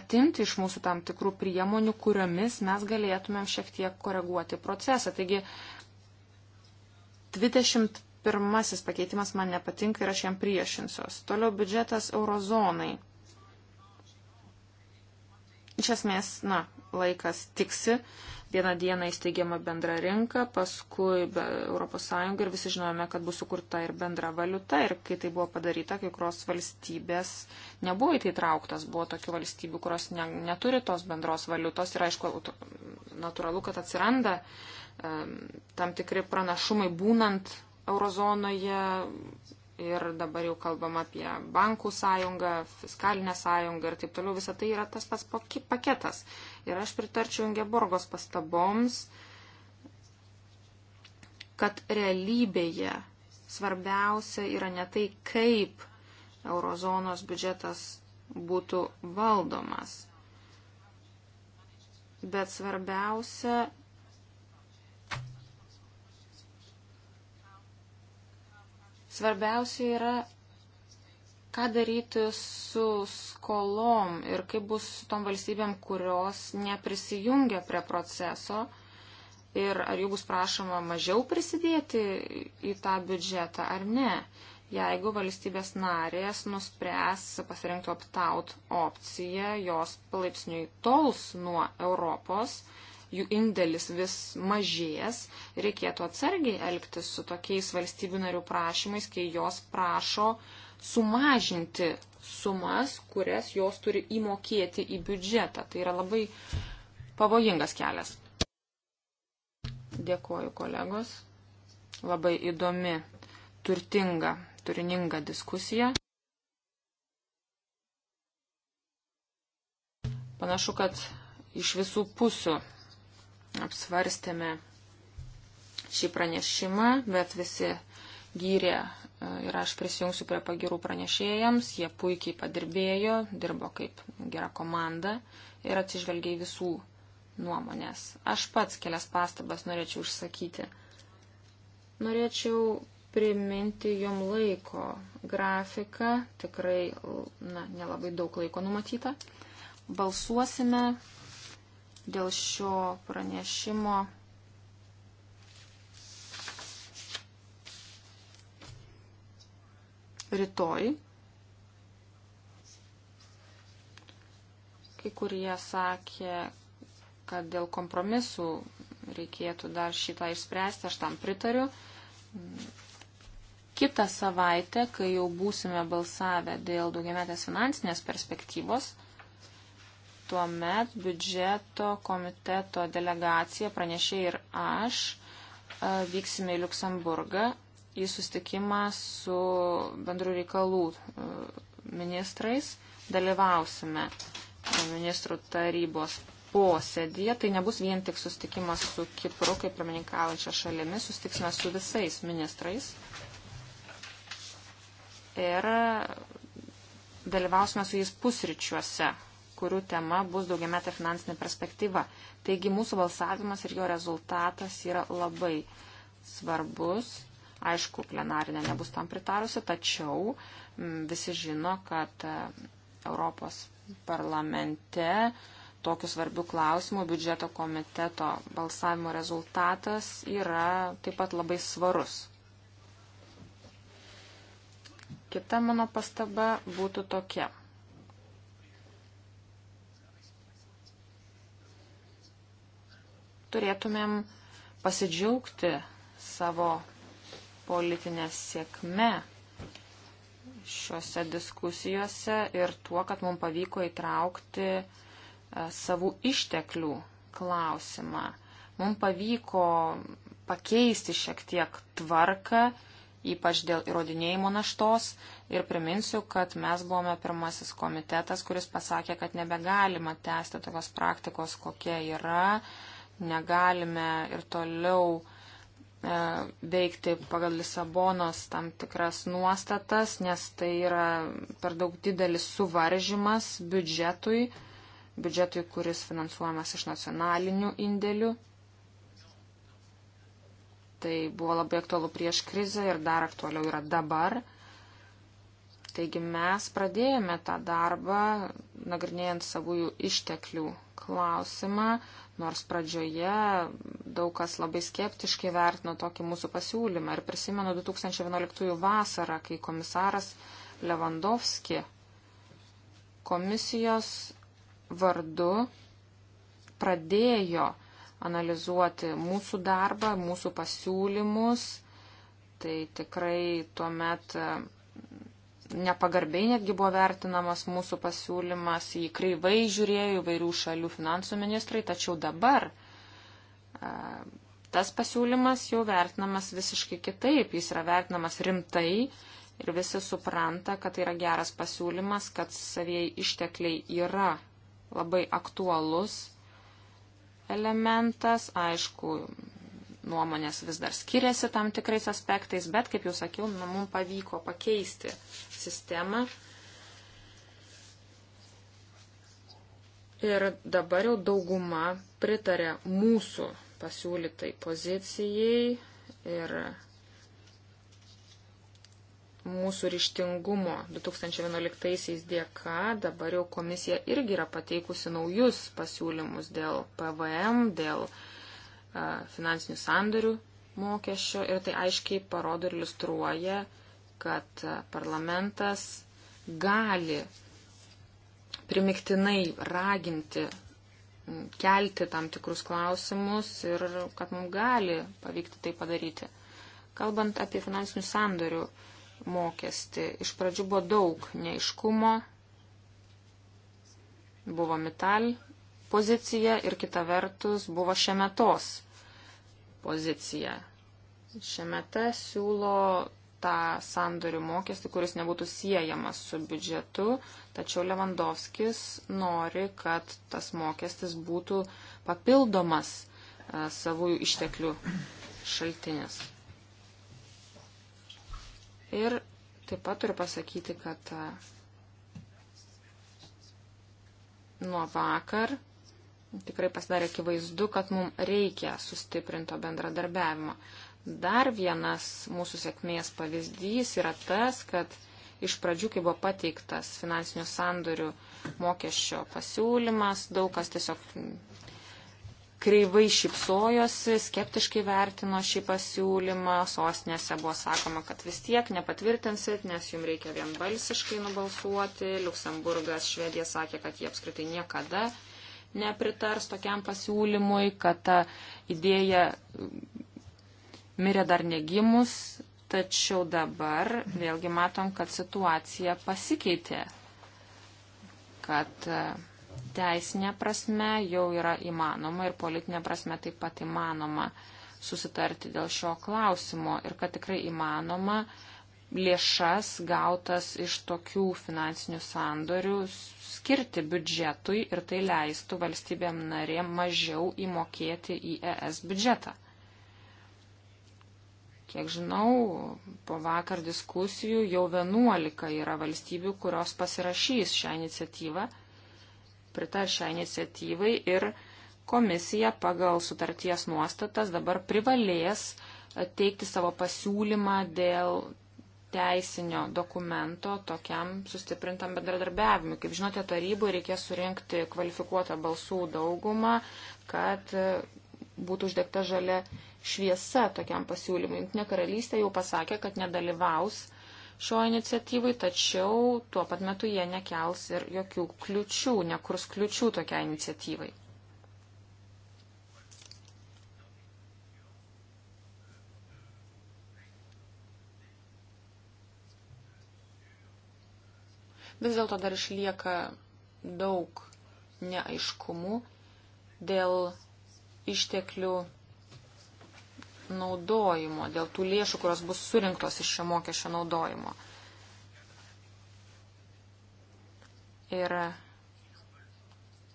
atimti iš mūsų tam tikrų priemonių, kuriomis mes galėtumėm šiek tiek koreguoti procesą. Taigi 21 pakeitimas man nepatinka ir aš jam priešinsiuos. Toliau biudžetas eurozonai. Iš esmės, na, laikas tiksi. Vieną dieną įsteigiama bendra rinka, paskui ES ir visi žinojame, kad bus sukurta ir bendra valiuta. Ir kai tai buvo padaryta, kai kurios valstybės nebuvo į tai trauktas, buvo tokių valstybių, kurios ne, neturi tos bendros valiutos. Ir aišku, natūralu, kad atsiranda um, tam tikri pranašumai būnant eurozonoje ir dabar jau kalbam apie bankų sąjungą, fiskalinę sąjungą ir taip toliau, visa tai yra tas pats paketas. Ir aš pritarčiau Ingeborgos pastaboms, kad realybėje svarbiausia yra ne tai, kaip eurozonos biudžetas būtų valdomas, bet svarbiausia Svarbiausia yra, ką daryti su skolom ir kaip bus su tom valstybėm, kurios neprisijungia prie proceso ir ar jų bus prašoma mažiau prisidėti į tą biudžetą ar ne. Jeigu valstybės narės nuspręs pasirinkti opt-out opciją, jos palaipsniui tols nuo Europos, jų indėlis vis mažės, reikėtų atsargiai elgtis su tokiais valstybių narių prašymais, kai jos prašo sumažinti sumas, kurias jos turi įmokėti į biudžetą. Tai yra labai pavojingas kelias. Dėkoju kolegos. Labai įdomi, turtinga, turininga diskusija. Panašu, kad iš visų pusių apsvarstėme šį pranešimą, bet visi gyrė e, ir aš prisijungsiu prie pagirų pranešėjams. Jie puikiai padirbėjo, dirbo kaip gera komanda ir atsižvelgiai visų nuomonės. Aš pats kelias pastabas norėčiau užsakyti. Norėčiau priminti jom laiko grafiką, tikrai na, nelabai daug laiko numatyta. Balsuosime dėl šio pranešimo. Rytoj kai kurie sakė, kad dėl kompromisų reikėtų dar šitą išspręsti, aš tam pritariu. Kita savaitė, kai jau būsime balsavę dėl daugiametės finansinės perspektyvos, tuomet biudžeto komiteto delegacija pranešė ir aš e, vyksime į Luksemburgą į sustikimą su bendrų reikalų e, ministrais. Dalyvausime e, ministrų tarybos posėdėje. Tai nebus vien tik sustikimas su Kipru, kaip pirmininkaujančia šalimi, sustiksime su visais ministrais. Ir dalyvausime su jais pusryčiuose kurių tema bus daugiametė finansinė perspektyva. Taigi mūsų balsavimas ir jo rezultatas yra labai svarbus. Aišku, plenarinė nebus tam pritarusi, tačiau visi žino, kad e, Europos parlamente tokiu svarbiu klausimu biudžeto komiteto balsavimo rezultatas yra taip pat labai svarus. Kita mano pastaba būtų tokia. turėtumėm pasidžiaugti savo politinę sėkmę šiuose diskusijose ir tuo, kad mums pavyko įtraukti e, savų išteklių klausimą. Mums pavyko pakeisti šiek tiek tvarką, ypač dėl įrodinėjimo naštos. Ir priminsiu, kad mes buvome pirmasis komitetas, kuris pasakė, kad nebegalima tęsti tokios praktikos, kokia yra negalime ir toliau e, veikti pagal Lisabonos tam tikras nuostatas, nes tai yra per daug didelis suvaržymas biudžetui, biudžetui, kuris finansuojamas iš nacionalinių indėlių. Tai buvo labai aktualu prieš krizę ir dar aktualiau yra dabar. Taigi mes pradėjome tą darbą, nagrinėjant savųjų išteklių klausimą, Nors pradžioje daug kas labai skeptiškai vertino tokį mūsų pasiūlymą. Ir prisimenu 2011 vasarą, kai komisaras Levandovski komisijos vardu pradėjo analizuoti mūsų darbą, mūsų pasiūlymus. Tai tikrai tuomet nepagarbiai netgi buvo vertinamas mūsų pasiūlymas, jį kreivai žiūrėjo įvairių šalių finansų ministrai, tačiau dabar tas pasiūlymas jau vertinamas visiškai kitaip, jis yra vertinamas rimtai ir visi supranta, kad tai yra geras pasiūlymas, kad savieji ištekliai yra labai aktualus elementas, aišku, nuomonės vis dar skiriasi tam tikrais aspektais, bet, kaip jau sakiau, nu, mums pavyko pakeisti sistemą. Ir dabar jau dauguma pritarė mūsų pasiūlytai pozicijai ir mūsų ryštingumo 2011-aisiais dėka dabar jau komisija irgi yra pateikusi naujus pasiūlymus dėl PVM, dėl uh, finansinių sandorių mokesčio ir tai aiškiai parodo ir iliustruoja, kad parlamentas gali primiktinai raginti, kelti tam tikrus klausimus ir kad mums gali pavykti tai padaryti. Kalbant apie finansinių sandorių mokestį, iš pradžių buvo daug neiškumo, buvo metal pozicija ir kita vertus buvo šiemetos pozicija. Šiemeta siūlo tą sandorių mokestį, kuris nebūtų siejamas su biudžetu, tačiau Levandovskis nori, kad tas mokestis būtų papildomas e, savųjų išteklių šaltinis. Ir taip pat turiu pasakyti, kad e, nuo vakar tikrai pasidarė akivaizdu, kad mums reikia sustiprinto bendradarbiavimo. Dar vienas mūsų sėkmės pavyzdys yra tas, kad iš pradžių, kai buvo pateiktas finansinių sandorių mokesčio pasiūlymas, daug kas tiesiog kreivai šipsojosi, skeptiškai vertino šį pasiūlymą, sostinėse buvo sakoma, kad vis tiek nepatvirtinsit, nes jums reikia vienbalsiškai nubalsuoti, Luksemburgas, Švedija sakė, kad jie apskritai niekada nepritars tokiam pasiūlymui, kad ta idėja mirė dar negimus, tačiau dabar vėlgi matom, kad situacija pasikeitė, kad e, teisinė prasme jau yra įmanoma ir politinė prasme taip pat įmanoma susitarti dėl šio klausimo ir kad tikrai įmanoma uh, lėšas gautas iš tokių finansinių sandorių skirti biudžetui ir tai leistų valstybėm narėm mažiau įmokėti į ES biudžetą. Kiek žinau, po vakar diskusijų jau 11 yra valstybių, kurios pasirašys šią iniciatyvą, pritar šią iniciatyvai ir komisija pagal sutarties nuostatas dabar privalės teikti savo pasiūlymą dėl teisinio dokumento tokiam sustiprintam bendradarbiavimui. Kaip žinote, tarybui reikės surinkti kvalifikuotą balsų daugumą, kad e, būtų uždegta žalia šviesa tokiam pasiūlymui. Junktinė karalystė jau pasakė, kad nedalyvaus šio iniciatyvai, tačiau tuo pat metu jie nekels ir jokių kliučių, nekurs kliučių tokiai iniciatyvai. Vis dėlto dar išlieka daug neaiškumų dėl išteklių naudojimo, dėl tų lėšų, kurios bus surinktos iš šio mokesčio naudojimo. Ir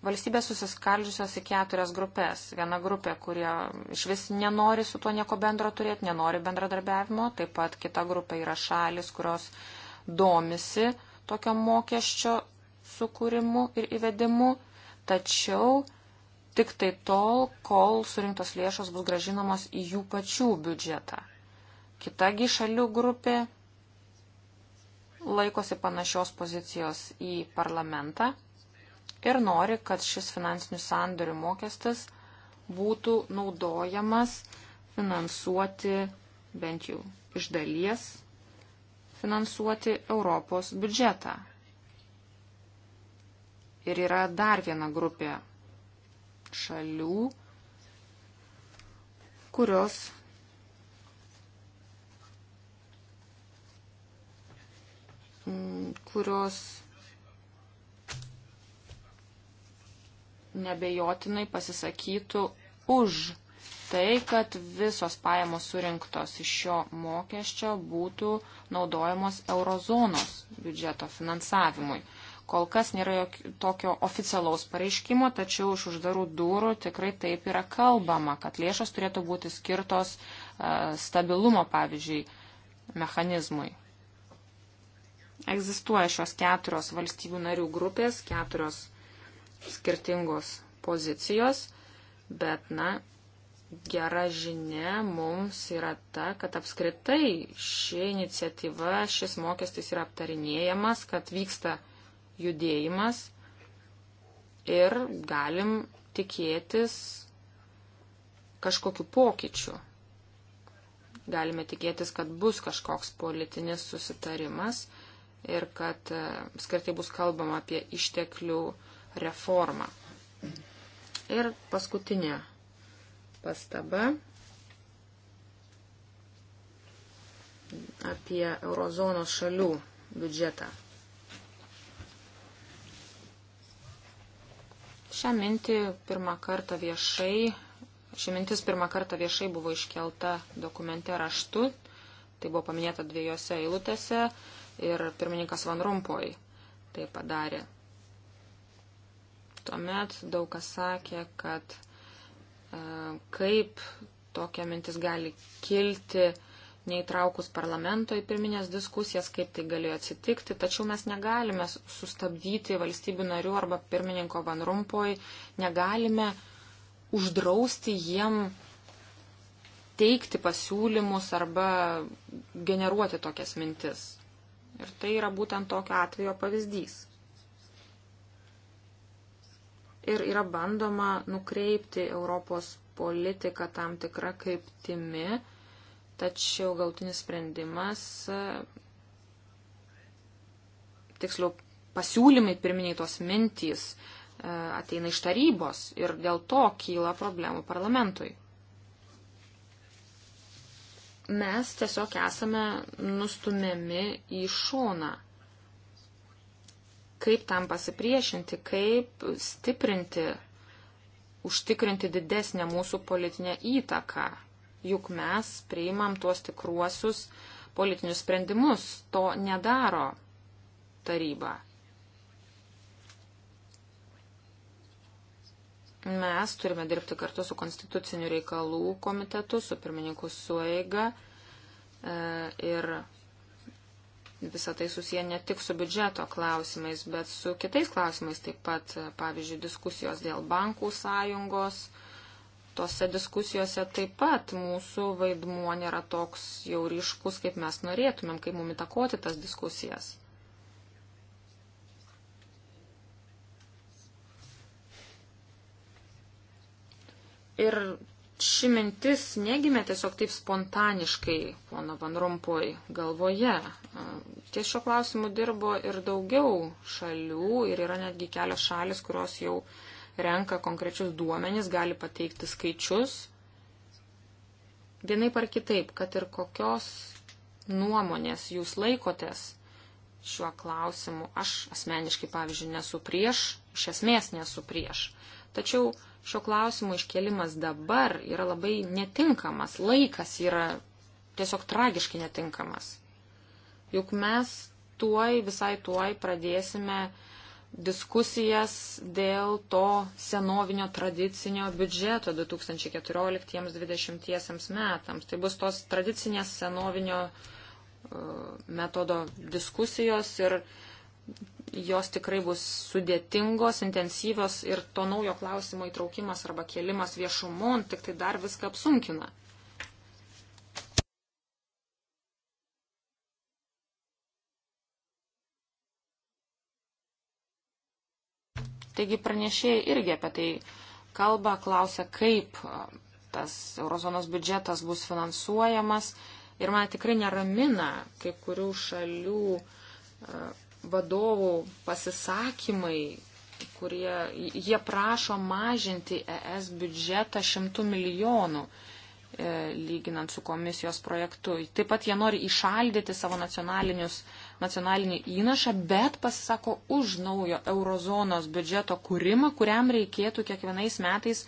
valstybės susiskaldžiusios į keturias grupės. Viena grupė, kurie iš vis nenori su tuo nieko bendro turėti, nenori bendradarbiavimo. Taip pat kita grupė yra šalis, kurios domisi uh, tokio mokesčio sukūrimu ir įvedimu, tačiau tik tai tol, kol surinktos lėšos bus gražinamos į jų pačių biudžetą. Kitagi šalių grupė laikosi panašios pozicijos į parlamentą ir nori, kad šis finansinių sandorių mokestis būtų naudojamas finansuoti bent jau iš dalies finansuoti Europos biudžetą. Ir yra dar viena grupė šalių, kurios kurios nebejotinai pasisakytų už tai, kad visos pajamos surinktos iš šio mokesčio būtų naudojamos eurozonos biudžeto finansavimui. Kol kas nėra jok, tokio oficialaus pareiškimo, tačiau už uždarų durų tikrai taip yra kalbama, kad lėšos turėtų būti skirtos uh, stabilumo, pavyzdžiui, mechanizmui. Egzistuoja šios keturios valstybių narių grupės, keturios skirtingos pozicijos, bet, na, gera žinia mums yra ta, kad apskritai ši iniciatyva, šis mokestis yra aptarinėjamas, kad vyksta judėjimas ir galim tikėtis kažkokiu pokyčiu. Galime tikėtis, kad bus kažkoks politinis susitarimas ir kad e, skirtai bus kalbama apie išteklių reformą. Ir paskutinė pastaba apie eurozonos šalių biudžetą. Šią mintį pirmą kartą viešai, ši mintis pirmą kartą viešai buvo iškelta dokumente raštu, tai buvo paminėta dviejose eilutėse ir pirmininkas Van Rumpoj tai padarė. Tuomet daug kas sakė, kad kaip tokia mintis gali kilti neįtraukus parlamento į pirminės diskusijas, kaip tai galėjo atsitikti, tačiau mes negalime sustabdyti valstybių narių arba pirmininko Van Rumpoj, negalime uždrausti jiem teikti pasiūlymus arba generuoti tokias mintis. Ir tai yra būtent tokio atvejo pavyzdys ir yra bandoma nukreipti Europos politiką tam tikrą kryptimi, tačiau gautinis sprendimas, tiksliau pasiūlymai pirminiai tos mintys e, ateina iš tarybos ir dėl to kyla problemų parlamentui. Mes tiesiog esame nustumiami į šoną kaip tam pasipriešinti, kaip stiprinti, užtikrinti didesnę mūsų politinę įtaką. Juk mes priimam tuos tikruosius politinius sprendimus, to nedaro taryba. Mes turime dirbti kartu su konstituciniu reikalų komitetu, su pirmininku sueiga e, ir visą tai susiję ne tik su biudžeto klausimais, bet su kitais klausimais taip pat, pavyzdžiui, diskusijos dėl bankų sąjungos. Tose diskusijose taip pat mūsų vaidmuo nėra toks jau ryškus, kaip mes norėtumėm, kaip mum įtakoti tas diskusijas. Ir ši mintis negimė tiesiog taip spontaniškai pono Van Rompoj galvoje. Ties šio klausimu dirbo ir daugiau šalių ir yra netgi kelios šalis, kurios jau renka konkrečius duomenis, gali pateikti skaičius. Vienai par kitaip, kad ir kokios nuomonės jūs laikotės šiuo klausimu, aš asmeniškai, pavyzdžiui, nesu prieš, iš esmės nesu prieš. Tačiau šio klausimo iškelimas dabar yra labai netinkamas, laikas yra tiesiog tragiškai netinkamas. Juk mes tuoj, visai tuoj pradėsime diskusijas dėl to senovinio tradicinio biudžeto 2014-2020 metams. Tai bus tos tradicinės senovinio uh, metodo diskusijos ir uh, jos tikrai bus sudėtingos, intensyvios ir to naujo klausimo įtraukimas arba kėlimas viešumon tik tai dar viską apsunkina. Taigi pranešėjai irgi apie tai kalba, klausia, kaip tas eurozonos biudžetas bus finansuojamas. Ir man tikrai neramina kai kurių šalių vadovų pasisakymai, kurie jie prašo mažinti ES biudžetą šimtų milijonų e, lyginant su komisijos projektu. Taip pat jie nori išaldyti savo nacionalinį įnašą, bet pasisako už naujo eurozonos biudžeto kūrimą, kuriam reikėtų kiekvienais metais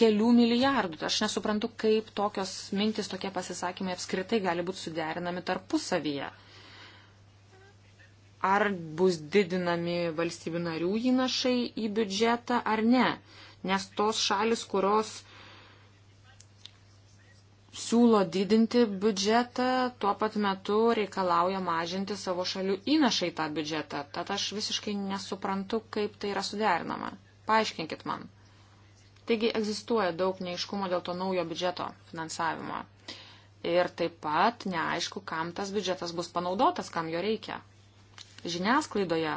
kelių milijardų. Aš nesuprantu, kaip tokios mintis, tokie pasisakymai apskritai gali būti suderinami tarpusavyje ar bus didinami valstybių narių įnašai į biudžetą ar ne. Nes tos šalis, kurios siūlo didinti biudžetą, tuo pat metu reikalauja mažinti savo šalių įnašai tą biudžetą. Tad aš visiškai nesuprantu, kaip tai yra suderinama. Paaiškinkit man. Taigi egzistuoja daug neiškumo dėl to naujo biudžeto finansavimo. Ir taip pat neaišku, kam tas biudžetas bus panaudotas, kam jo reikia žiniasklaidoje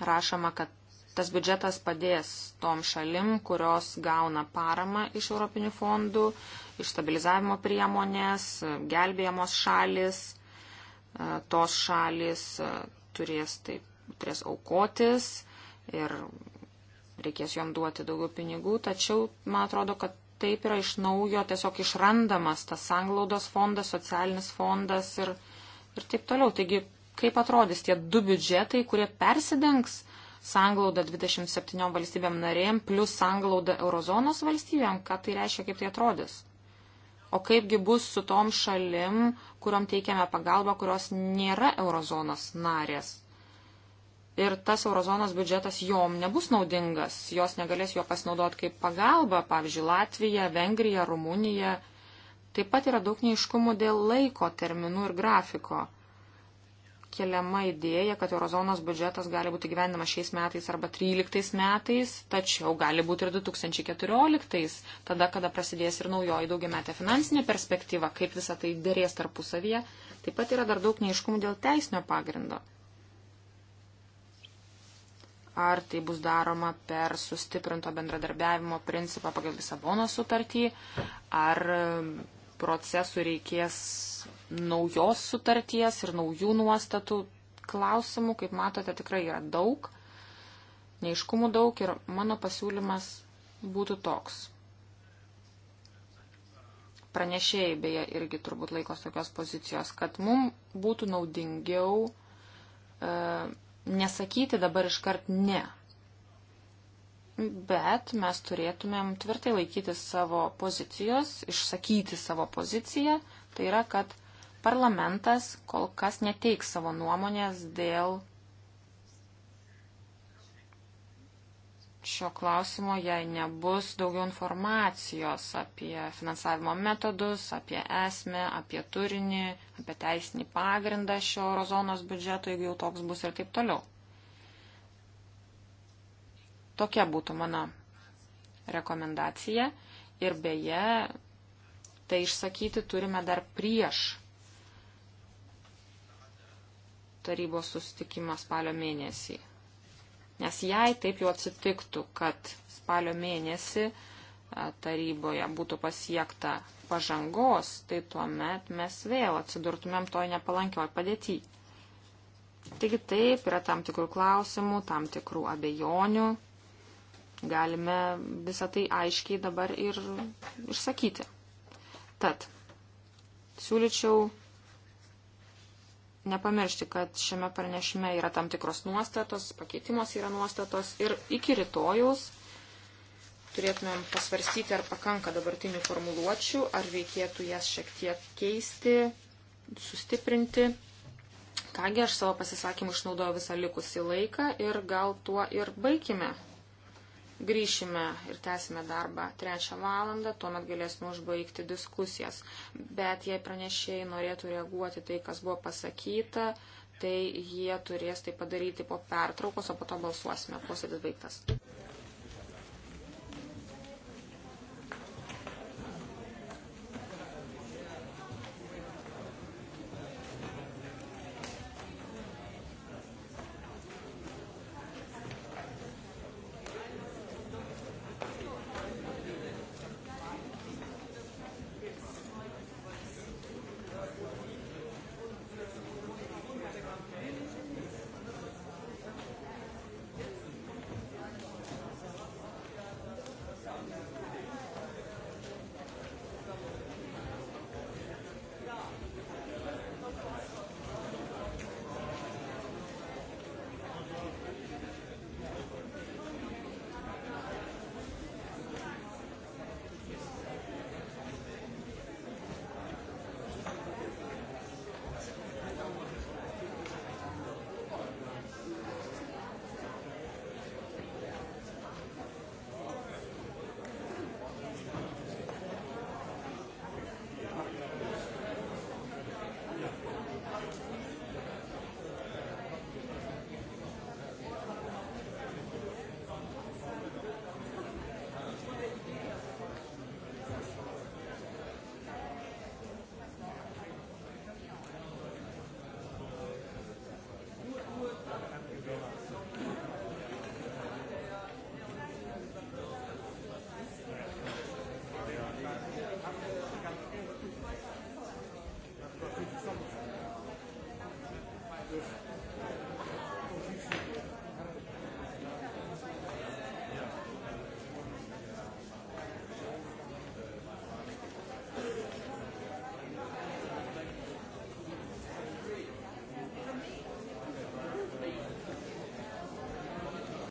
rašoma, kad tas biudžetas padės tom šalim, kurios gauna paramą iš Europinių fondų, iš stabilizavimo priemonės, gelbėjamos šalis, e, tos šalis e, turės, taip, turės aukotis ir reikės jom duoti daugiau pinigų, tačiau man atrodo, kad taip yra iš naujo tiesiog išrandamas tas sanglaudos fondas, socialinis fondas ir, ir taip toliau. Taigi kaip atrodys tie du biudžetai, kurie persidengs sanglauda 27 valstybėm narėm plus sanglauda eurozonos valstybėm, ką tai reiškia, kaip tai atrodys. O kaipgi bus su tom šalim, kuriuom teikiame pagalbą, kurios nėra eurozonos narės. Ir tas eurozonos biudžetas jom nebus naudingas, jos negalės jo pasinaudoti kaip pagalba, pavyzdžiui, Latvija, Vengrija, Rumunija. Taip pat yra daug neiškumų dėl laiko terminų ir grafiko keliama idėja, kad eurozonos biudžetas gali būti gyvenimas šiais metais arba 13 metais, tačiau gali būti ir 2014, tada, kada prasidės ir naujoji daugiametė finansinė perspektyva, kaip visa tai dėrės tarpusavyje. Taip pat yra dar daug neiškumų dėl teisinio pagrindo. Ar tai bus daroma per sustiprinto bendradarbiavimo principą pagal Lisabono sutartį, ar procesų reikės naujos sutarties ir naujų nuostatų klausimų, kaip matote, tikrai yra daug, neiškumų daug ir mano pasiūlymas būtų toks. Pranešėjai beje irgi turbūt laikos tokios pozicijos, kad mums būtų naudingiau e, nesakyti dabar iškart ne. Bet mes turėtumėm tvirtai laikyti savo pozicijos, išsakyti savo poziciją, tai yra, kad Parlamentas kol kas neteiks savo nuomonės dėl šio klausimo, jei nebus daugiau informacijos apie finansavimo metodus, apie esmę, apie turinį, apie teisinį pagrindą šio eurozonos biudžeto, jeigu jau toks bus ir taip toliau. Tokia būtų mano rekomendacija ir beje, tai išsakyti turime dar prieš tarybos susitikimą spalio mėnesį. Nes jei taip jau atsitiktų, kad spalio mėnesį taryboje būtų pasiekta pažangos, tai tuomet mes vėl atsidurtumėm toj nepalankioj padėtyj. Taigi taip, yra tam tikrų klausimų, tam tikrų abejonių. Galime visą tai aiškiai dabar ir išsakyti. Tad siūlyčiau nepamiršti, kad šiame pranešime yra tam tikros nuostatos, pakeitimos yra nuostatos ir iki rytojaus turėtumėm pasvarstyti, ar pakanka dabartinių formuluočių, ar reikėtų jas šiek tiek keisti, sustiprinti. Kągi, aš savo pasisakymą išnaudoju visą likusį laiką ir gal tuo ir baigime Grįšime ir tęsime darbą trečią valandą, tuomet galėsime užbaigti diskusijas. Bet jei pranešėjai norėtų reaguoti tai, kas buvo pasakyta, tai jie turės tai padaryti po pertraukos, o po to balsuosime. Posėdis baigtas.